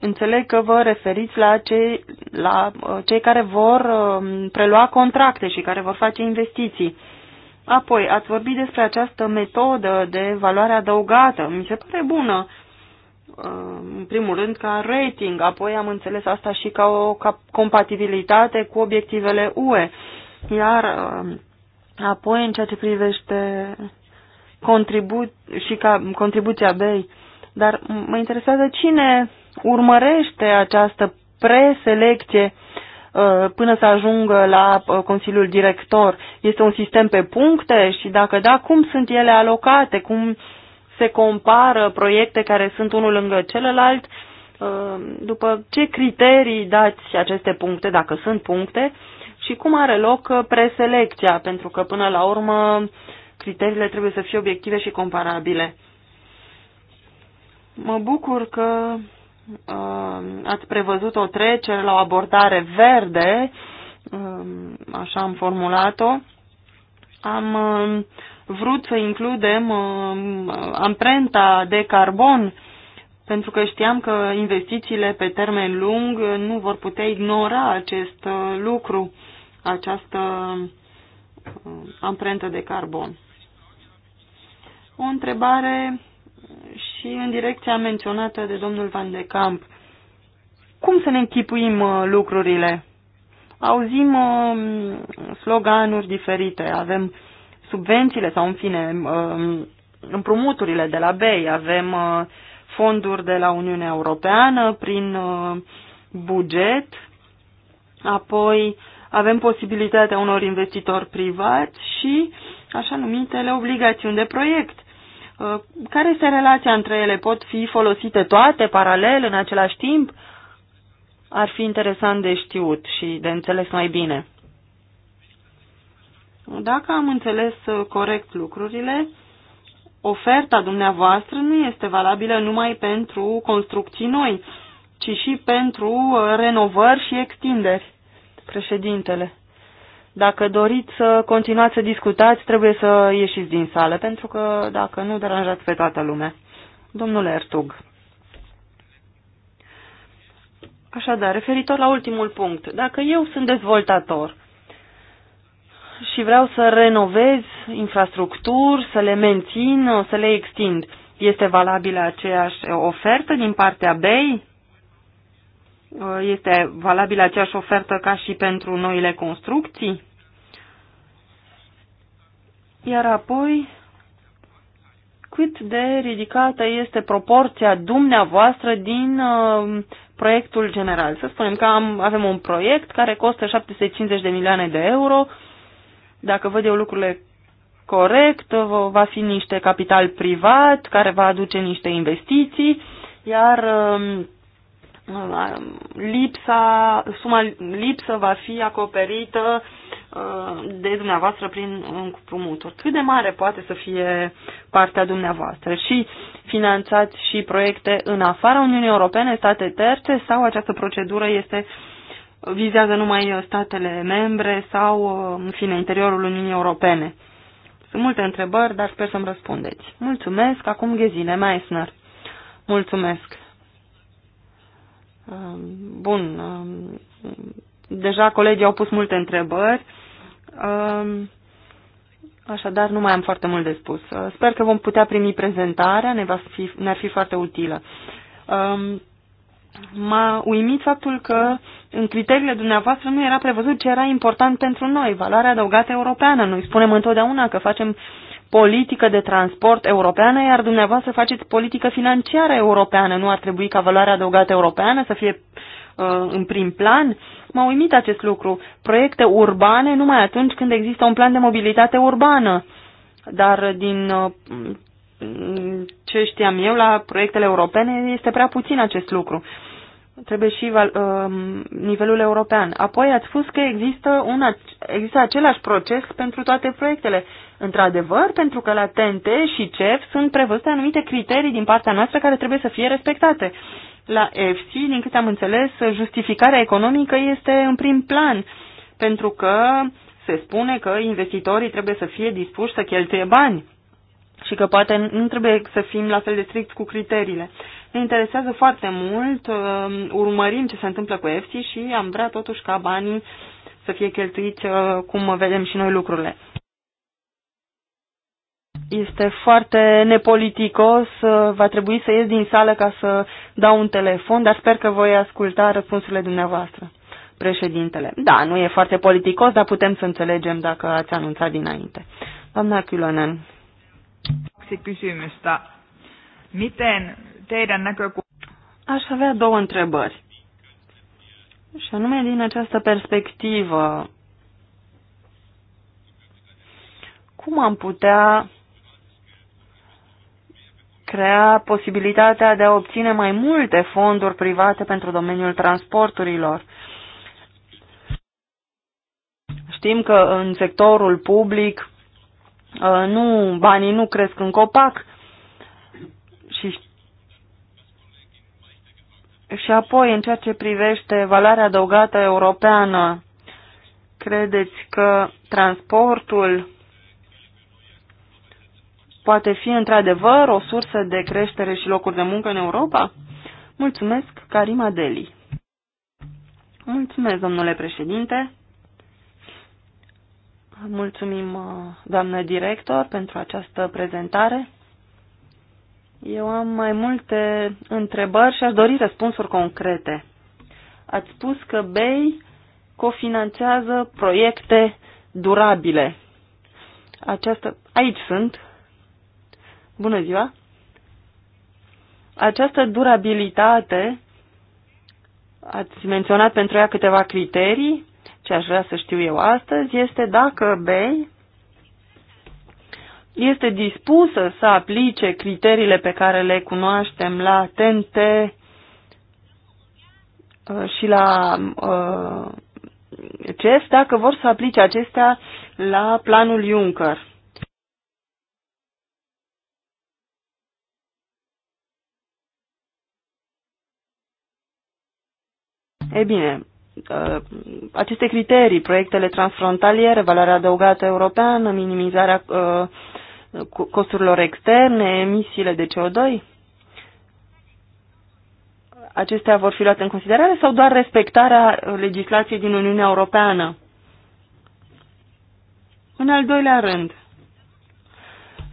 Înțeleg că vă referiți la cei, la uh, cei care vor um, prelua contracte și care vor face investiții. Apoi, ați vorbit despre această metodă de valoare adăugată. Mi se pare bună. Uh, în primul rând ca rating, apoi am înțeles asta și ca o ca compatibilitate cu obiectivele UE. Iar uh, apoi în ceea ce privește contribu- și ca contribuția BEI, dar mă interesează cine urmărește această preselecție uh, până să ajungă la Consiliul Director. Este un sistem pe puncte și dacă da, cum sunt ele alocate, cum uh, se compară proiecte care sunt unul lângă celălalt, uh, după ce criterii dați aceste puncte, dacă sunt puncte, și cum are loc uh, preselecția, pentru că până la urmă criteriile trebuie să fie obiective și comparabile. Mă bucur că uh, ați prevăzut o trecere la o abordare verde, așa am formulat-o. Am uh, vrut să includem uh, amprenta de carbon, pentru că știam că investițiile pe termen lung nu vor putea ignora acest uh, lucru, această uh, amprentă de carbon. O întrebare și în direcția menționată de domnul Van de Camp. Cum să ne închipuim lucrurile? Auzim sloganuri diferite, avem subvențiile sau, în fine, um, împrumuturile de la BEI. Avem uh, fonduri de la Uniunea Europeană prin uh, buget, apoi avem posibilitatea unor investitori privați și așa numitele obligațiuni de proiect. Uh, care este relația între ele? Pot fi folosite toate paralel în același timp? Ar fi interesant de știut și de înțeles mai bine. Dacă am înțeles uh, corect lucrurile, oferta dumneavoastră nu este valabilă numai pentru construcții noi, ci și pentru uh, renovări și extinderi. Președintele, dacă doriți să continuați să discutați, trebuie să ieșiți din sală, pentru că dacă nu, deranjați pe toată lumea. Domnule Ertug. Așadar, referitor la ultimul punct, dacă eu sunt dezvoltator și vreau să renovez infrastructuri, să le mențin, să le extind. Este valabilă aceeași ofertă din partea BEI? Este valabilă aceeași ofertă ca și pentru noile construcții? Iar apoi, cât de ridicată este proporția dumneavoastră din uh, proiectul general? Să spunem că am, avem un proiect care costă 750 de milioane de euro, uh, dacă văd eu lucrurile corect, va fi niște capital privat care va aduce niște investiții, iar um, um, lipsa, suma lipsă va fi acoperită uh, de dumneavoastră prin împrumuturi. Cât de mare poate să fie partea dumneavoastră și finanțați și proiecte în afara Uniunii Europene, state terțe sau această procedură este uh, vizează numai statele membre sau, în fine, interiorul Uniunii Europene. Sunt multe întrebări, dar sper să-mi răspundeți. Mulțumesc. Acum Ghezine Meissner. Mulțumesc. Um, bun. Um, deja colegii au pus multe întrebări. Um, așadar, nu mai am foarte mult de spus. Uh, sper că vom putea primi prezentarea, ne va fi, ne fi foarte utilă m-a uimit faptul că în criteriile dumneavoastră nu era prevăzut ce era important pentru noi, valoarea adăugată europeană. Noi spunem întotdeauna că facem politică de transport europeană, iar dumneavoastră faceți politică financiară europeană. Nu ar trebui ca valoarea adăugată europeană să fie uh, în prim plan? M-a uimit acest lucru. Proiecte urbane numai atunci când există un plan de mobilitate urbană. Dar din uh, ce știam eu la proiectele europene este prea puțin acest lucru. Trebuie și uh, nivelul european. Apoi ați spus că există, un, există același proces pentru toate proiectele. Într-adevăr, pentru că la TNT și CEF sunt prevăzute anumite criterii din partea noastră care trebuie să fie respectate. La FC, din câte am înțeles, justificarea economică este în prim plan, pentru că se spune că investitorii trebuie să fie dispuși să cheltuie bani și că poate nu trebuie să fim la fel de strict cu criteriile. Ne interesează foarte mult, um, urmărim ce se întâmplă cu EFSI și am vrea totuși ca banii să fie cheltuiți uh, cum vedem și noi lucrurile. Este foarte nepoliticos, uh, va trebui să ies din sală ca să dau un telefon, dar sper că voi asculta răspunsurile dumneavoastră, președintele. Da, nu e foarte politicos, dar putem să înțelegem dacă ați anunțat dinainte. Doamna Chilonen, kaksi kysymystä. Miten teidän näkökulmasta... Aș avea două întrebări. Și anume din această perspectivă, cum am putea crea posibilitatea de a obține mai multe fonduri private pentru domeniul transporturilor. Știm că în sectorul public Uh, nu, banii nu cresc în copac. Și, și apoi, în ceea ce privește valoarea adăugată europeană, credeți că transportul poate fi într-adevăr o sursă de creștere și locuri de muncă în Europa? Mulțumesc, Karima Deli. Mulțumesc, domnule președinte. Mulțumim, uh, doamnă director, pentru această prezentare. Eu am mai multe întrebări și aș dori răspunsuri concrete. Ați spus că BEI cofinanțează proiecte durabile. Această... Aici sunt. Bună ziua! Această durabilitate, ați menționat pentru ea câteva criterii, ce aș vrea să știu eu astăzi este dacă BEI este dispusă să aplice criteriile pe care le cunoaștem la TNT uh, și la uh, CES, dacă vor să aplice acestea la planul Juncker. E bine, aceste criterii, proiectele transfrontaliere, valoarea adăugată europeană, minimizarea uh, costurilor externe, emisiile de CO2? Acestea vor fi luate în considerare sau doar respectarea legislației din Uniunea Europeană? În al doilea rând,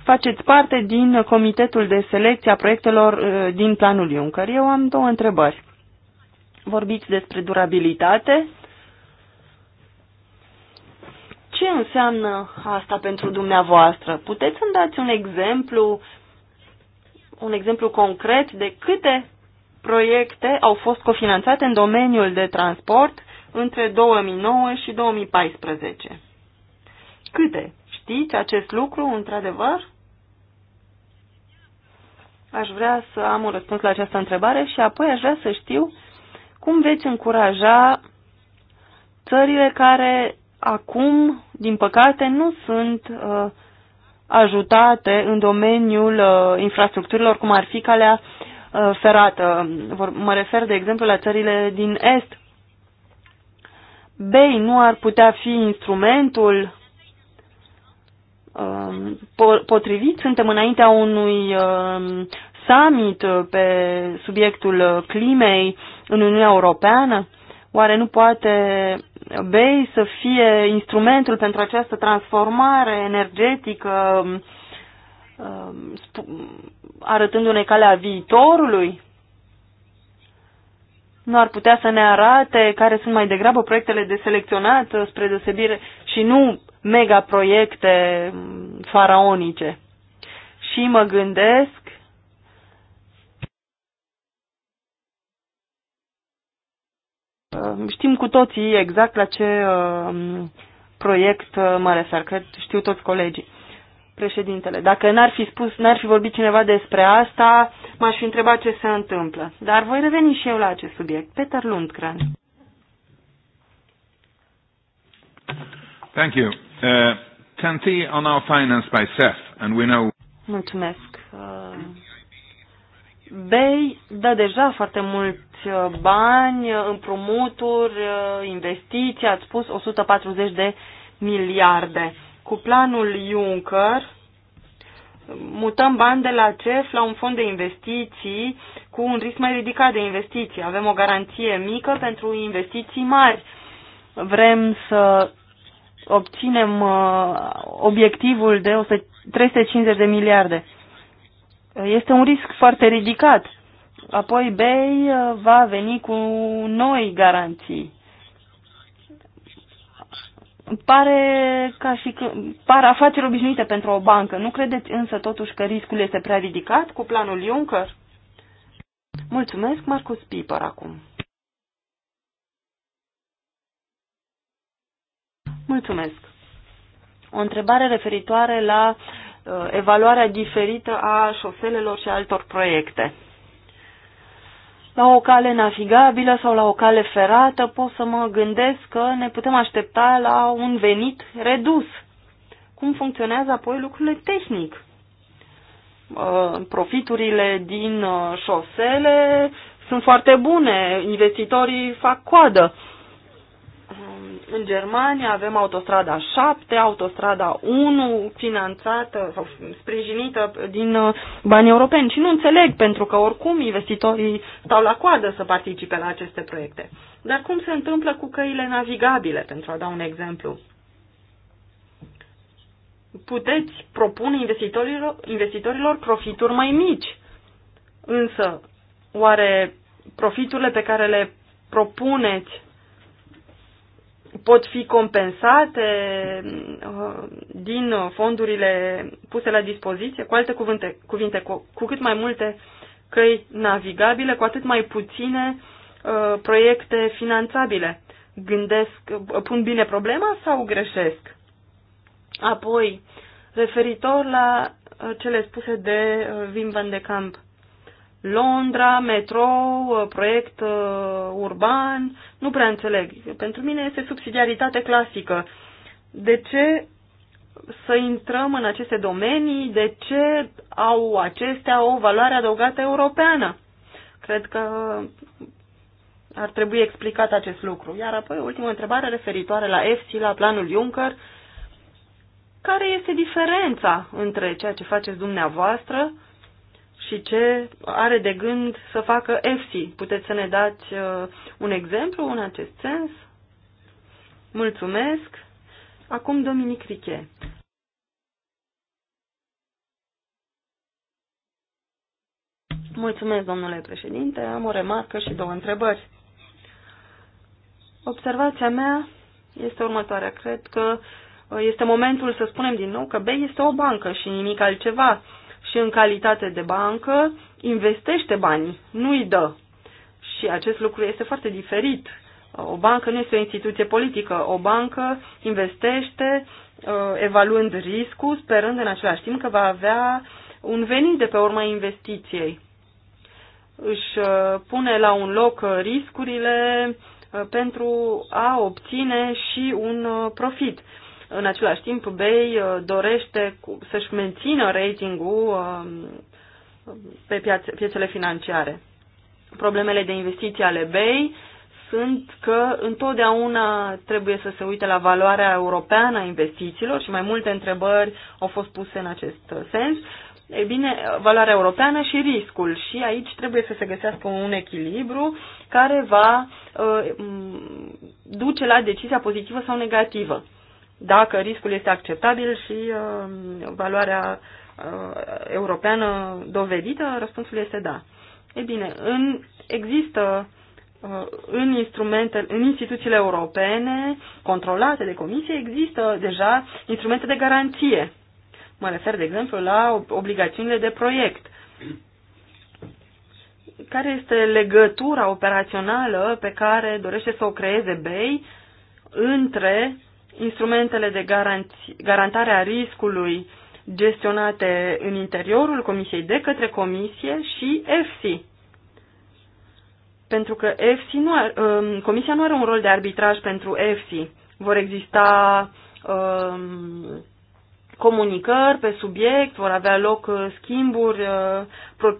faceți parte din Comitetul de Selecție a Proiectelor uh, din Planul Juncker. Eu am două întrebări vorbiți despre durabilitate. Ce înseamnă asta pentru dumneavoastră? Puteți să-mi dați un exemplu, un exemplu concret de câte proiecte au fost cofinanțate în domeniul de transport între 2009 și 2014? Câte? Știți acest lucru, într-adevăr? Aș vrea să am un răspuns la această întrebare și apoi aș vrea să știu cum veți încuraja țările care acum, din păcate, nu sunt uh, ajutate în domeniul uh, infrastructurilor, cum ar fi calea uh, ferată. Vor, mă refer, de exemplu, la țările din Est. BEI nu ar putea fi instrumentul uh, potrivit. Suntem înaintea unui uh, summit uh, pe subiectul uh, climei în Uniunea Europeană? Oare nu poate BEI să fie instrumentul pentru această transformare energetică, um, um, arătându-ne calea viitorului? nu ar putea să ne arate care sunt mai degrabă proiectele de selecționat uh, spre deosebire și nu megaproiecte um, faraonice. Și mă gândesc Uh, știm cu toții exact la ce uh, proiect uh, mă refer, cred știu toți colegii. Președintele, dacă n-ar fi spus, n-ar fi vorbit cineva despre asta, m-aș fi întrebat ce se întâmplă. Dar voi reveni și eu la acest subiect. Peter Lundgren. Thank you. Uh, on our now by Seth, and we know... Mulțumesc. Uh BEI dă deja foarte mulți uh, bani, uh, împrumuturi, uh, investiții, ați spus 140 de miliarde. Cu planul Juncker mutăm bani de la CEF la un fond de investiții cu un risc mai ridicat de investiții. Avem o garanție mică pentru investiții mari. Vrem să obținem obiectivul de 350 de miliarde este un risc foarte ridicat. Apoi BEI uh, va veni cu noi garanții. Pare ca și că, par afaceri obișnuite pentru o bancă. Nu credeți însă totuși că riscul este prea ridicat cu planul Juncker? Mulțumesc, Marcus Piper, acum. Mulțumesc. O întrebare referitoare la uh, Uh, evaluarea diferită a șoselelor și altor proiecte. La o cale navigabilă sau la o cale ferată pot să mă gândesc că ne putem aștepta la un venit redus. Cum funcționează apoi lucrurile tehnic? Uh, profiturile din uh, șosele sunt foarte bune, investitorii fac coadă în Germania avem autostrada 7, autostrada 1, finanțată sau sprijinită din uh, bani europeni și nu înțeleg pentru că oricum investitorii stau la coadă să participe la aceste proiecte. Dar cum se întâmplă cu căile navigabile, pentru a da un exemplu? Puteți propune investitorilor, investitorilor profituri mai mici, însă oare profiturile pe care le propuneți pot fi compensate uh, din fondurile puse la dispoziție. Cu alte cuvinte, cuvinte cu, cu cât mai multe căi navigabile, cu atât mai puține uh, proiecte finanțabile. Gândesc, uh, pun bine problema sau greșesc? Apoi, referitor la uh, cele spuse de Wim van de Camp, Londra, metrou, uh, proiect uh, urban, nu prea înțeleg. Pentru mine este subsidiaritate clasică. De ce să intrăm în aceste domenii? De ce au acestea o valoare adăugată europeană? Cred că ar trebui explicat acest lucru. Iar apoi ultima întrebare referitoare la EFSI, la planul Juncker. Care este diferența între ceea ce faceți dumneavoastră și ce are de gând să facă EFSI. Puteți să ne dați uh, un exemplu în acest sens? Mulțumesc. Acum Dominic Riche. Mulțumesc, domnule președinte. Am o remarcă și două întrebări. Observația mea este următoarea. Cred că este momentul să spunem din nou că BEI este o bancă și nimic altceva și în calitate de bancă investește banii, nu îi dă. Și acest lucru este foarte diferit. O bancă nu este o instituție politică. O bancă investește uh, evaluând riscul, sperând în același timp că va avea un venit de pe urma investiției. Își uh, pune la un loc riscurile uh, pentru a obține și un profit. În același timp, Bay uh, dorește să-și mențină ratingul um, pe piețele financiare. Problemele de investiții ale Bay sunt că întotdeauna trebuie să se uite la valoarea europeană a investițiilor și mai multe întrebări au fost puse în acest uh, sens. Ei bine, valoarea europeană și riscul. Și aici trebuie să se găsească un echilibru care va uh, duce la decizia pozitivă sau negativă dacă riscul este acceptabil și uh, valoarea uh, europeană dovedită, răspunsul este da. Ei bine, în, există uh, în, instrumente, în instituțiile europene controlate de comisie, există deja instrumente de garanție. Mă refer, de exemplu, la obligațiunile de proiect. Care este legătura operațională pe care dorește să o creeze BEI între instrumentele de garantare a riscului gestionate în interiorul Comisiei de către Comisie și EFSI. Pentru că EFSI nu are, um, Comisia nu are un rol de arbitraj pentru EFSI. Vor exista um, comunicări pe subiect, vor avea loc uh, schimburi uh,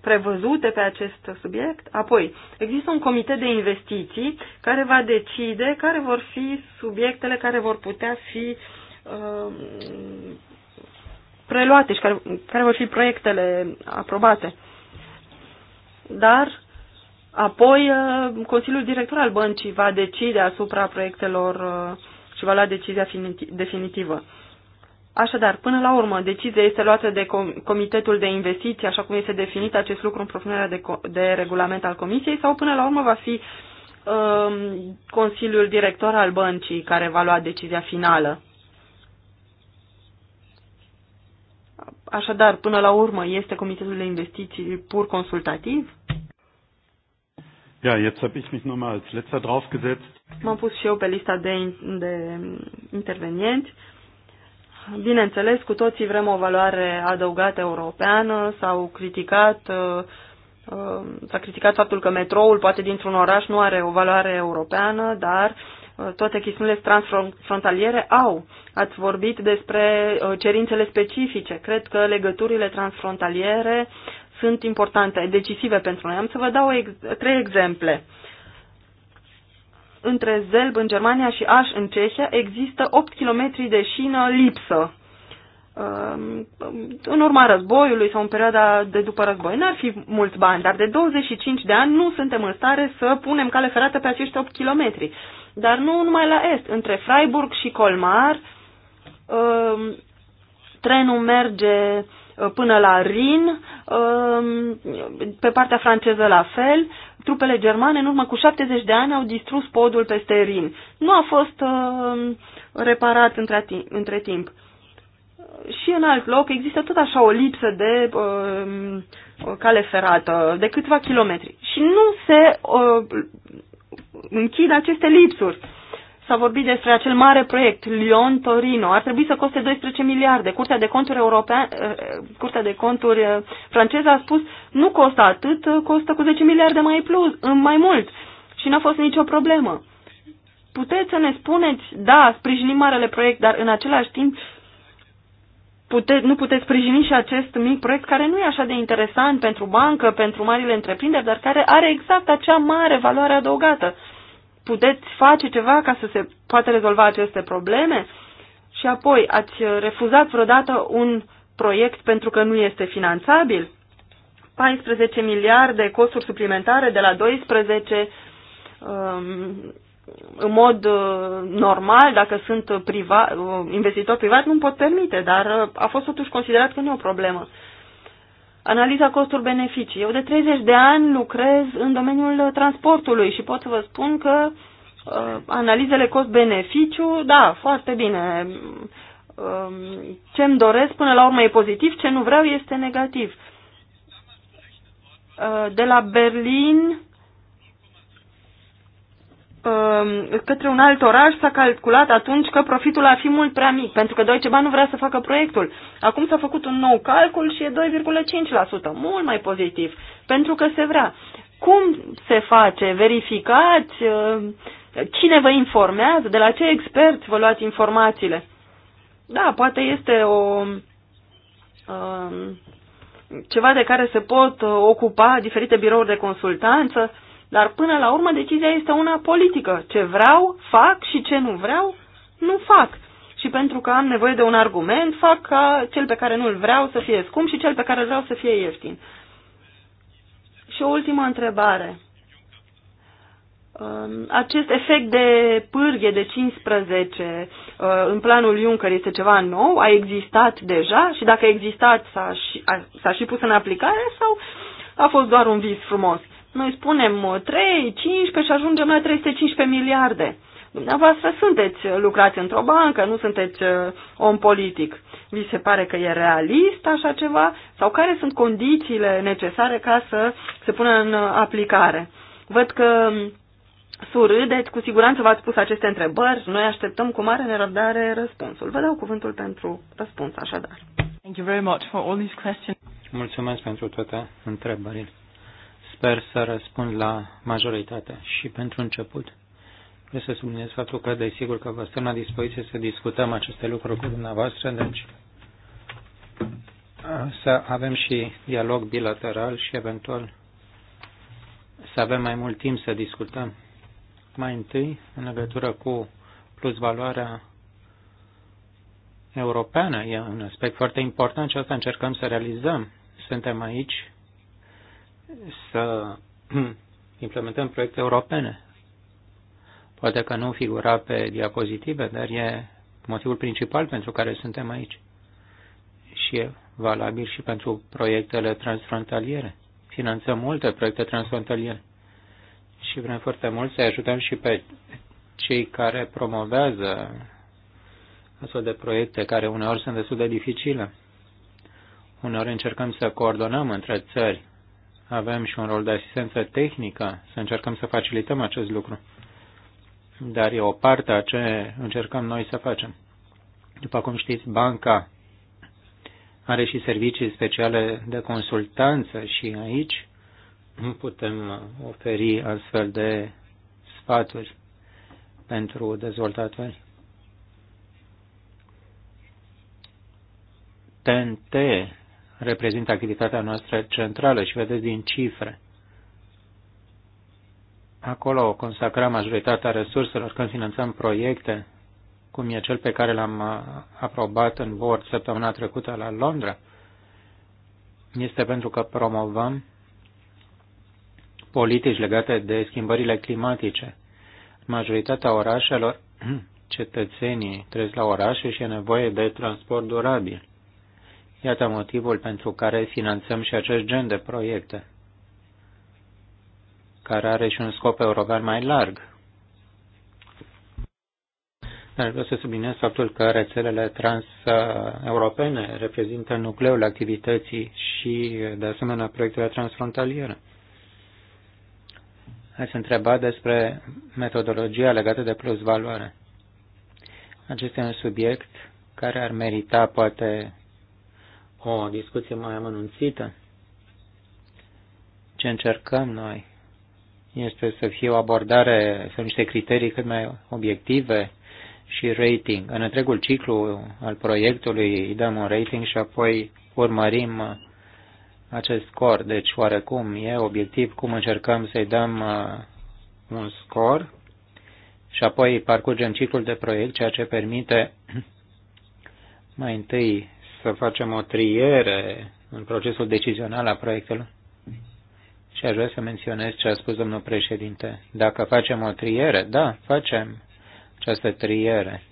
prevăzute pe acest subiect. Apoi, există un comitet de investiții care va decide care vor fi subiectele care vor putea fi uh, preluate și care, care vor fi proiectele aprobate. Dar apoi Consiliul Director al Băncii va decide asupra proiectelor și va lua decizia definitivă. Așadar, până la urmă, decizia este luată de Comitetul de Investiții, așa cum este definit acest lucru în propunerea de, de regulament al Comisiei, sau până la urmă va fi um, Consiliul Director al Băncii care va lua decizia finală. Așadar, până la urmă, este Comitetul de Investiții pur consultativ? Ja, jetzt habe ich mich nochmal als letzter draufgesetzt. M-am pus și eu pe lista de, de um, intervenienți. Bineînțeles, cu toții vrem o valoare adăugată europeană, s-au criticat, uh, uh, s-a criticat faptul că metroul, poate dintr-un oraș, nu are o valoare europeană, dar uh, toate chestiunile transfrontaliere au. Ați vorbit despre cerințele specifice. Cred că legăturile transfrontaliere sunt importante, decisive pentru noi. Am să vă dau ex- trei exemple între Zelb în Germania și Aș în Cehia există 8 km de șină lipsă. Um, în urma războiului sau în perioada de după război n-ar fi mulți bani, dar de 25 de ani nu suntem în stare să punem cale ferată pe acești 8 km. Dar nu numai la est, între Freiburg și Colmar um, trenul merge uh, până la Rin, um, pe partea franceză la fel, trupele germane în urmă cu 70 de ani au distrus podul peste Rin. Nu a fost uh, reparat între, între timp. Și în alt loc există tot așa o lipsă de uh, cale ferată, de câțiva kilometri. Și nu se uh, închid aceste lipsuri. Uh, S-a vorbit despre acel mare proiect, Lyon-Torino. Ar trebui să coste 12 miliarde. Curtea de conturi, european, eh, eh, Curtea de conturi eh, franceză a spus nu costă atât, costă cu 10 miliarde mai, plus, mai mult. Și n-a fost nicio problemă. Puteți să ne spuneți, da, sprijinim marele proiect, dar în același timp pute, nu puteți sprijini și acest mic proiect care nu e așa de interesant pentru bancă, pentru marile întreprinderi, dar care are exact acea mare valoare adăugată puteți face ceva ca să se poată rezolva aceste probleme? Și apoi, ați refuzat vreodată un proiect pentru că nu este finanțabil? 14 miliarde costuri suplimentare de la 12 um, în mod uh, normal, dacă sunt priva, uh, investitor privat, nu pot permite, dar uh, a fost totuși considerat că nu e o problemă analiza costuri beneficii Eu de 30 de ani lucrez în domeniul transportului și pot să vă spun că uh, analizele cost-beneficiu, da, foarte bine. Uh, um, ce îmi doresc până la urmă e pozitiv, ce nu vreau este negativ. Uh, de la Berlin Um, către un alt oraș s-a calculat atunci că profitul ar fi mult prea mic, pentru că Deutsche Bank nu vrea să facă proiectul. Acum s-a făcut un nou calcul și e 2,5%, mult mai pozitiv, pentru că se vrea. Cum se face? Verificați? Um, cine vă informează? De la ce experți vă luați informațiile? Da, poate este o... Um, ceva de care se pot uh, ocupa diferite birouri de consultanță, dar până la urmă decizia este una politică. Ce vreau, fac și ce nu vreau, nu fac. Și pentru că am nevoie de un argument, fac ca cel pe care nu-l vreau să fie scump și cel pe care îl vreau să fie ieftin. Și o ultimă întrebare. Um, acest efect de pârghie de 15 uh, în planul Juncker este ceva nou? A existat deja? Și dacă a existat, s-a și, a, s-a și pus în aplicare sau a fost doar un vis frumos? Noi spunem 3, 15 și ajungem la 315 miliarde. Dumneavoastră sunteți, lucrați într-o bancă, nu sunteți uh, om politic. Vi se pare că e realist așa ceva? Sau care sunt condițiile necesare ca să se pună în uh, aplicare? Văd că um, surâdeți, cu siguranță v-ați pus aceste întrebări, noi așteptăm cu mare nerăbdare răspunsul. Vă dau cuvântul pentru răspuns, așadar. Thank you very much for all these questions. Mulțumesc pentru toate întrebările. Sper să răspund la majoritatea. Și pentru început, vreau să subliniez faptul că, desigur, că vă stăm la dispoziție să discutăm aceste lucruri cu dumneavoastră, deci să avem și dialog bilateral și eventual să avem mai mult timp să discutăm. Mai întâi, în legătură cu plus valoarea europeană, e un aspect foarte important și asta încercăm să realizăm. Suntem aici să implementăm proiecte europene. Poate că nu figura pe diapozitive, dar e motivul principal pentru care suntem aici. Și e valabil și pentru proiectele transfrontaliere. Finanțăm multe proiecte transfrontaliere și vrem foarte mult să ajutăm și pe cei care promovează astfel de proiecte care uneori sunt destul de dificile. Uneori încercăm să coordonăm între țări avem și un rol de asistență tehnică, să încercăm să facilităm acest lucru. Dar e o parte a ce încercăm noi să facem. După cum știți, banca are și servicii speciale de consultanță și aici putem oferi astfel de sfaturi pentru dezvoltatori. TNT reprezintă activitatea noastră centrală și vedeți din cifre. Acolo consacrăm majoritatea resurselor când finanțăm proiecte, cum e cel pe care l-am uh, aprobat în board săptămâna trecută la Londra. Este pentru că promovăm politici legate de schimbările climatice. Majoritatea orașelor, cetățenii trăiesc la orașe și e nevoie de transport durabil. Iată motivul pentru care finanțăm și acest gen de proiecte, care are și un scop european mai larg. Dar vreau să subliniez faptul că rețelele transeuropene reprezintă nucleul activității și, de asemenea, proiectele transfrontaliere. Ați întrebat despre metodologia legată de plus valoare. Acesta este un subiect care ar merita poate o discuție mai amănunțită. Ce încercăm noi este să fie o abordare, să niște criterii cât mai obiective și rating. În întregul ciclu al proiectului îi dăm un rating și apoi urmărim acest scor. Deci, oarecum, e obiectiv cum încercăm să-i dăm uh, un scor și apoi parcurgem ciclul de proiect, ceea ce permite mai întâi să facem o triere în procesul decizional a proiectelor? Și aș vrea să menționez ce a spus domnul președinte. Dacă facem o triere, da, facem această triere.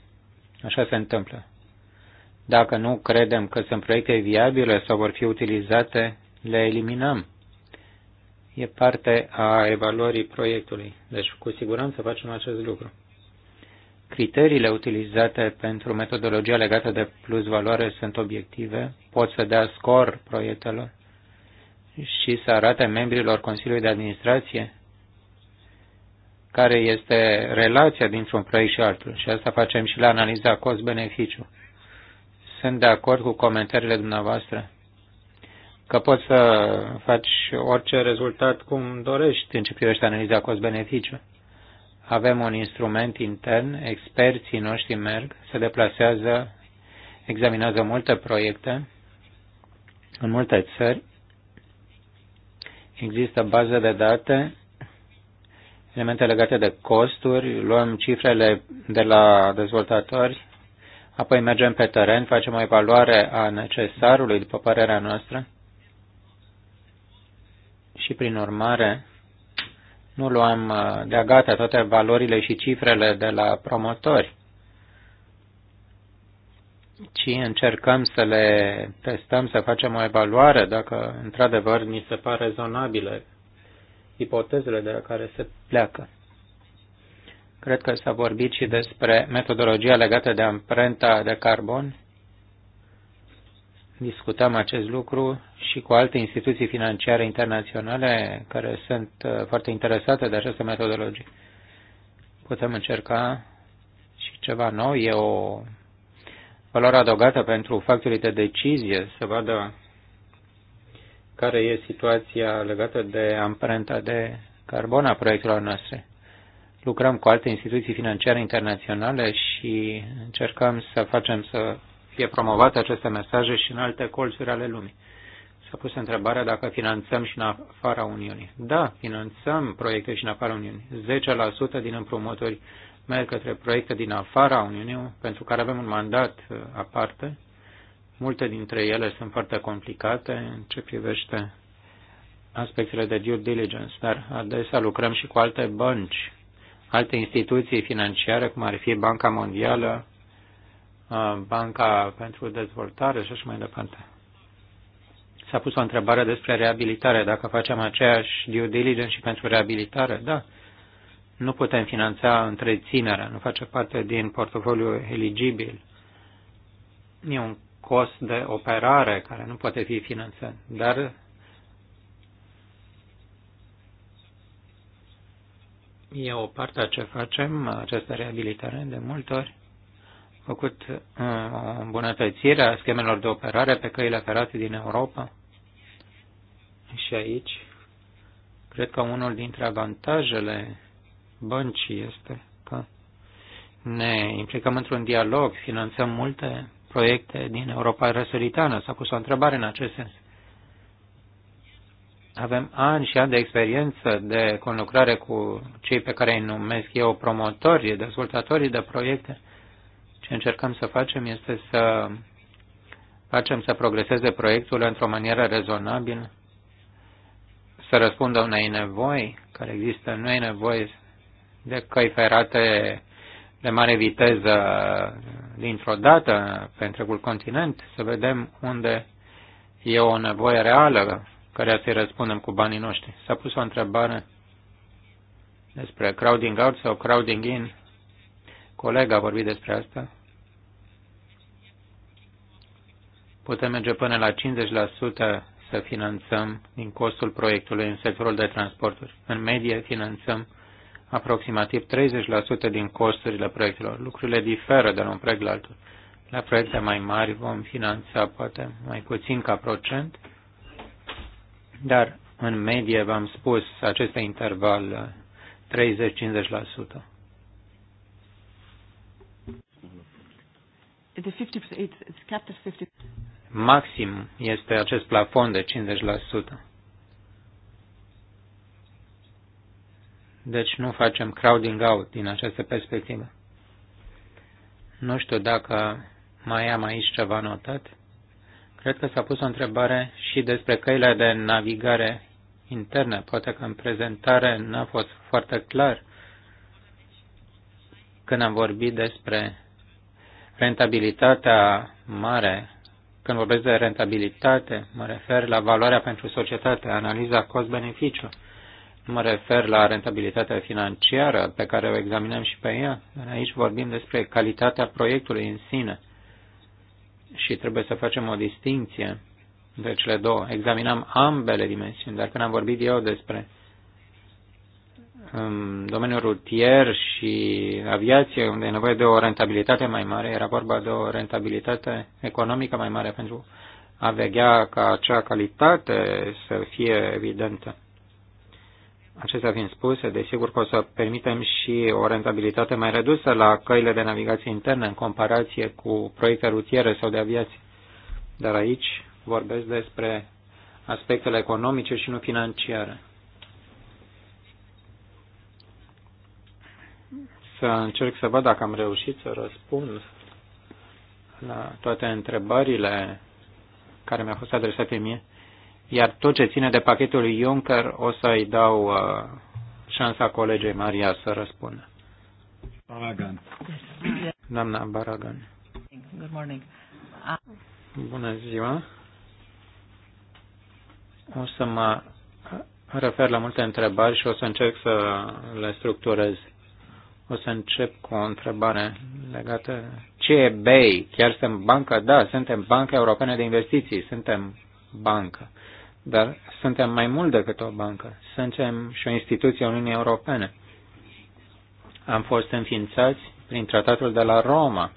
Așa se întâmplă. Dacă nu credem că sunt proiecte viabile sau vor fi utilizate, le eliminăm. E parte a evaluării proiectului. Deci, cu siguranță facem acest lucru criteriile utilizate pentru metodologia legată de plus valoare sunt obiective, pot să dea scor proiectelor și să arate membrilor Consiliului de Administrație care este relația dintre un proiect și altul. Și asta facem și la analiza cost-beneficiu. Sunt de acord cu comentariile dumneavoastră că poți să faci orice rezultat cum dorești în ce privește analiza cost-beneficiu avem un instrument intern, experții noștri merg, se deplasează, examinează multe proiecte în multe țări. Există bază de date, elemente legate de costuri, luăm cifrele de la dezvoltatori, apoi mergem pe teren, facem o evaluare a necesarului, după părerea noastră, și prin urmare nu luăm uh, de-a gata toate valorile și cifrele de la promotori, ci încercăm să le testăm, să facem o evaluare dacă într-adevăr ni se par rezonabile ipotezele de la care se pleacă. Cred că s-a vorbit și despre metodologia legată de amprenta de carbon Discutăm acest lucru și cu alte instituții financiare internaționale care sunt uh, foarte interesate de această metodologie. Putem încerca și ceva nou. E o valoare adăugată pentru factorii de decizie să vadă care e situația legată de amprenta de carbon a proiectelor noastre. Lucrăm cu alte instituții financiare internaționale și încercăm să facem să fie promovate aceste mesaje și în alte colțuri ale lumii. S-a pus întrebarea dacă finanțăm și în afara Uniunii. Da, finanțăm proiecte și în afara Uniunii. 10% din împrumuturi merg către proiecte din afara Uniunii, pentru care avem un mandat uh, aparte. Multe dintre ele sunt foarte complicate în ce privește aspectele de due diligence, dar adesea lucrăm și cu alte bănci, alte instituții financiare, cum ar fi Banca Mondială, Uh, Banca pentru Dezvoltare și așa mai departe. S-a pus o întrebare despre reabilitare, dacă facem aceeași due diligence și pentru reabilitare. Da, nu putem finanța întreținerea, nu face parte din portofoliu eligibil. E un cost de operare care nu poate fi finanțat, dar e o parte a ce facem, această reabilitare, de multe ori făcut uh, îmbunătățirea schemelor de operare pe căile ferate din Europa. Și aici, cred că unul dintre avantajele băncii este că ne implicăm într-un dialog, finanțăm multe proiecte din Europa răsăritană. S-a pus o întrebare în acest sens. Avem ani și ani de experiență de conlucrare cu cei pe care îi numesc eu promotorii, dezvoltatorii de proiecte ce încercăm să facem este să facem să progreseze proiectul într-o manieră rezonabilă, să răspundă unei nevoi care există. Nu e nevoie de căi ferate de mare viteză dintr-o dată pe întregul continent, să vedem unde e o nevoie reală care să-i răspundem cu banii noștri. S-a pus o întrebare despre crowding out sau crowding in. Colega a vorbit despre asta. Putem merge până la 50% să finanțăm din costul proiectului în sectorul de transporturi. În medie finanțăm aproximativ 30% din costurile proiectelor. Lucrurile diferă de la un proiect la altul. La proiecte mai mari vom finanța poate mai puțin ca procent, dar în medie, v-am spus, acest interval 30-50%. The 50%, it's, it's capped at 50% maxim este acest plafon de 50%. Deci nu facem crowding out din această perspectivă. Nu știu dacă mai am aici ceva notat. Cred că s-a pus o întrebare și despre căile de navigare interne. Poate că în prezentare n-a fost foarte clar când am vorbit despre rentabilitatea mare când vorbesc de rentabilitate, mă refer la valoarea pentru societate, analiza cost-beneficiu. Mă refer la rentabilitatea financiară pe care o examinăm și pe ea. Aici vorbim despre calitatea proiectului în sine și trebuie să facem o distinție între cele două. Examinăm ambele dimensiuni, dar când am vorbit eu despre în domeniul rutier și aviație, unde e nevoie de o rentabilitate mai mare, era vorba de o rentabilitate economică mai mare pentru a veghea ca acea calitate să fie evidentă. Acestea fiind spuse, desigur că o să permitem și o rentabilitate mai redusă la căile de navigație internă în comparație cu proiecte rutiere sau de aviație. Dar aici vorbesc despre aspectele economice și nu financiare. să încerc să văd dacă am reușit să răspund la toate întrebările care mi-au fost adresate mie, iar tot ce ține de pachetul Juncker o să-i dau uh, șansa colegei Maria să răspundă. Baragan. Doamna Baragan. Good morning. Bună ziua. O să mă refer la multe întrebări și o să încerc să le structurez. O să încep cu o întrebare legată. Ce e BEI? Chiar suntem bancă? Da, suntem Banca Europeană de Investiții, suntem bancă. Dar suntem mai mult decât o bancă. Suntem și o instituție a Uniunii Europene. Am fost înființați prin tratatul de la Roma.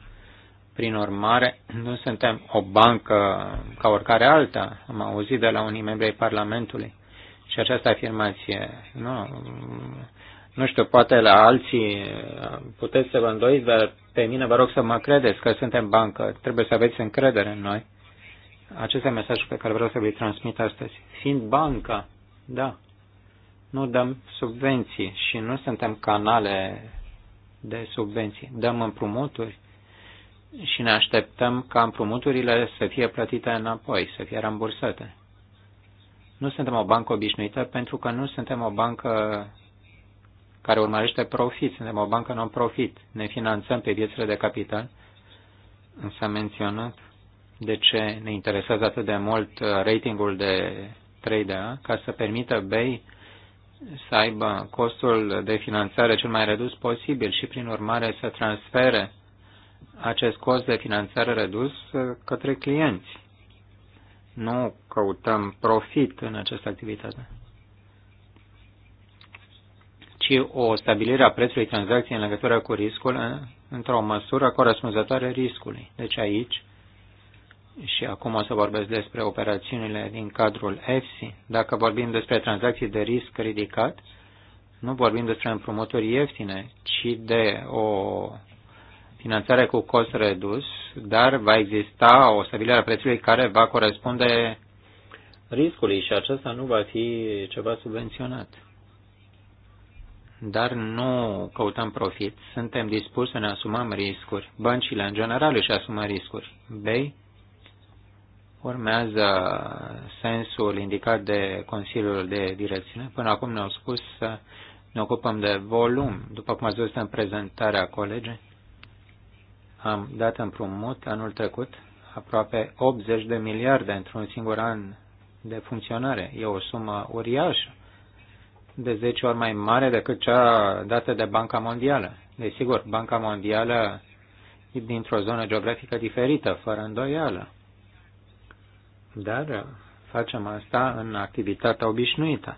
Prin urmare, nu suntem o bancă ca oricare alta. Am auzit de la unii membri ai Parlamentului și această afirmație. Nu, nu știu, poate la alții puteți să vă îndoiți, dar pe mine vă rog să mă credeți că suntem bancă. Trebuie să aveți încredere în noi. Acesta e mesajul pe care vreau să vi-l transmit astăzi. Fiind banca, da, nu dăm subvenții și nu suntem canale de subvenții. Dăm împrumuturi și ne așteptăm ca împrumuturile să fie plătite înapoi, să fie rambursate. Nu suntem o bancă obișnuită pentru că nu suntem o bancă care urmărește profit. Suntem o bancă non-profit. Ne finanțăm pe viețile de capital. însă menționând menționat de ce ne interesează atât de mult uh, ratingul de 3DA, ca să permită BEI să aibă costul de finanțare cel mai redus posibil și, prin urmare, să transfere acest cost de finanțare redus uh, către clienți. Nu căutăm profit în această activitate ci o stabilire a prețului tranzacției în legătură cu riscul într-o măsură corespunzătoare riscului. Deci aici, și acum o să vorbesc despre operațiunile din cadrul EFSI, dacă vorbim despre tranzacții de risc ridicat, nu vorbim despre împrumuturi ieftine, ci de o finanțare cu cost redus, dar va exista o stabilire a prețului care va corespunde riscului și acesta nu va fi ceva subvenționat dar nu căutăm profit. Suntem dispuși să ne asumăm riscuri. Băncile, în general, își asumă riscuri. B. urmează sensul indicat de Consiliul de Direcțiune. Până acum ne-au spus să ne ocupăm de volum. După cum ați văzut în prezentarea colegii, am dat împrumut anul trecut aproape 80 de miliarde într-un singur an de funcționare. E o sumă uriașă de 10 ori mai mare decât cea dată de Banca Mondială. Desigur, Banca Mondială e dintr-o zonă geografică diferită, fără îndoială. Dar facem asta în activitatea obișnuită.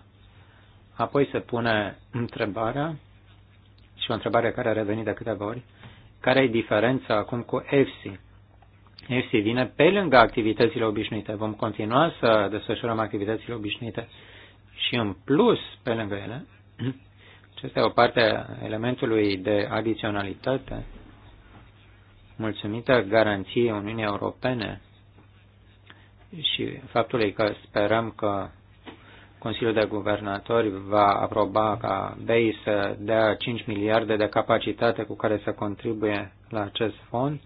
Apoi se pune întrebarea, și o întrebare care a revenit de câteva ori, care e diferența acum cu EFSI? EFSI vine pe lângă activitățile obișnuite. Vom continua să desfășurăm activitățile obișnuite și în plus, pe lângă ele, acesta e o parte a elementului de adiționalitate, mulțumită garanției Uniunii Europene și faptului că sperăm că Consiliul de Guvernatori va aproba ca BEI să dea 5 miliarde de capacitate cu care să contribuie la acest fond.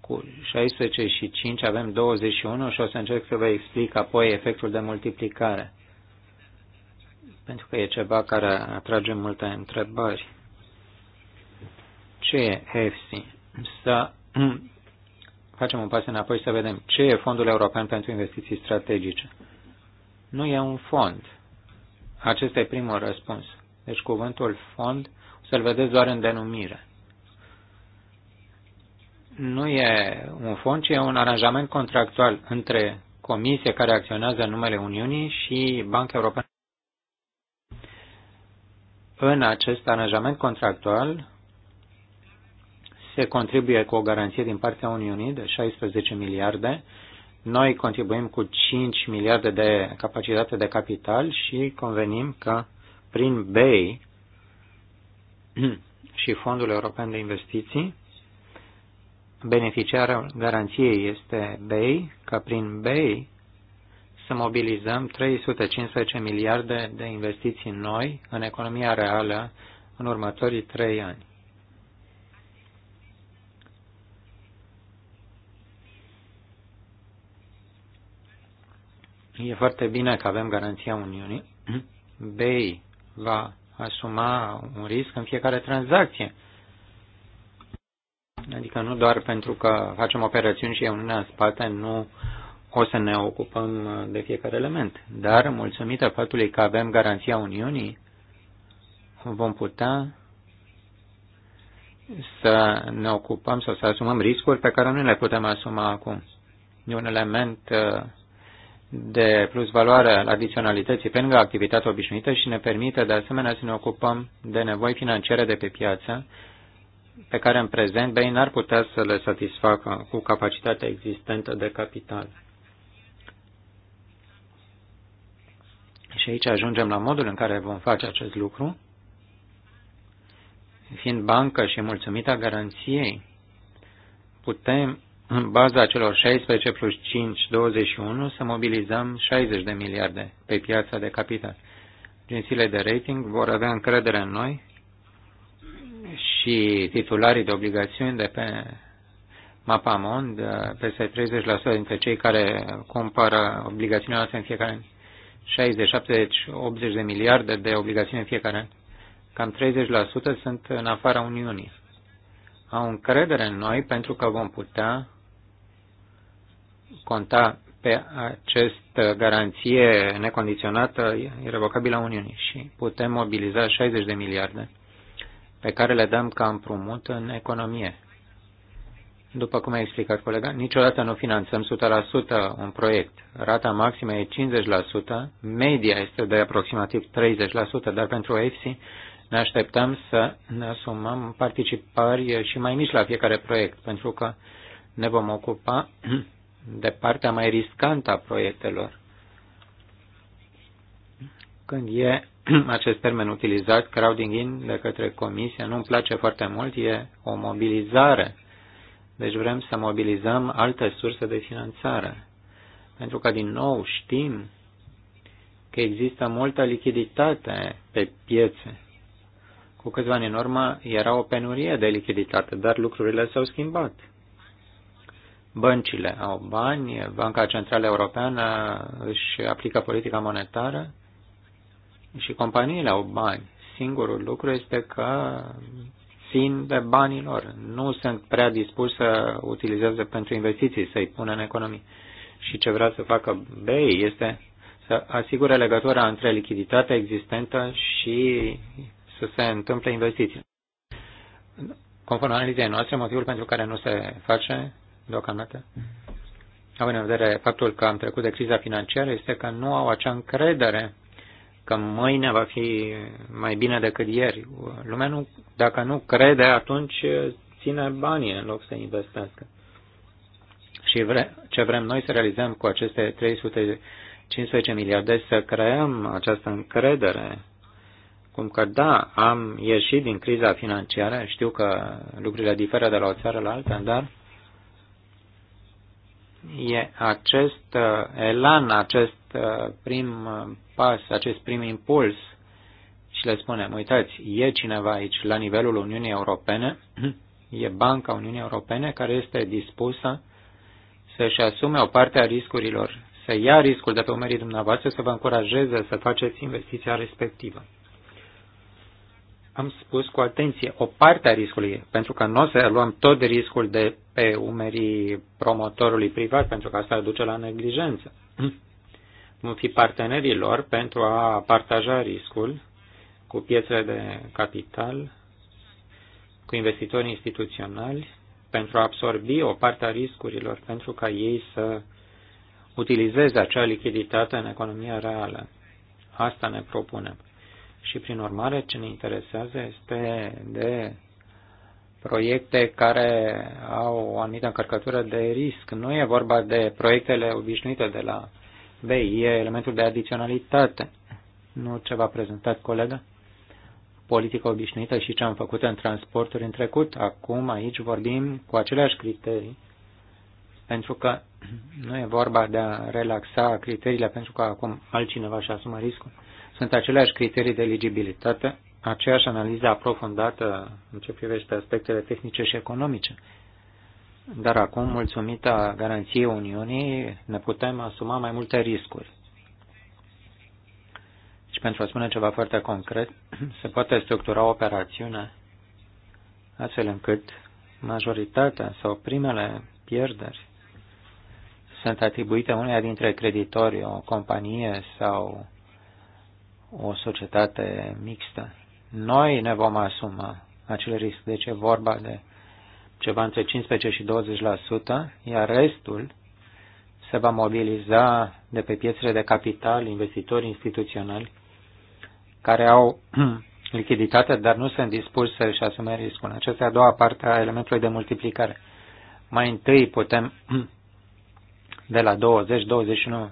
Cu 16 și 5 avem 21 și o să încerc să vă explic apoi efectul de multiplicare pentru că e ceva care atrage multe întrebări. Ce e EFSI? Să facem un pas înapoi să vedem ce e Fondul European pentru Investiții Strategice. Nu e un fond. Acesta e primul răspuns. Deci cuvântul fond o să-l vedeți doar în denumire. Nu e un fond, ci e un aranjament contractual între comisie care acționează în numele Uniunii și Banca Europeană în acest aranjament contractual se contribuie cu o garanție din partea Uniunii de 16 miliarde, noi contribuim cu 5 miliarde de capacitate de capital și convenim că prin BEI și Fondul European de Investiții, beneficiarul garanției este BEI, că prin BEI să mobilizăm 315 miliarde de investiții noi în economia reală în următorii trei ani. E foarte bine că avem garanția Uniunii. BEI va asuma un risc în fiecare tranzacție. Adică nu doar pentru că facem operațiuni și e Uniunea în spate, nu uh, o să ne ocupăm uh, de fiecare element. Dar, mulțumită faptului că avem garanția Uniunii, vom putea să ne ocupăm sau să asumăm riscuri pe care nu le putem asuma acum. E un element uh, de plus valoare al adiționalității pe lângă activitatea obișnuită și ne permite de asemenea să ne ocupăm de nevoi financiare de pe piață pe care în prezent BEI n-ar putea să le satisfacă cu capacitatea existentă de capital. Și aici ajungem la modul în care vom face acest lucru, fiind bancă și mulțumită garanției, putem, în baza celor 16 plus 5, 21, să mobilizăm 60 de miliarde pe piața de capital. Agențiile de rating vor avea încredere în noi și titularii de obligațiuni de pe Mapamond, peste 30% dintre cei care cumpără obligațiunea noastră în fiecare an, 60, 70, 80 de miliarde de obligațiuni în fiecare an, cam 30% sunt în afara Uniunii. Au încredere în noi pentru că vom putea conta pe această garanție necondiționată, irrevocabilă a Uniunii și putem mobiliza 60 de miliarde pe care le dăm ca împrumut în economie. După cum a explicat colega, niciodată nu finanțăm 100% un proiect. Rata maximă e 50%, media este de aproximativ 30%, dar pentru EFSI ne așteptăm să ne asumăm participări și mai mici la fiecare proiect, pentru că ne vom ocupa de partea mai riscantă a proiectelor. Când e acest termen utilizat, crowding in, de către comisie, nu-mi place foarte mult, e o mobilizare deci vrem să mobilizăm alte surse de finanțare. Pentru că, din nou, știm că există multă lichiditate pe piețe. Cu câțiva ani în urmă era o penurie de lichiditate, dar lucrurile s-au schimbat. Băncile au bani, Banca Centrală Europeană își aplică politica monetară și companiile au bani. Singurul lucru este că depinde banilor. Nu sunt prea dispuși să utilizeze pentru investiții, să-i pună în economie. Și ce vrea să facă BEI este să asigure legătura între lichiditatea existentă și să se întâmple investiții. Conform analizei noastre, motivul pentru care nu se face deocamdată, având în vedere faptul că am trecut de criza financiară, este că nu au acea încredere că mâine va fi mai bine decât ieri. Lumea, nu, dacă nu crede, atunci ține banii în loc să investească. Și vre, ce vrem noi să realizăm cu aceste 315 miliarde, să creăm această încredere, cum că da, am ieșit din criza financiară, știu că lucrurile diferă de la o țară la alta, dar e acest uh, elan, acest uh, prim pas, acest prim impuls și le spunem, uitați, e cineva aici la nivelul Uniunii Europene, e Banca Uniunii Europene care este dispusă să-și asume o parte a riscurilor, să ia riscul de pe umerii dumneavoastră, să vă încurajeze să faceți investiția respectivă. Am spus cu atenție, o parte a riscului, pentru că nu o să luăm tot riscul de pe umerii promotorului privat, pentru că asta duce la neglijență. cum fi partenerii lor pentru a partaja riscul cu piețele de capital, cu investitori instituționali, pentru a absorbi o parte a riscurilor, pentru ca ei să utilizeze acea lichiditate în economia reală. Asta ne propunem. Și prin urmare, ce ne interesează este de proiecte care au o anumită încărcătură de risc. Nu e vorba de proiectele obișnuite de la BI e elementul de adiționalitate, nu ce v-a prezentat colega. Politica obișnuită și ce am făcut în transporturi în trecut, acum aici vorbim cu aceleași criterii, pentru că nu e vorba de a relaxa criteriile pentru că acum altcineva și asumă riscul. Sunt aceleași criterii de eligibilitate, aceeași analiză aprofundată în ce privește aspectele tehnice și economice dar acum, mulțumită garanției Uniunii, ne putem asuma mai multe riscuri. Și pentru a spune ceva foarte concret, se poate structura o operațiune astfel încât majoritatea sau primele pierderi sunt atribuite uneia dintre creditori, o companie sau o societate mixtă. Noi ne vom asuma acel risc. Deci e vorba de ceva între 15 și 20%, iar restul se va mobiliza de pe piețele de capital, investitori instituționali, care au lichiditate, dar nu sunt dispuși să-și asume riscul. Aceasta e a doua parte a elementului de multiplicare. Mai întâi putem de la 20, 21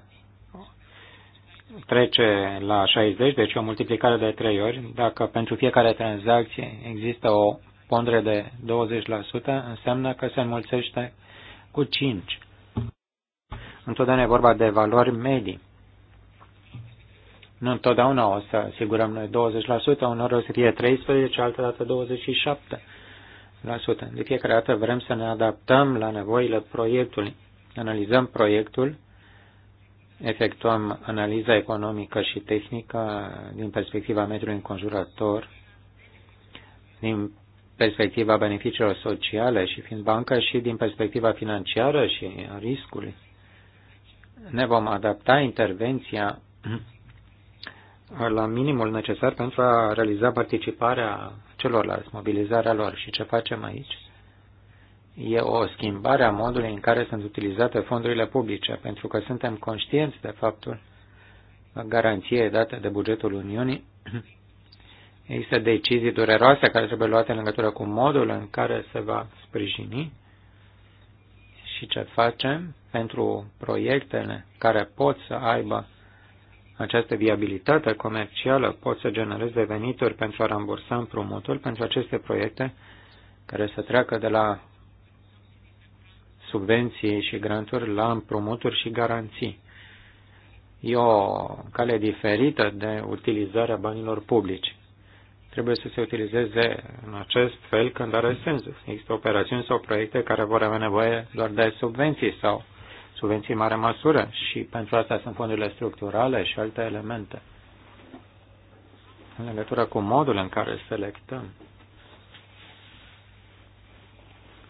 trece la 60, deci o multiplicare de 3 ori. Dacă pentru fiecare tranzacție există o pondere de 20%, înseamnă că se înmulțește cu 5. Întotdeauna e vorba de valori medii. Nu întotdeauna o să asigurăm noi 20%, uneori o să fie 13, dată 27%. De fiecare dată vrem să ne adaptăm la nevoile proiectului. Analizăm proiectul, efectuăm analiza economică și tehnică din perspectiva mediului înconjurător, din perspectiva beneficiilor sociale și fiind bancă și din perspectiva financiară și a riscului. Ne vom adapta intervenția la minimul necesar pentru a realiza participarea celorlalți, mobilizarea lor. Și ce facem aici? E o schimbare a modului în care sunt utilizate fondurile publice, pentru că suntem conștienți de faptul că garanție dată de bugetul Uniunii Există decizii dureroase care trebuie luate în legătură cu modul în care se va sprijini și ce facem pentru proiectele care pot să aibă această viabilitate comercială, pot să genereze venituri pentru a rambursa împrumutul pentru aceste proiecte care să treacă de la subvenții și granturi la împrumuturi și garanții. E o cale diferită de utilizarea banilor publici trebuie să se utilizeze în acest fel când are sens. Există operațiuni sau proiecte care vor avea nevoie doar de subvenții sau subvenții în mare măsură și pentru asta sunt fondurile structurale și alte elemente. În legătură cu modul în care selectăm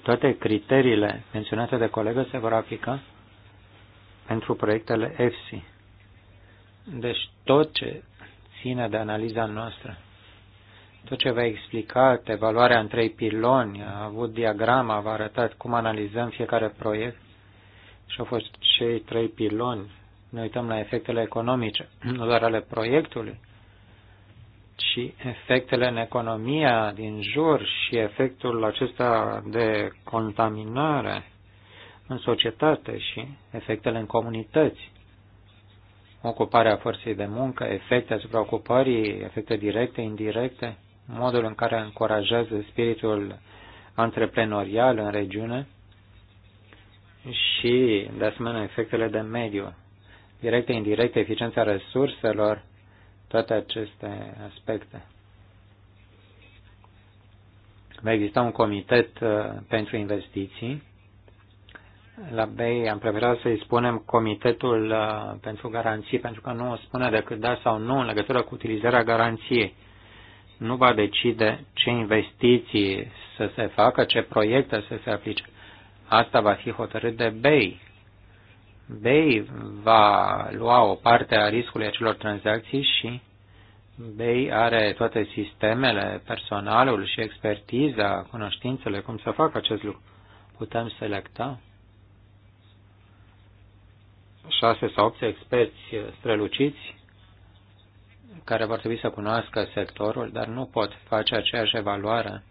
toate criteriile menționate de colegă se vor aplica pentru proiectele EFSI. Deci tot ce ține de analiza noastră tot ce v-a explicat, evaluarea în trei piloni, a avut diagrama, v-a arătat cum analizăm fiecare proiect și au fost cei trei piloni. Ne uităm la efectele economice, nu doar ale proiectului, ci efectele în economia din jur și efectul acesta de contaminare în societate și efectele în comunități. Ocuparea forței de muncă, efecte asupra ocupării, efecte directe, indirecte, modul în care încurajează spiritul antreprenorial în regiune și, de asemenea, efectele de mediu, directe, indirecte, eficiența resurselor, toate aceste aspecte. Va exista un comitet uh, pentru investiții. La BEI am preferat să-i spunem comitetul uh, pentru garanții, pentru că nu o spune decât da sau nu în legătură cu utilizarea garanției nu va decide ce investiții să se facă, ce proiecte să se aplice. Asta va fi hotărât de BEI. BEI va lua o parte a riscului acelor tranzacții și BEI are toate sistemele, personalul și expertiza, cunoștințele, cum să facă acest lucru. Putem selecta șase sau opt experți străluciți care vor trebui să cunoască sectorul, dar nu pot face aceeași evaluare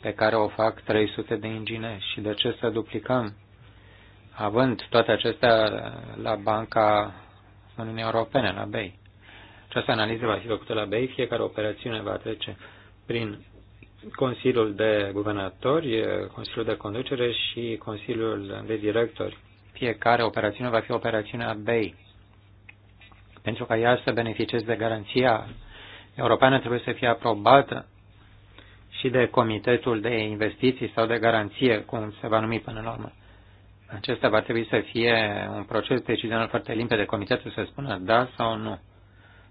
pe care o fac 300 de ingineri. Și de ce să duplicăm? Având toate acestea la Banca Uniunii Europene, la BEI. Această analiză va fi făcută la BEI, fiecare operațiune va trece prin Consiliul de Guvernatori, Consiliul de Conducere și Consiliul de Directori. Fiecare operațiune va fi operațiunea BEI pentru ca ea să beneficieze de garanția europeană, trebuie să fie aprobată și de Comitetul de Investiții sau de Garanție, cum se va numi până la urmă. Acesta va trebui să fie un proces decizional foarte limpede. Comitetul să spună da sau nu.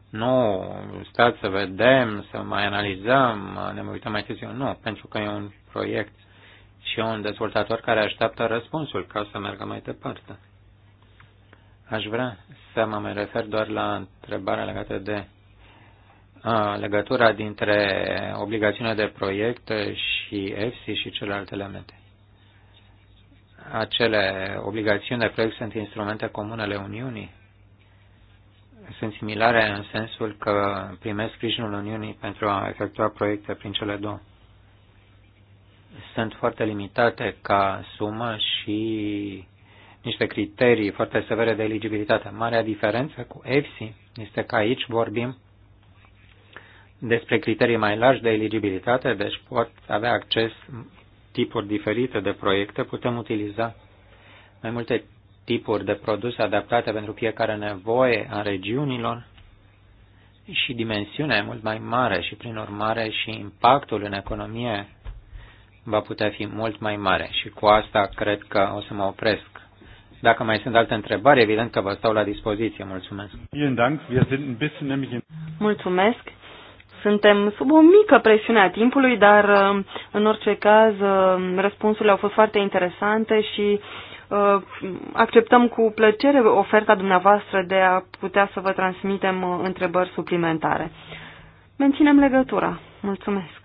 Nu, stați să vedem, să mai analizăm, ne mai uităm mai târziu. Nu, pentru că e un proiect și un dezvoltator care așteaptă răspunsul ca să meargă mai departe. Aș vrea să mă mai refer doar la întrebarea legată de a, legătura dintre obligațiunea de proiect și EFSI și celelalte elemente. Acele obligațiuni de proiect sunt instrumente comune ale Uniunii? Sunt similare în sensul că primesc sprijinul Uniunii pentru a efectua proiecte prin cele două? Sunt foarte limitate ca sumă și niște criterii foarte severe de eligibilitate. Marea diferență cu EFSI este că aici vorbim despre criterii mai largi de eligibilitate, deci pot avea acces tipuri diferite de proiecte, putem utiliza mai multe tipuri de produse adaptate pentru fiecare nevoie a regiunilor și dimensiunea e mult mai mare și, prin urmare, și impactul în economie va putea fi mult mai mare. Și cu asta cred că o să mă opresc. Dacă mai sunt alte întrebări, evident că vă stau la dispoziție. Mulțumesc. Mulțumesc. Suntem sub o mică presiune a timpului, dar uh, în orice caz uh, răspunsurile au fost foarte interesante și uh, acceptăm cu plăcere oferta dumneavoastră de a putea să vă transmitem întrebări suplimentare. Menținem legătura. Mulțumesc.